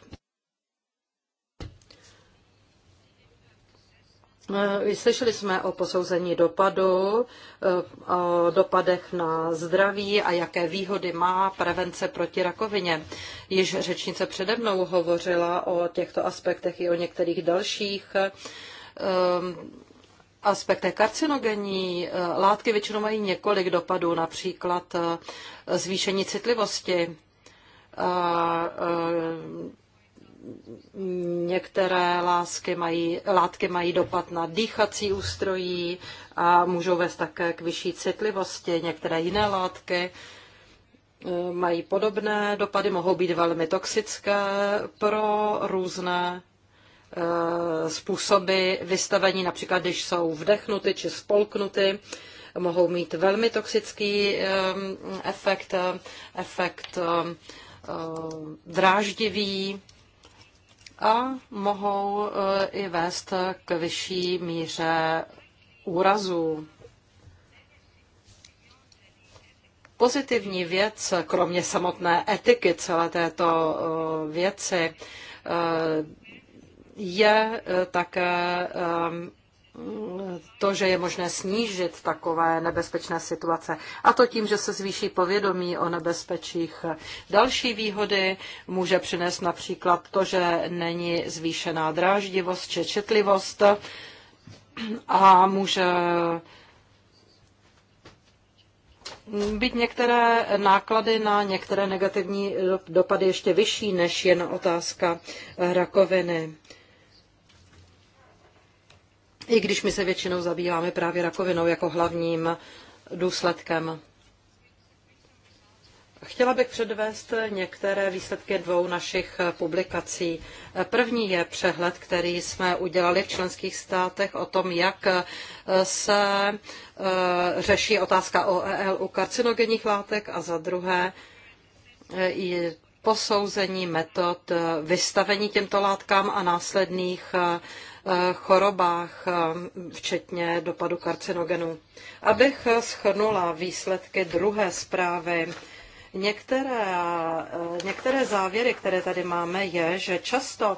Eh, slyšeli jsme o posouzení dopadu, eh, o dopadech na zdraví a jaké výhody má prevence proti rakovině. Již řečnice přede mnou hovořila o těchto aspektech i o některých dalších eh, aspektech karcinogenní látky většinou mají několik dopadů, například zvýšení citlivosti, některé lásky mají, látky mají dopad na dýchací ústrojí a můžou vést také k vyšší citlivosti. Některé jiné látky eh, mají podobné dopady, mohou být velmi toxické pro různé eh, způsoby vystavení, například když jsou vdechnuty či spolknuty, mohou mít velmi toxický eh, efekt, efekt dráždivý, a mohou eh, i vést k vyšší míře úrazů. Pozitivní věc, kromě samotné etiky celé této eh, věci, eh, je také to, že je možné snížit takové nebezpečné situace. A to tím, že se zvýší povědomí o nebezpečích. Další výhody může přinést například to, že není zvýšená dráždivost či četlivost a může být některé náklady na některé negativní dopady ještě vyšší než jen otázka rakoviny i když my se většinou zabýváme právě rakovinou jako hlavním důsledkem. Chtěla bych předvést některé výsledky dvou našich publikací. První je přehled, který jsme udělali v členských státech o tom, jak se eh, řeší otázka OEL u karcinogenních látek a za druhé eh, i posouzení metod eh, vystavení těmto látkám a následných Eh, chorobách, eh, včetně dopadu karcinogenů. Abych schrnula výsledky druhé zprávy, Některé, eh, některé závěry, které tady máme, je, že často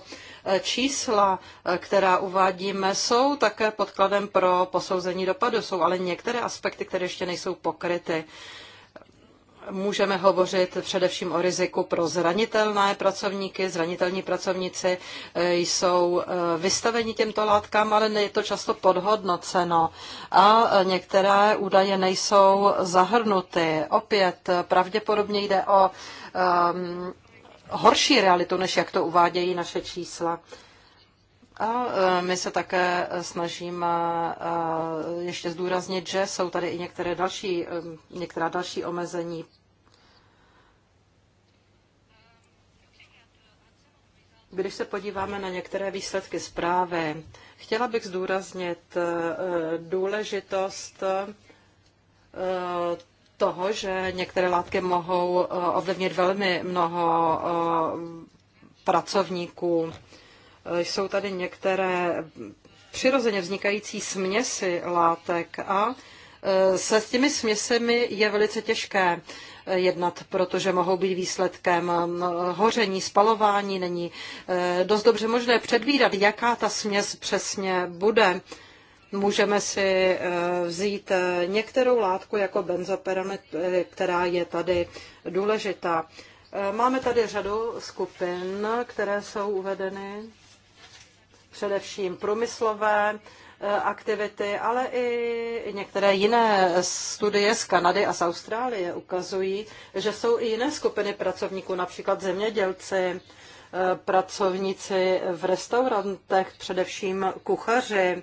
čísla, která uvádíme, jsou také podkladem pro posouzení dopadu, jsou ale některé aspekty, které ještě nejsou pokryty můžeme hovořit především o riziku pro zranitelné pracovníky. Zranitelní pracovníci eh, jsou eh, vystaveni těmto látkám, ale je to často podhodnoceno a eh, některé údaje nejsou zahrnuty. Opět pravděpodobně jde o um, horší realitu, než jak to uvádějí naše čísla. A e, my se také snažíme e, ještě zdůraznit, že jsou tady i některé další, e, některá další omezení. Když se podíváme na některé výsledky zprávy, chtěla bych zdůraznit důležitost toho, že některé látky mohou ovlivnit velmi mnoho pracovníků jsou tady některé přirozeně vznikající směsi látek a e, se s těmi směsemi je velice těžké e, jednat, protože mohou být výsledkem hoření, spalování. Není e, dost dobře možné předvídat, jaká ta směs přesně bude. Můžeme si vzít některou látku jako benzoperamet, která je tady důležitá. Máme tady řadu skupin, které jsou uvedeny především průmyslové eh, aktivity, ale i některé jiné studie z Kanady a z Austrálie ukazují, že jsou i jiné skupiny pracovníků, například zemědělci, eh, pracovníci v restaurantech, především kuchaři,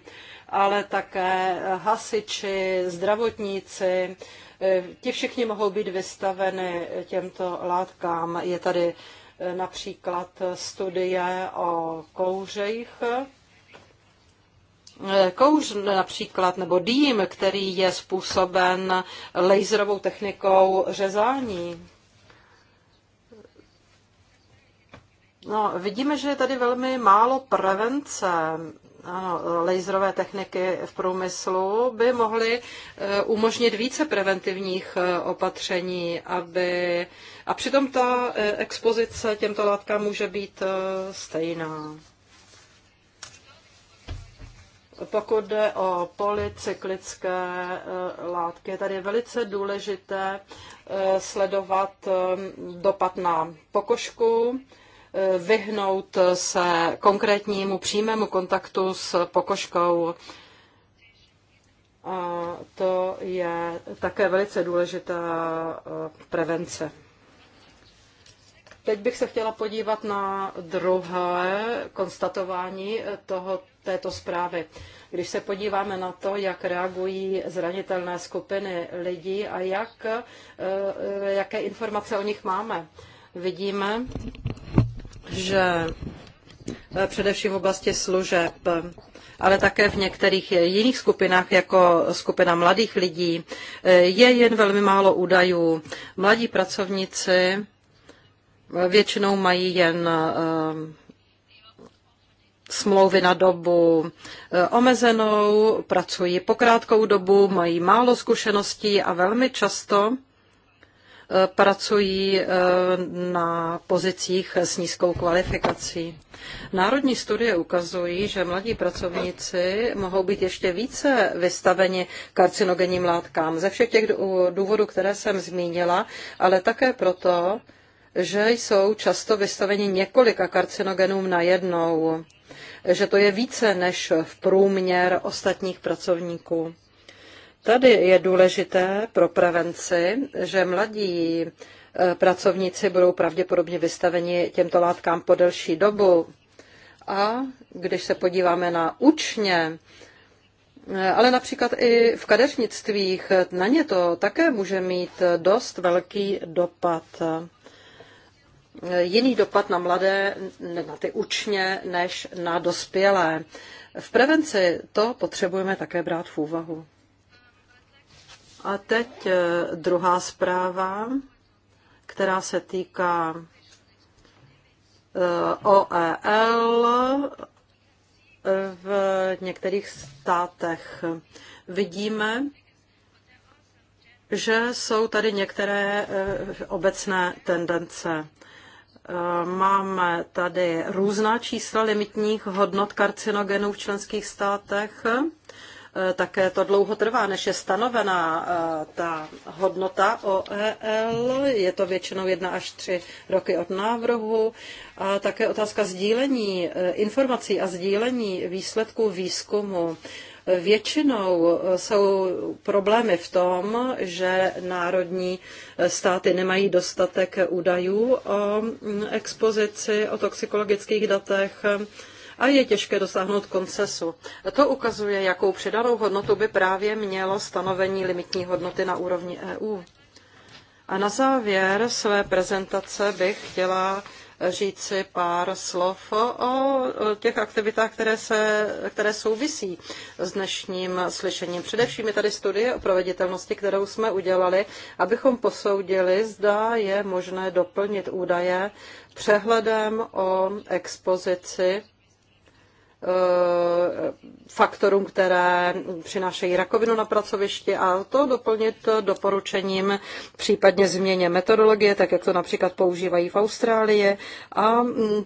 ale také hasiči, zdravotníci. Eh, ti všichni mohou být vystaveni těmto látkám. Je tady Eh, například studie o kouřech, eh, kouř například, nebo dým, který je způsoben laserovou technikou řezání. No, vidíme, že je tady velmi málo prevence ano, laserové techniky v průmyslu by mohly e, umožnit více preventivních e, opatření, aby a přitom ta e, expozice těmto látkám může být stejná. Pokud jde o polycyklické látky, tady je velice důležité sledovat dopad na pokožku, vyhnout se konkrétnímu přímému kontaktu s pokožkou. A to je také velice důležitá eh, prevence. Teď bych se chtěla podívat na druhé konstatování eh, toho, této zprávy. Když se podíváme na to, jak reagují zranitelné skupiny lidí a jak, eh, jaké informace o nich máme, vidíme, že eh, především v oblasti služeb, ale také v některých jiných skupinách, jako skupina mladých lidí, eh, je jen velmi málo údajů. Mladí pracovníci eh, většinou mají jen smlouvy na dobu omezenou, pracují po krátkou dobu, mají málo zkušeností a velmi často pracují eh, na pozicích s nízkou kvalifikací. Národní studie ukazují, že mladí pracovníci mohou být ještě více vystaveni karcinogenním látkám ze všech těch důvodů, které jsem zmínila, ale také proto, že jsou často vystaveni několika karcinogenům najednou, že to je více než v průměr ostatních pracovníků. Tady je důležité pro prevenci, že mladí eh, pracovníci budou pravděpodobně vystaveni těmto látkám po delší dobu. A když se podíváme na učně, eh, ale například i v kadeřnictvích, eh, na ně to také může mít dost velký dopad. Jiný dopad na mladé, na ty učně, než na dospělé. V prevenci to potřebujeme také brát v úvahu. A teď eh, druhá zpráva, která se týká eh, OEL v některých státech. Vidíme, že jsou tady některé eh, obecné tendence. Máme tady různá čísla limitních hodnot karcinogenů v členských státech. Eh, také to dlouho trvá, než je stanovená eh, ta hodnota OEL. Je to většinou jedna až tři roky od návrhu. A také otázka sdílení eh, informací a sdílení výsledků výzkumu. Většinou jsou problémy v tom, že národní státy nemají dostatek údajů o mm, expozici, o toxikologických datech, a je těžké dosáhnout koncesu. To ukazuje, jakou přidanou hodnotu by právě mělo stanovení limitní hodnoty na úrovni EU. A na závěr své prezentace bych chtěla říci pár slov o těch aktivitách, které, se, které souvisí s dnešním slyšením. Především je tady studie o proveditelnosti, kterou jsme udělali, abychom posoudili, zda je možné doplnit údaje přehledem o expozici faktorům, které přinášejí rakovinu na pracovišti a to doplnit doporučením případně změně metodologie, tak jak to například používají v Austrálii a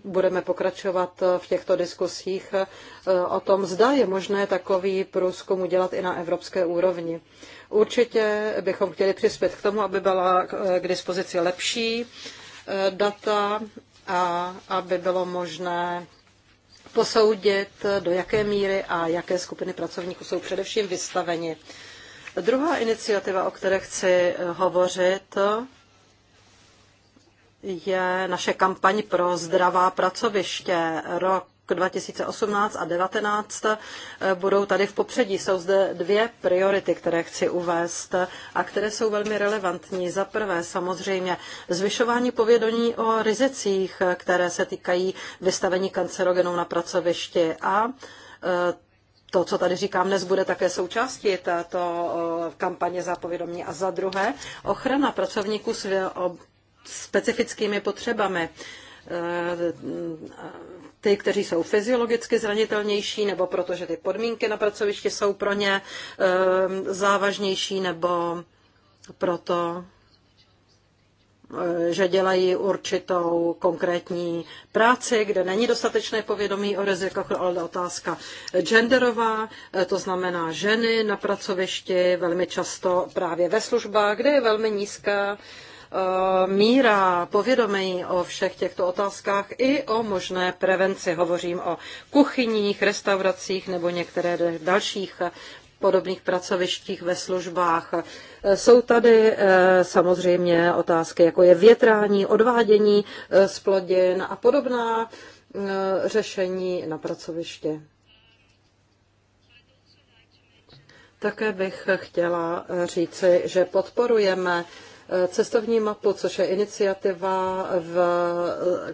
budeme pokračovat v těchto diskusích eh, o tom, zda je možné takový průzkum udělat i na evropské úrovni. Určitě bychom chtěli přispět k tomu, aby byla k eh, dispozici lepší eh, data a aby bylo možné posoudit, do jaké míry a jaké skupiny pracovníků jsou především vystaveni. Druhá iniciativa, o které chci hovořit, je naše kampaň pro zdravá pracoviště. Rok 2018 a 2019 eh, budou tady v popředí. Jsou zde dvě priority, které chci uvést a které jsou velmi relevantní. Za prvé samozřejmě zvyšování povědomí o rizicích, eh, které se týkají vystavení kancerogenů na pracovišti a eh, to, co tady říkám dnes, bude také součástí této kampaně za povědomí. A za druhé, ochrana pracovníků s specifickými potřebami ty, kteří jsou fyziologicky zranitelnější, nebo protože ty podmínky na pracovišti jsou pro ně ehm, závažnější, nebo proto, eh, že dělají určitou konkrétní práci, kde není dostatečné povědomí o rizikoch, ale otázka genderová, eh, to znamená ženy na pracovišti, velmi často právě ve službách, kde je velmi nízká Eh, míra povědomí o všech těchto otázkách i o možné prevenci. Hovořím o kuchyních, restauracích nebo některé dalších eh, podobných pracovištích ve službách. Eh, jsou tady samozřejmě otázky, jako je větrání, odvádění z plodin a podobná řešení na pracoviště. Také bych chtěla říci, že podporujeme cestovní mapu, což je iniciativa, v,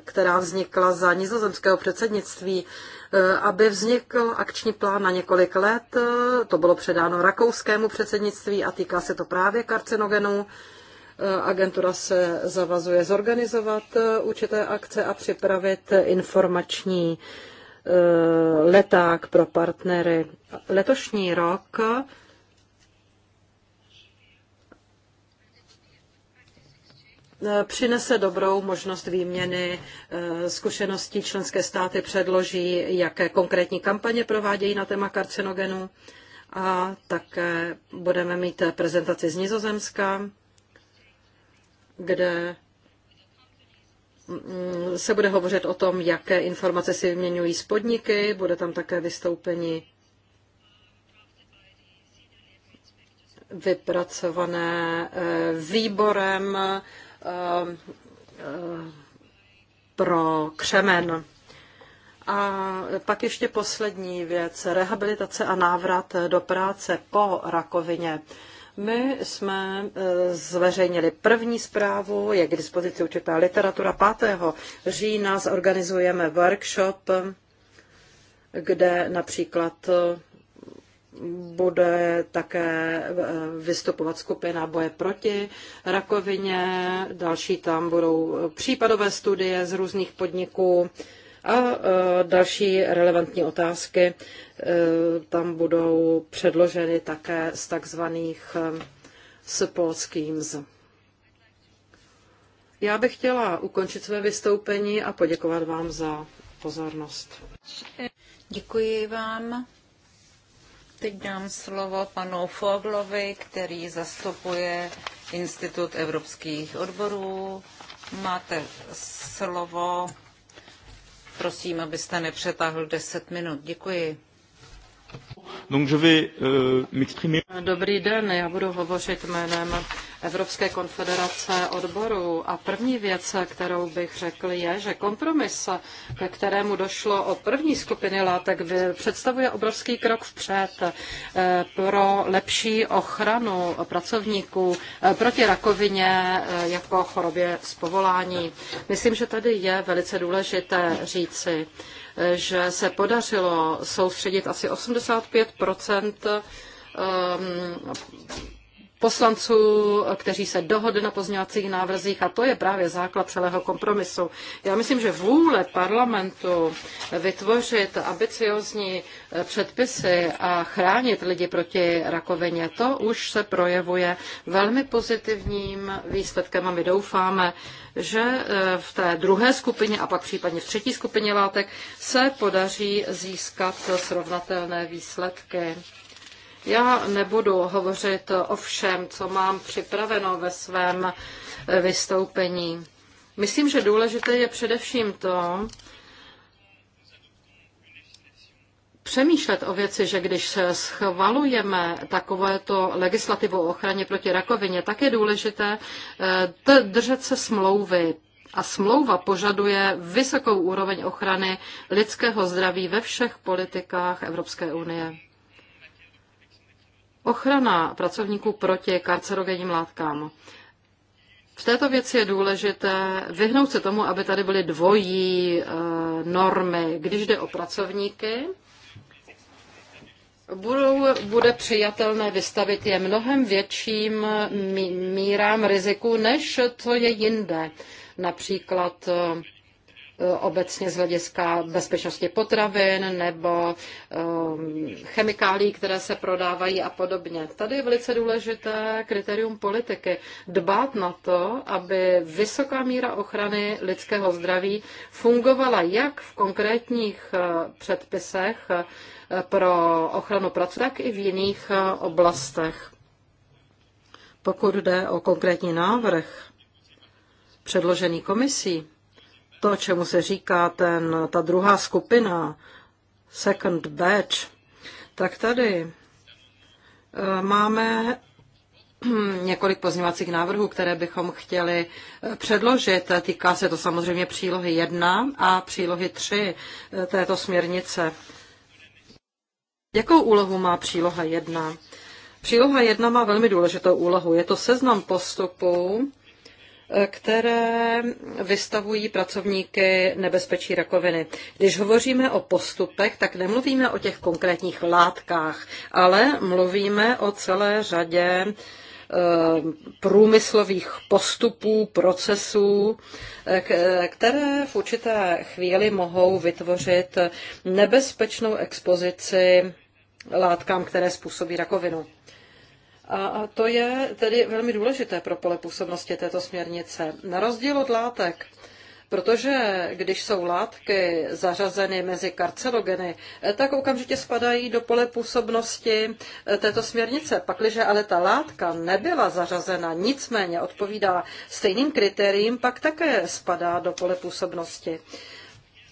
která vznikla za nizozemského předsednictví, eh, aby vznikl akční plán na několik let. Eh, to bylo předáno rakouskému předsednictví a týká se to právě karcinogenů. Eh, agentura se zavazuje zorganizovat určité akce a připravit informační leták pro partnery. Letošní rok Eh, přinese dobrou možnost výměny eh, zkušeností. Členské státy předloží, jaké konkrétní kampaně provádějí na téma karcinogenů a také budeme mít prezentaci z Nizozemska, kde mm, se bude hovořit o tom, jaké informace si vyměňují s podniky, bude tam také vystoupení vypracované eh, výborem Eh, pro křemen. A pak ještě poslední věc, rehabilitace a návrat do práce po rakovině. My jsme eh, zveřejnili první zprávu, je k dispozici určitá literatura. 5. října zorganizujeme workshop, kde například bude také eh, vystupovat skupina boje proti rakovině, další tam budou případové studie z různých podniků a eh, další relevantní otázky eh, tam budou předloženy také z takzvaných support schemes. Já bych chtěla ukončit své vystoupení a poděkovat vám za pozornost. Děkuji vám. Teď dám slovo panu Foglovi, který zastupuje Institut evropských odborů. Máte slovo. Prosím, abyste nepřetáhl 10 minut. Děkuji. Euh, Dobrý den, já budu hovořit jménem Evropské konfederace odborů. A první věc, kterou bych řekl, je, že kompromis, ke kterému došlo o první skupiny látek, představuje obrovský krok vpřed eh, pro lepší ochranu pracovníků eh, proti rakovině eh, jako chorobě z povolání. Myslím, že tady je velice důležité říci, že se podařilo soustředit asi 85 poslanců, kteří se dohodli na pozměňovacích návrzích a to je právě základ celého kompromisu. Já myslím, že vůle parlamentu vytvořit ambiciozní eh, předpisy a chránit lidi proti rakovině, to už se projevuje velmi pozitivním výsledkem a my doufáme, že eh, v té druhé skupině a pak případně v třetí skupině látek se podaří získat srovnatelné výsledky. Já nebudu hovořit o všem, co mám připraveno ve svém eh, vystoupení. Myslím, že důležité je především to, přemýšlet o věci, že když schvalujeme takovéto legislativu o ochraně proti rakovině, tak je důležité eh, držet se smlouvy. A smlouva požaduje vysokou úroveň ochrany lidského zdraví ve všech politikách Evropské unie. Ochrana pracovníků proti karcerogenním látkám. V této věci je důležité vyhnout se tomu, aby tady byly dvojí e, normy. Když jde o pracovníky, budou, bude přijatelné vystavit je mnohem větším mí, mírám riziku, než to je jinde. Například e, Eh, obecně z hlediska bezpečnosti potravin nebo eh, chemikálí, které se prodávají a podobně. Tady je velice důležité kritérium politiky. Dbát na to, aby vysoká míra ochrany lidského zdraví fungovala jak v konkrétních eh, předpisech pro ochranu prac, tak i v jiných oblastech. Pokud jde o konkrétní návrh předložený komisí, to, čemu se říká ten, ta druhá skupina, second batch, tak tady eh, máme <clears throat> několik pozněvacích návrhů, které bychom chtěli eh, předložit. Týká se to samozřejmě přílohy 1 a přílohy 3 eh, této směrnice. Jakou úlohu má příloha 1? Příloha 1 má velmi důležitou úlohu. Je to seznam postupů, které vystavují pracovníky nebezpečí rakoviny. Když hovoříme o postupech, tak nemluvíme o těch konkrétních látkách, ale mluvíme o celé řadě eh, průmyslových postupů, procesů, eh, eh, které v určité chvíli mohou vytvořit nebezpečnou expozici látkám, které způsobí rakovinu. A to je tedy velmi důležité pro pole působnosti této směrnice. Na rozdíl od látek, protože když jsou látky zařazeny mezi karcelogeny, eh, tak okamžitě spadají do pole působnosti eh, této směrnice. Pakliže ale ta látka nebyla zařazena, nicméně odpovídá stejným kritériím, pak také spadá do pole působnosti.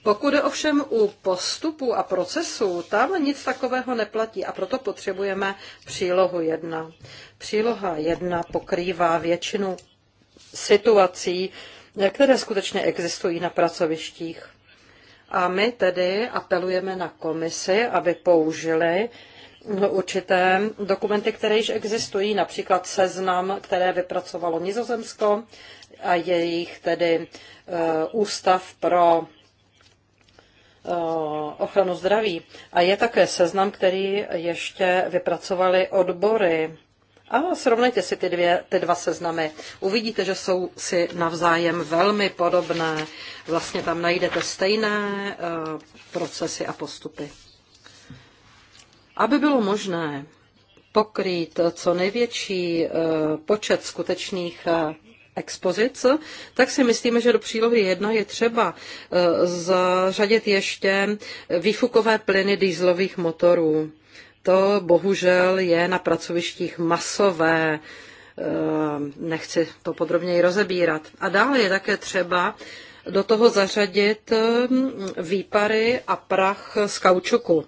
Pokud je ovšem u postupu a procesu, tam nic takového neplatí a proto potřebujeme přílohu 1. Příloha 1 pokrývá většinu situací, které skutečně existují na pracovištích. A my tedy apelujeme na komisi, aby použili určité dokumenty, které již existují, například seznam, které vypracovalo Nizozemsko a jejich tedy eh, Ústav pro Eh, ochranu zdraví. A je také seznam, který ještě vypracovali odbory. A srovnejte si ty, dvě, ty dva seznamy. Uvidíte, že jsou si navzájem velmi podobné. Vlastně tam najdete stejné eh, procesy a postupy. Aby bylo možné pokrýt co největší eh, počet skutečných expozic, tak si myslíme, že do přílohy 1 je třeba eh, zařadit ještě výfukové plyny dýzlových motorů. To bohužel je na pracovištích masové, eh, nechci to podrobněji rozebírat. A dále je také třeba do toho zařadit eh, výpary a prach z kaučuku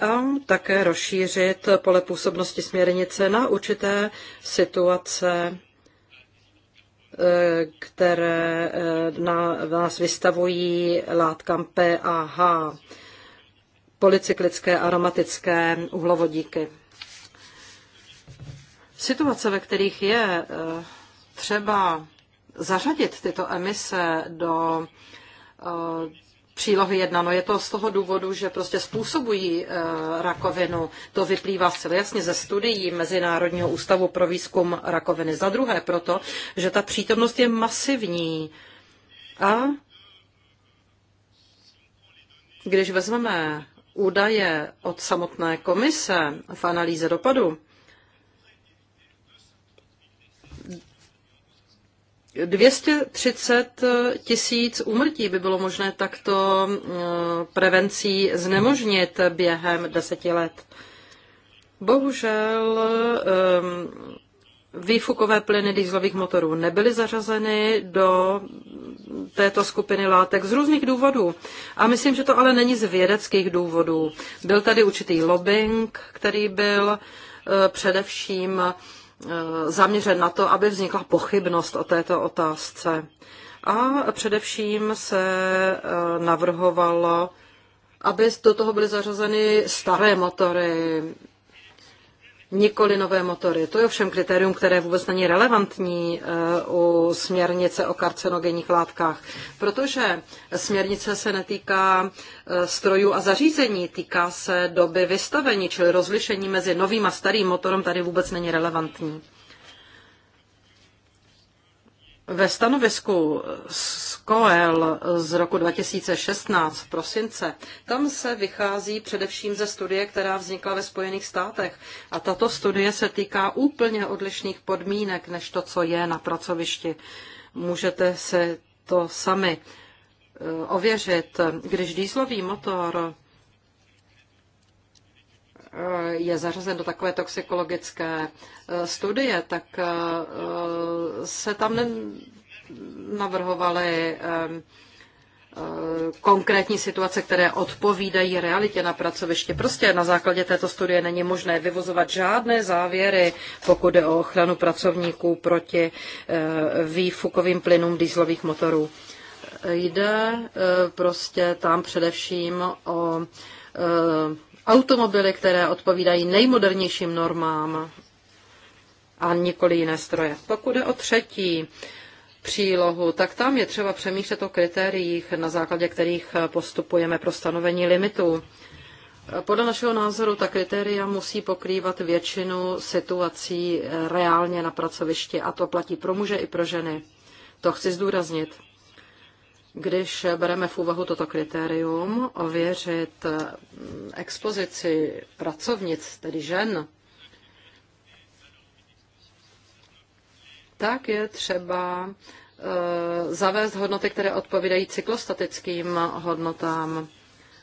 a také rozšířit pole působnosti směrnice na určité situace, eh, které eh, na vás vystavují látkám PAH, polycyklické aromatické uhlovodíky. Situace, ve kterých je eh, třeba zařadit tyto emise do přílohy 1. No je to z toho důvodu, že prostě způsobují e, rakovinu. To vyplývá zcela jasně ze studií Mezinárodního ústavu pro výzkum rakoviny. Za druhé proto, že ta přítomnost je masivní. A když vezmeme údaje od samotné komise v analýze dopadu, 230 eh, tisíc úmrtí by bylo možné takto eh, prevencí znemožnit během deseti let. Bohužel eh, výfukové plyny dýzlových motorů nebyly zařazeny do této skupiny látek z různých důvodů. A myslím, že to ale není z vědeckých důvodů. Byl tady určitý lobbying, který byl především Eh, zaměřen na to, aby vznikla pochybnost o této otázce. A především se eh, navrhovalo, aby do toho byly zařazeny staré motory, nikoli nové motory. To je ovšem kritérium, které vůbec není relevantní eh, u směrnice o karcinogenních látkách, protože směrnice se netýká eh, strojů a zařízení, týká se doby vystavení, čili rozlišení mezi novým a starým motorem tady vůbec není relevantní. Ve stanovisku z COEL z roku 2016 v prosince, tam se vychází především ze studie, která vznikla ve Spojených státech. A tato studie se týká úplně odlišných podmínek, než to, co je na pracovišti. Můžete se to sami eh, ověřit. Když dýzlový motor Eh, je zařazen do takové toxikologické eh, studie, tak eh, se tam navrhovaly konkrétní situace, které odpovídají realitě na pracovišti. Prostě na základě této studie není možné vyvozovat žádné závěry, pokud jde o ochranu pracovníků proti výfukovým plynům dýzlových motorů. Jde prostě tam především o automobily, které odpovídají nejmodernějším normám a nikoli jiné stroje. Pokud je o třetí přílohu, tak tam je třeba přemýšlet o kritériích, na základě kterých postupujeme pro stanovení limitů. Podle našeho názoru ta kritéria musí pokrývat většinu situací reálně na pracovišti a to platí pro muže i pro ženy. To chci zdůraznit když bereme v úvahu toto kritérium, ověřit eh, expozici pracovnic, tedy žen, tak je třeba eh, zavést hodnoty, které odpovídají cyklostatickým hodnotám.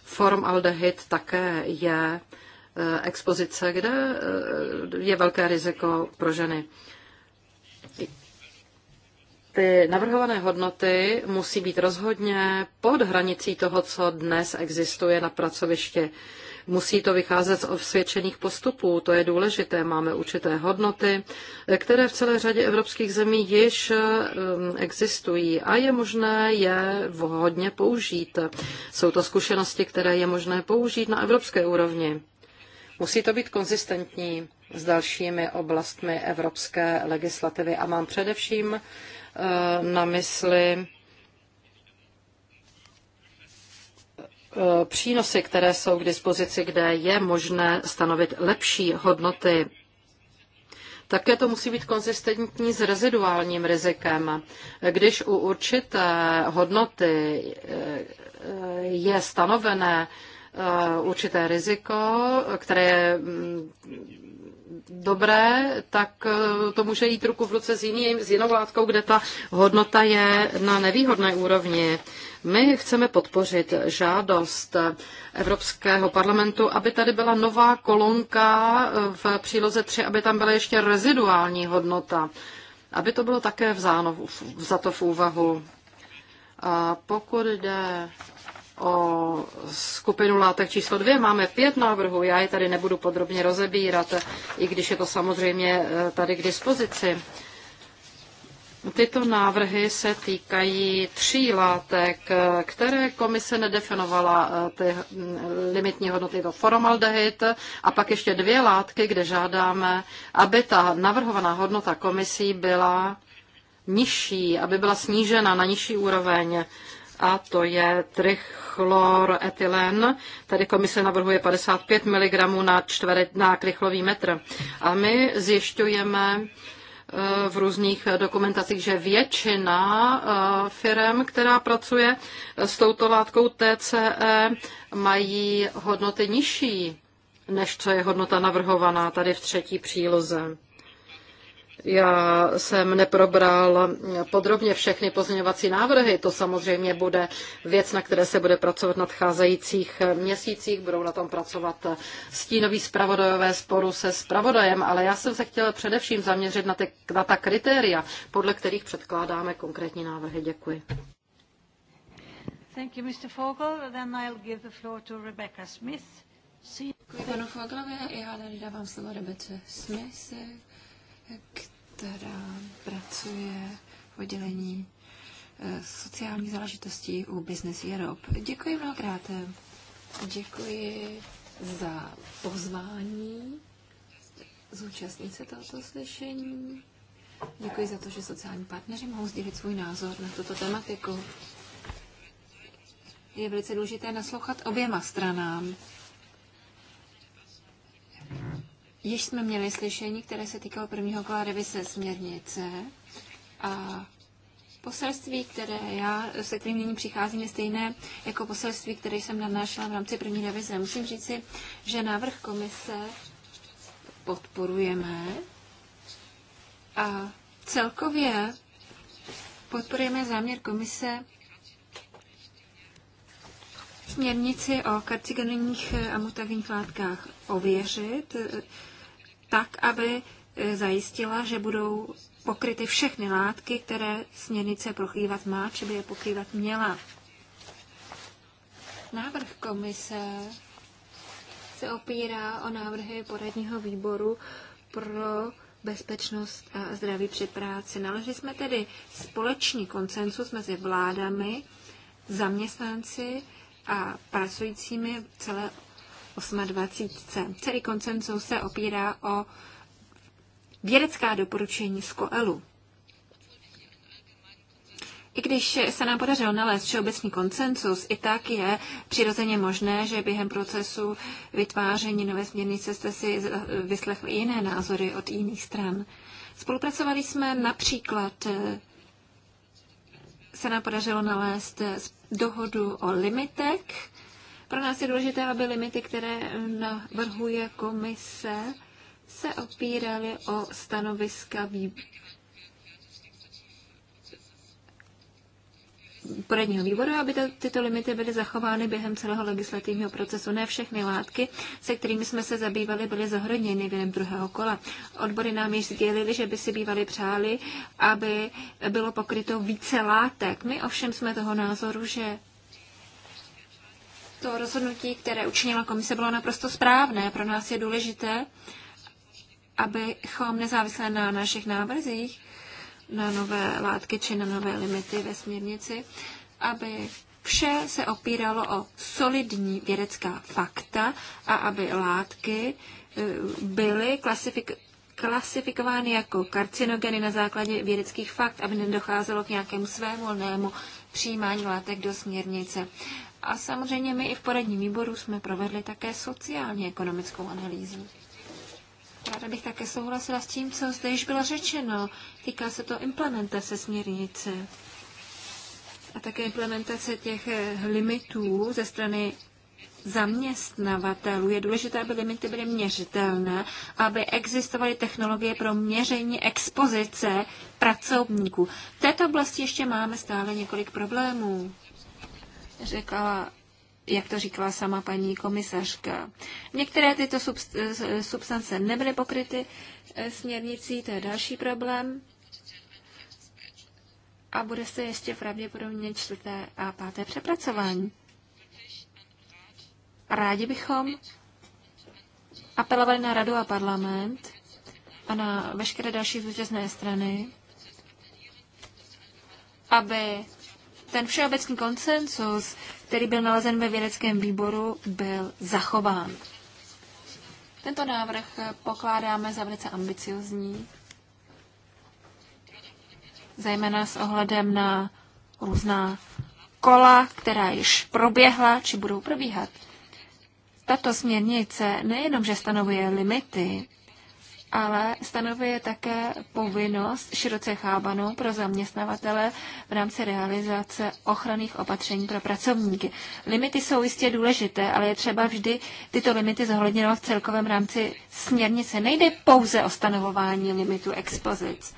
Formaldehyd také je eh, expozice, kde je velké riziko pro ženy ty navrhované hodnoty musí být rozhodně pod hranicí toho, co dnes existuje na pracovišti. Musí to vycházet z osvědčených postupů, to je důležité. Máme určité hodnoty, které v celé řadě evropských zemí již um, existují a je možné je vhodně použít. Jsou to zkušenosti, které je možné použít na evropské úrovni. Musí to být konzistentní s dalšími oblastmi evropské legislativy a mám především Eh, na mysli eh, přínosy, které jsou k dispozici, kde je možné stanovit lepší hodnoty. Také to musí být konzistentní s reziduálním rizikem. Když u určité hodnoty eh, je stanovené určité riziko, které je mm, dobré, tak eh, to může jít ruku v ruce s, jiný, s jinou látkou, kde ta hodnota je na nevýhodné úrovni. My chceme podpořit žádost Evropského parlamentu, aby tady byla nová kolonka eh, v příloze 3, aby tam byla ještě reziduální hodnota, aby to bylo také vzáno, vzato v úvahu. A pokud jde o skupinu látek číslo dvě máme pět návrhů. Já je tady nebudu podrobně rozebírat, i když je to samozřejmě eh, tady k dispozici. Tyto návrhy se týkají tří látek, eh, které komise nedefinovala eh, ty mm, limitní hodnoty, to formaldehyd a pak ještě dvě látky, kde žádáme, aby ta navrhovaná hodnota komisí byla nižší, aby byla snížena na nižší úroveň a to je trichloroetylen. Tady komise navrhuje 55 mg na, čtvere, na krychlový metr. A my zjišťujeme eh, v různých dokumentacích, že většina eh, firm, která pracuje s touto látkou TCE, mají hodnoty nižší, než co je hodnota navrhovaná tady v třetí příloze. Já jsem neprobral podrobně všechny pozměňovací návrhy. To samozřejmě bude věc, na které se bude pracovat v nadcházejících měsících. Budou na tom pracovat stínoví zpravodajové sporu se zpravodajem, ale já jsem se chtěla především zaměřit na, ty, na ta kritéria, podle kterých předkládáme konkrétní návrhy. Děkuji. Thank you, Mr. Fogel. Then I'll give the floor to Rebecca Smith. Děkuji panu Foglovi. Já tady dávám slovo Rebece Smith, která pracuje v oddělení eh, sociálních záležitostí u Business Europe. Děkuji mnohokrát. Děkuji za pozvání zúčastnit se tohoto slyšení. Děkuji za to, že sociální partneři mohou sdělit svůj názor na tuto tematiku. Je velice důležité naslouchat oběma stranám. Již jsme měli slyšení, které se týkalo prvního kola revize směrnice a poselství, které já, se kterým nyní přicházím, je stejné jako poselství, které jsem nadnášela v rámci první revize. Musím říci, že návrh komise podporujeme a celkově podporujeme záměr komise směrnici o karcinogenních a mutagenních látkách ověřit tak, aby eh, zajistila, že budou pokryty všechny látky, které směrnice pokrývat má, či by je pokrývat měla. Návrh komise se opírá o návrhy poradního výboru pro bezpečnost a zdraví při práci. Naložili jsme tedy společný koncensus mezi vládami, zaměstnanci a pracujícími celé 28. Celý koncensus se opírá o vědecká doporučení z Koelu. I když se nám podařilo nalézt všeobecný koncensus, i tak je přirozeně možné, že během procesu vytváření nové směrnice jste si vyslechli jiné názory od jiných stran. Spolupracovali jsme například, eh, se nám podařilo nalézt dohodu o limitech, pro nás je důležité, aby limity, které navrhuje komise, se opíraly o stanoviska výb... poradního výboru, aby to, tyto limity byly zachovány během celého legislativního procesu. Ne všechny látky, se kterými jsme se zabývali, byly zohrodněny během druhého kola. Odbory nám již sdělili, že by si bývali přáli, aby bylo pokryto více látek. My ovšem jsme toho názoru, že to rozhodnutí, které učinila komise, bylo naprosto správné. Pro nás je důležité, abychom nezávisle na našich návrzích, na nové látky či na nové limity ve směrnici, aby vše se opíralo o solidní vědecká fakta a aby látky eh, byly klasifik- klasifikovány jako karcinogeny na základě vědeckých fakt, aby nedocházelo k nějakému svému volnému přijímání látek do směrnice. A samozřejmě my i v poradním výboru jsme provedli také sociálně ekonomickou analýzu. Ráda bych také souhlasila s tím, co zde již bylo řečeno. Týká se to implementace směrnice a také implementace těch eh, limitů ze strany zaměstnavatelů. Je důležité, aby limity byly měřitelné, aby existovaly technologie pro měření expozice pracovníků. V této oblasti ještě máme stále několik problémů řekla, jak to říkala sama paní komisařka. Některé tyto substance nebyly pokryty eh, směrnicí, to je další problém. A bude se ještě pravděpodobně čtvrté a páté přepracování. Rádi bychom apelovali na radu a parlament a na veškeré další zúčastné strany, aby ten všeobecný konsensus, který byl nalezen ve vědeckém výboru, byl zachován. Tento návrh pokládáme za velice ambiciozní, zejména s ohledem na různá kola, která již proběhla či budou probíhat. Tato směrnice nejenom, že stanovuje limity, ale stanovuje také povinnost široce chábanou pro zaměstnavatele v rámci realizace ochranných opatření pro pracovníky. Limity jsou jistě důležité, ale je třeba vždy tyto limity zohledňovat v celkovém rámci směrnice. Nejde pouze o stanovování limitu expozic.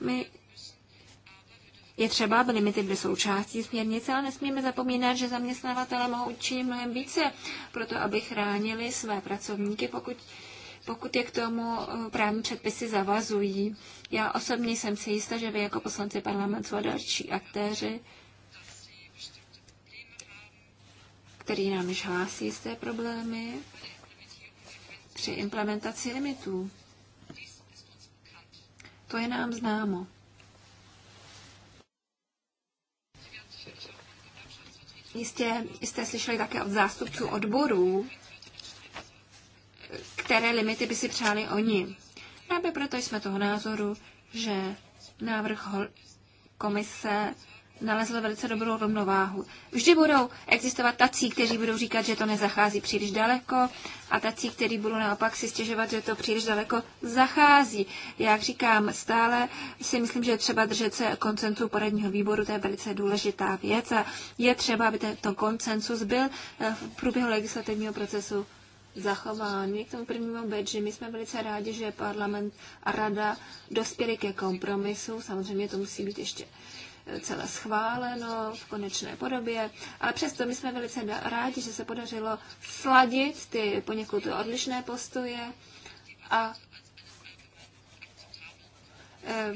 My je třeba, aby limity byly součástí směrnice, ale nesmíme zapomínat, že zaměstnavatele mohou učinit mnohem více proto aby chránili své pracovníky, pokud pokud je k tomu eh, právní předpisy zavazují. Já osobně jsem si jistá, že vy jako poslanci parlamentu a další aktéři, který nám již hlásí té problémy při implementaci limitů. To je nám známo. Jistě jste slyšeli také od zástupců odborů, které limity by si přáli oni. Právě no, proto jsme toho názoru, že návrh komise nalezl velice dobrou rovnováhu. Vždy budou existovat tací, kteří budou říkat, že to nezachází příliš daleko a tací, kteří budou naopak si stěžovat, že to příliš daleko zachází. Jak říkám, stále si myslím, že je třeba držet se koncenzu poradního výboru, to je velice důležitá věc a je třeba, aby tento koncensus byl eh, v průběhu legislativního procesu zachovány. K tomu prvnímu že my jsme velice rádi, že parlament a rada dospěli ke kompromisu. Samozřejmě to musí být ještě eh, celé schváleno v konečné podobě, ale přesto my jsme velice rádi, že se podařilo sladit ty poněkud odlišné postoje a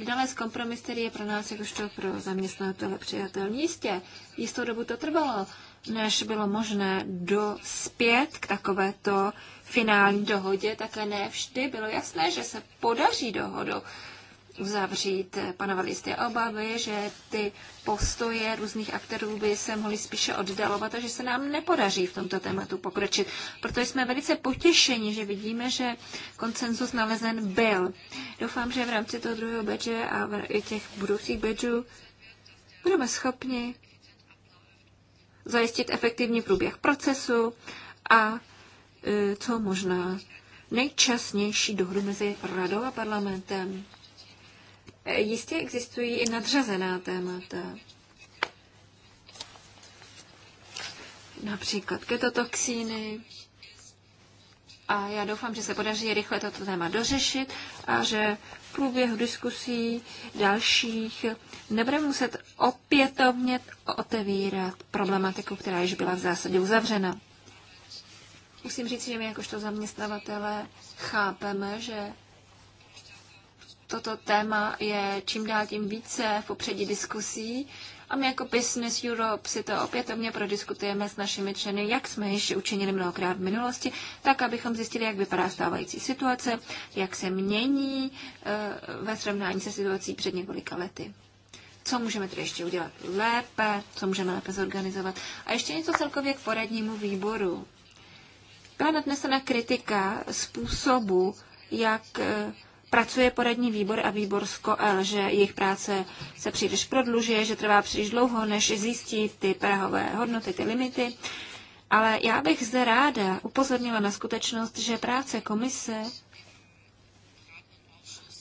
nalézt eh, kompromis, který je pro nás jakožto pro zaměstnatele přijatelný. Jistě, jistou dobu to trvalo, než bylo možné dospět k takovéto finální dohodě, také ne vždy bylo jasné, že se podaří dohodu uzavřít. Panovaly jisté obavy, že ty postoje různých aktérů by se mohly spíše oddalovat a že se nám nepodaří v tomto tématu pokročit. Proto jsme velice potěšeni, že vidíme, že konsenzus nalezen byl. Doufám, že v rámci toho druhého bedže a i těch budoucích bedžů budeme schopni zajistit efektivní průběh procesu a e, co možná nejčastnější dohodu mezi radou a parlamentem. E, jistě existují i nadřazená témata. Například ketotoxíny, a já doufám, že se podaří rychle toto téma dořešit a že v průběhu diskusí dalších nebudeme muset opětovně otevírat problematiku, která již byla v zásadě uzavřena. Musím říct, že my jakožto zaměstnavatele chápeme, že toto téma je čím dál tím více v popředí diskusí a my jako Business Europe si to opětovně prodiskutujeme s našimi členy, jak jsme již učinili mnohokrát v minulosti, tak abychom zjistili, jak vypadá stávající situace, jak se mění eh, ve srovnání se situací před několika lety co můžeme tedy ještě udělat lépe, co můžeme lépe zorganizovat. A ještě něco celkově k poradnímu výboru. Byla nadnesena kritika způsobu, jak eh, pracuje poradní výbor a výbor z KOL, že jejich práce se příliš prodlužuje, že trvá příliš dlouho, než zjistí ty prahové hodnoty, ty limity. Ale já bych zde ráda upozornila na skutečnost, že práce komise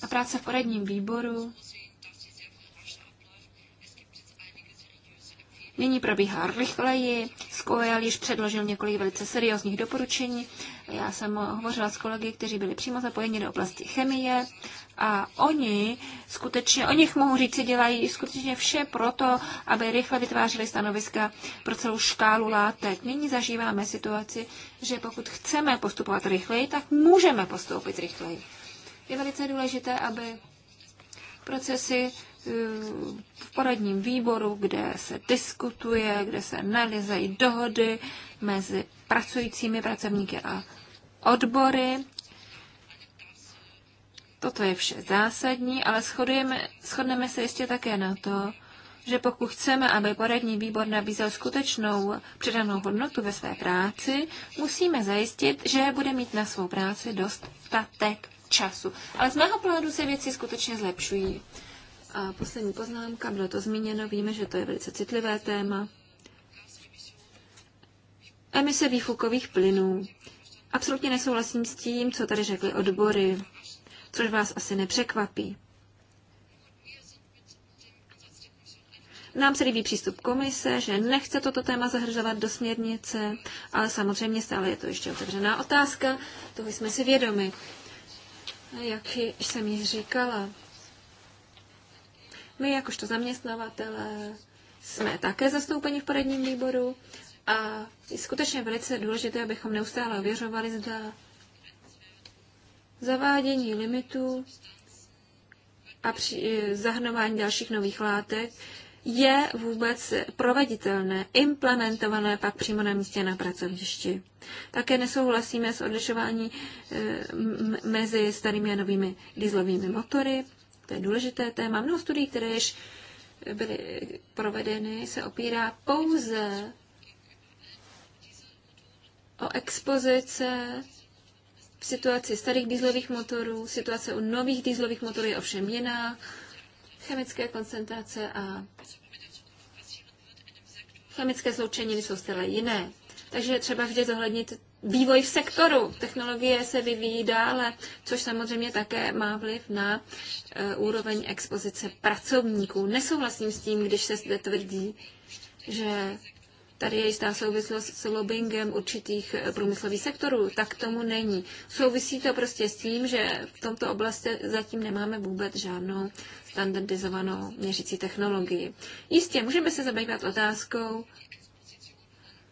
a práce v poradním výboru Nyní probíhá rychleji. Skojel již předložil několik velice seriózních doporučení. Já jsem hovořila s kolegy, kteří byli přímo zapojeni do oblasti chemie a oni skutečně, o nich mohu říct, si dělají skutečně vše proto, aby rychle vytvářeli stanoviska pro celou škálu látek. Nyní zažíváme situaci, že pokud chceme postupovat rychleji, tak můžeme postoupit rychleji. Je velice důležité, aby procesy v poradním výboru, kde se diskutuje, kde se nalizají dohody mezi pracujícími pracovníky a odbory. Toto je vše zásadní, ale shodneme se ještě také na to, že pokud chceme, aby poradní výbor nabízel skutečnou přidanou hodnotu ve své práci, musíme zajistit, že bude mít na svou práci dostatek času. Ale z mého pohledu se věci skutečně zlepšují. A poslední poznámka, bylo to zmíněno, víme, že to je velice citlivé téma. Emise výfukových plynů. Absolutně nesouhlasím s tím, co tady řekly odbory, což vás asi nepřekvapí. Nám se líbí přístup komise, že nechce toto téma zahržovat do směrnice, ale samozřejmě stále je to ještě otevřená otázka, toho jsme si vědomi. Jak jsem již říkala, my jakožto zaměstnavatele jsme také zastoupeni v poradním výboru a je skutečně velice důležité, abychom neustále ověřovali, zda zavádění limitů a při, eh, zahrnování dalších nových látek je vůbec proveditelné, implementované pak přímo na místě na pracovišti. Také nesouhlasíme s odlišování eh, mezi starými a novými dieselovými motory. To je důležité téma. Mnoho studií, které již byly provedeny, se opírá pouze o expozice v situaci starých dýzlových motorů, situace u nových dýzlových motorů je ovšem jiná, chemické koncentrace a chemické sloučeniny jsou zcela jiné. Takže je třeba vždy zohlednit vývoj v sektoru. Technologie se vyvíjí dále, což samozřejmě také má vliv na e, úroveň expozice pracovníků. Nesouhlasím s tím, když se zde tvrdí, že Tady je jistá souvislost s lobbyingem určitých e, průmyslových sektorů. Tak tomu není. Souvisí to prostě s tím, že v tomto oblasti zatím nemáme vůbec žádnou standardizovanou měřící technologii. Jistě, můžeme se zabývat otázkou,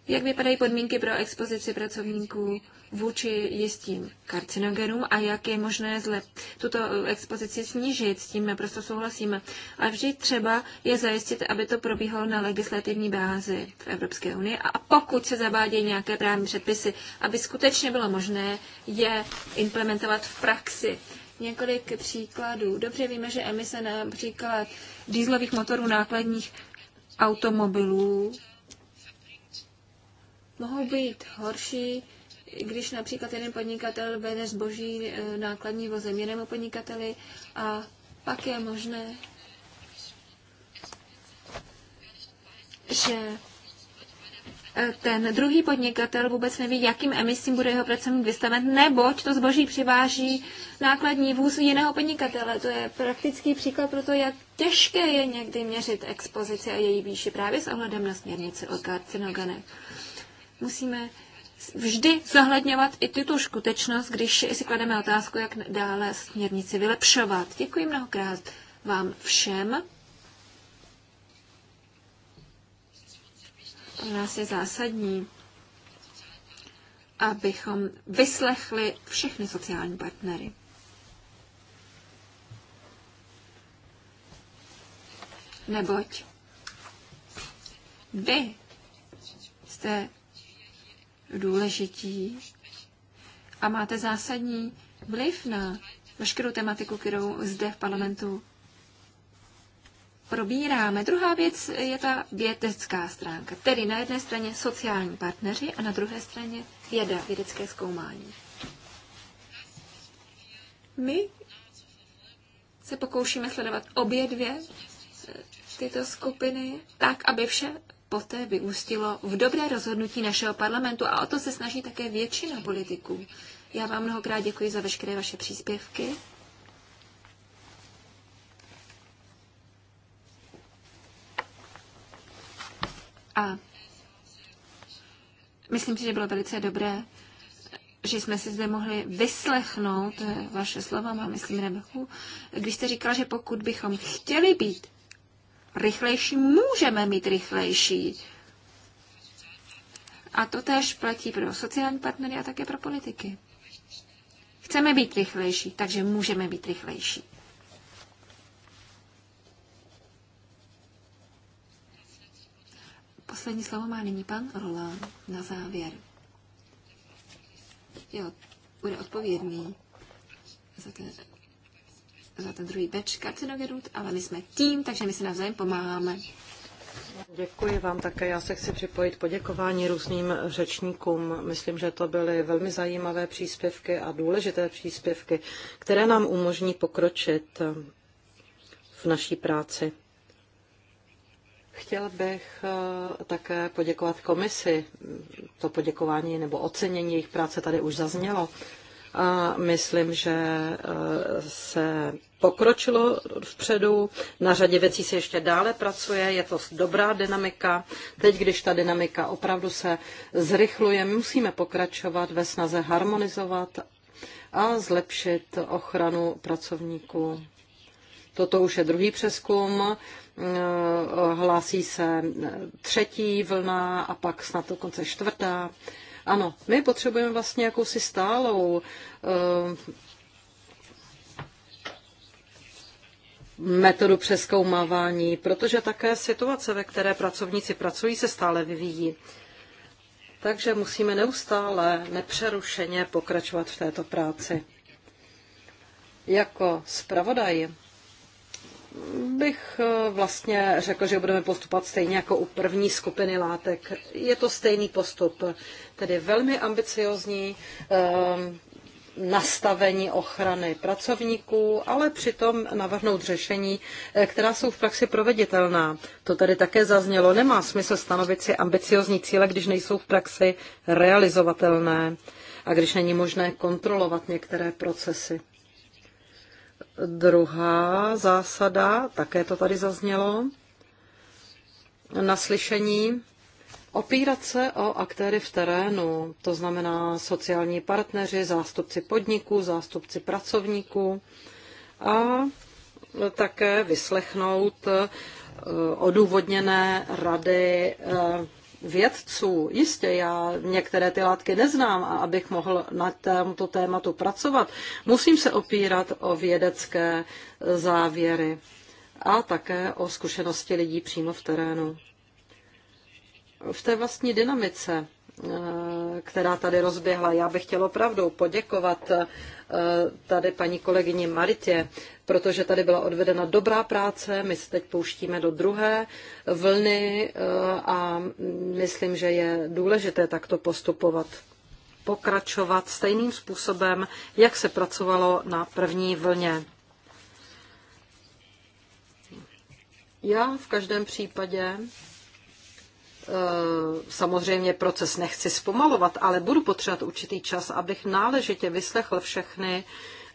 jak vypadají podmínky pro expozici pracovníků vůči jistým karcinogenům a jak je možné zle tuto eh, expozici snížit. S tím naprosto souhlasíme. A vždy třeba je zajistit, aby to probíhalo na legislativní bázi v Evropské unii a pokud se zavádějí nějaké právní předpisy, aby skutečně bylo možné je implementovat v praxi. Několik příkladů. Dobře víme, že emise například dýzlových motorů nákladních automobilů mohou být horší, když například jeden podnikatel vede zboží eh, nákladní vozem jinému podnikateli a pak je možné, že eh, ten druhý podnikatel vůbec neví, jakým emisím bude jeho pracovník vystaven, neboť to zboží přiváží nákladní vůz jiného podnikatele. To je praktický příklad pro to, jak těžké je někdy měřit expozici a její výši právě s ohledem na směrnici o karcinogenech musíme vždy zahledňovat i tuto skutečnost, když si klademe otázku, jak dále směrnici vylepšovat. Děkuji mnohokrát vám všem. Pro nás je zásadní, abychom vyslechli všechny sociální partnery. Neboť vy jste důležití a máte zásadní vliv na veškerou tematiku, kterou zde v parlamentu probíráme. Druhá věc je ta vědecká stránka, tedy na jedné straně sociální partneři a na druhé straně věda, vědecké zkoumání. My se pokoušíme sledovat obě dvě eh, tyto skupiny tak, aby vše poté vyústilo v dobré rozhodnutí našeho parlamentu a o to se snaží také většina politiků. Já vám mnohokrát děkuji za veškeré vaše příspěvky. A myslím si, že bylo velice dobré, že jsme si zde mohli vyslechnout vaše slova, mám myslím rebeku, když jste říkala, že pokud bychom chtěli být rychlejší, můžeme mít rychlejší. A to též platí pro sociální partnery a také pro politiky. Chceme být rychlejší, takže můžeme být rychlejší. Poslední slovo má nyní pan Roland na závěr. Jo, bude odpovědný za ten za ten druhý beč karcinogenut, ale my jsme tým, takže my se navzájem pomáháme. Děkuji vám také. Já se chci připojit poděkování různým řečníkům. Myslím, že to byly velmi zajímavé příspěvky a důležité příspěvky, které nám umožní pokročit v naší práci. Chtěl bych eh, také poděkovat komisi. To poděkování nebo ocenění jejich práce tady už zaznělo. A myslím, že eh, se pokročilo vpředu, na řadě věcí se ještě dále pracuje, je to dobrá dynamika. Teď, když ta dynamika opravdu se zrychluje, my musíme pokračovat ve snaze harmonizovat a zlepšit ochranu pracovníků. Toto už je druhý přeskum, eh, hlásí se třetí vlna a pak snad dokonce čtvrtá. Ano, my potřebujeme vlastně jakousi stálou eh, metodu přeskoumávání, protože také situace, ve které pracovníci pracují, se stále vyvíjí. Takže musíme neustále, nepřerušeně pokračovat v této práci. Jako zpravodaj bych eh, vlastně řekl, že budeme postupovat stejně jako u první skupiny látek. Je to stejný postup, tedy velmi ambiciozní eh, nastavení ochrany pracovníků, ale přitom navrhnout řešení, eh, která jsou v praxi proveditelná. To tady také zaznělo. Nemá smysl stanovit si ambiciozní cíle, když nejsou v praxi realizovatelné a když není možné kontrolovat některé procesy. Druhá zásada, také to tady zaznělo, na slyšení opírat se o aktéry v terénu, to znamená sociální partneři, zástupci podniků, zástupci pracovníků a také vyslechnout eh, odůvodněné rady eh, vědců. Jistě já některé ty látky neznám a abych mohl na tomto tématu pracovat, musím se opírat o vědecké eh, závěry a také o zkušenosti lidí přímo v terénu v té vlastní dynamice, eh, která tady rozběhla. Já bych chtěla opravdu poděkovat eh, tady paní kolegyni Maritě, protože tady byla odvedena dobrá práce. My se teď pouštíme do druhé vlny eh, a myslím, že je důležité takto postupovat pokračovat stejným způsobem, jak se pracovalo na první vlně. Já v každém případě Eh, samozřejmě proces nechci zpomalovat, ale budu potřebovat určitý čas, abych náležitě vyslechl všechny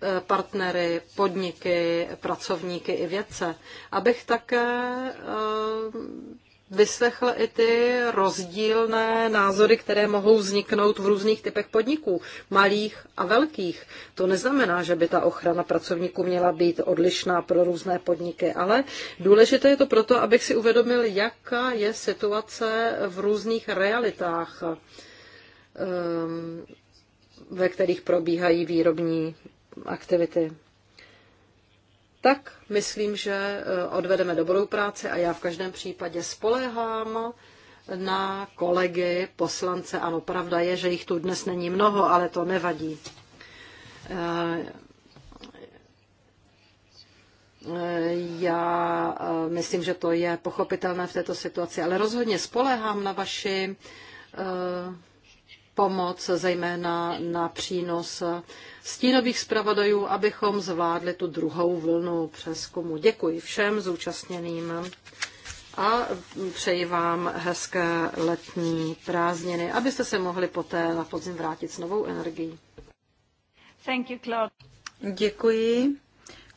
eh, partnery, podniky, pracovníky i vědce, abych také eh, vyslechl i ty rozdílné názory, které mohou vzniknout v různých typech podniků, malých a velkých. To neznamená, že by ta ochrana pracovníků měla být odlišná pro různé podniky, ale důležité je to proto, abych si uvědomil, jaká je situace v různých realitách, ehm, ve kterých probíhají výrobní aktivity tak myslím, že eh, odvedeme dobrou práci a já v každém případě spolehám na kolegy poslance. Ano, pravda je, že jich tu dnes není mnoho, ale to nevadí. Eh, já eh, myslím, že to je pochopitelné v této situaci, ale rozhodně spolehám na vaši pomoc, zejména na přínos stínových zpravodajů, abychom zvládli tu druhou vlnu přeskumu. Děkuji všem zúčastněným a přeji vám hezké letní prázdniny, abyste se mohli poté na podzim vrátit s novou energií. Thank you, Claude. Děkuji.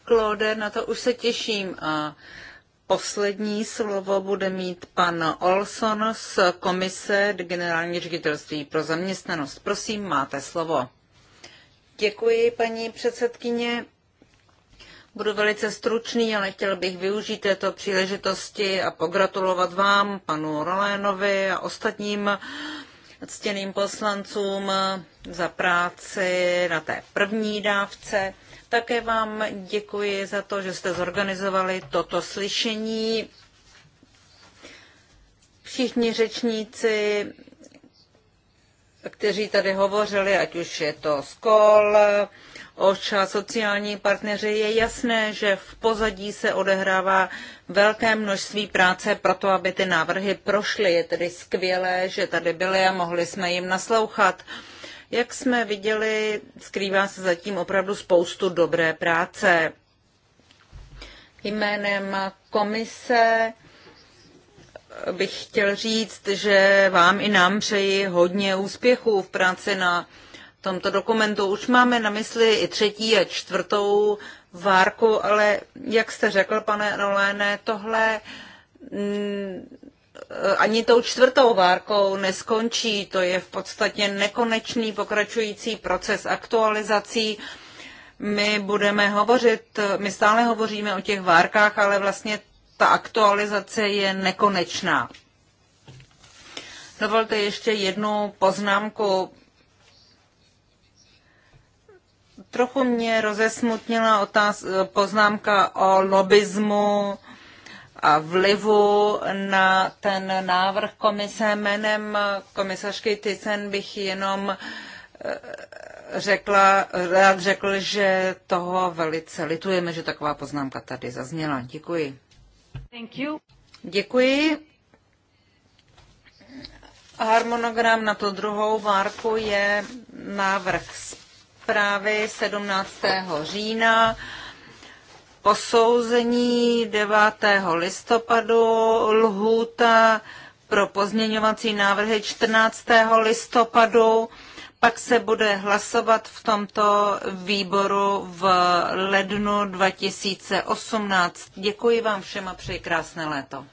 Claude, na to už se těším. A poslední slovo bude mít pan Olson z Komise Generální ředitelství pro zaměstnanost. Prosím, máte slovo. Děkuji, paní předsedkyně. Budu velice stručný, ale chtěl bych využít této příležitosti a pogratulovat vám, panu Rolénovi a ostatním ctěným poslancům za práci na té první dávce. Také vám děkuji za to, že jste zorganizovali toto slyšení. Všichni řečníci, kteří tady hovořili, ať už je to Skol, OČA, sociální partneři, je jasné, že v pozadí se odehrává velké množství práce pro to, aby ty návrhy prošly. Je tedy skvělé, že tady byly a mohli jsme jim naslouchat. Jak jsme viděli, skrývá se zatím opravdu spoustu dobré práce. Jménem komise bych chtěl říct, že vám i nám přeji hodně úspěchů v práci na tomto dokumentu. Už máme na mysli i třetí a čtvrtou várku, ale jak jste řekl, pane Roléne, tohle mm, Eh, ani tou čtvrtou várkou neskončí. To je v podstatě nekonečný pokračující proces aktualizací. My budeme hovořit, my stále hovoříme o těch várkách, ale vlastně ta aktualizace je nekonečná. Dovolte ještě jednu poznámku. Trochu mě rozesmutnila otáz- poznámka o lobismu vlivu na ten návrh komise. Jménem komisařky Tysen bych jenom eh, řekla, rád řekl, že toho velice litujeme, že taková poznámka tady zazněla. Děkuji. Thank you. Děkuji. Harmonogram na tu druhou várku je návrh zprávy 17. října posouzení 9. listopadu, lhůta pro pozměňovací návrhy 14. listopadu, pak se bude hlasovat v tomto výboru v lednu 2018. Děkuji vám všem a přeji krásné léto.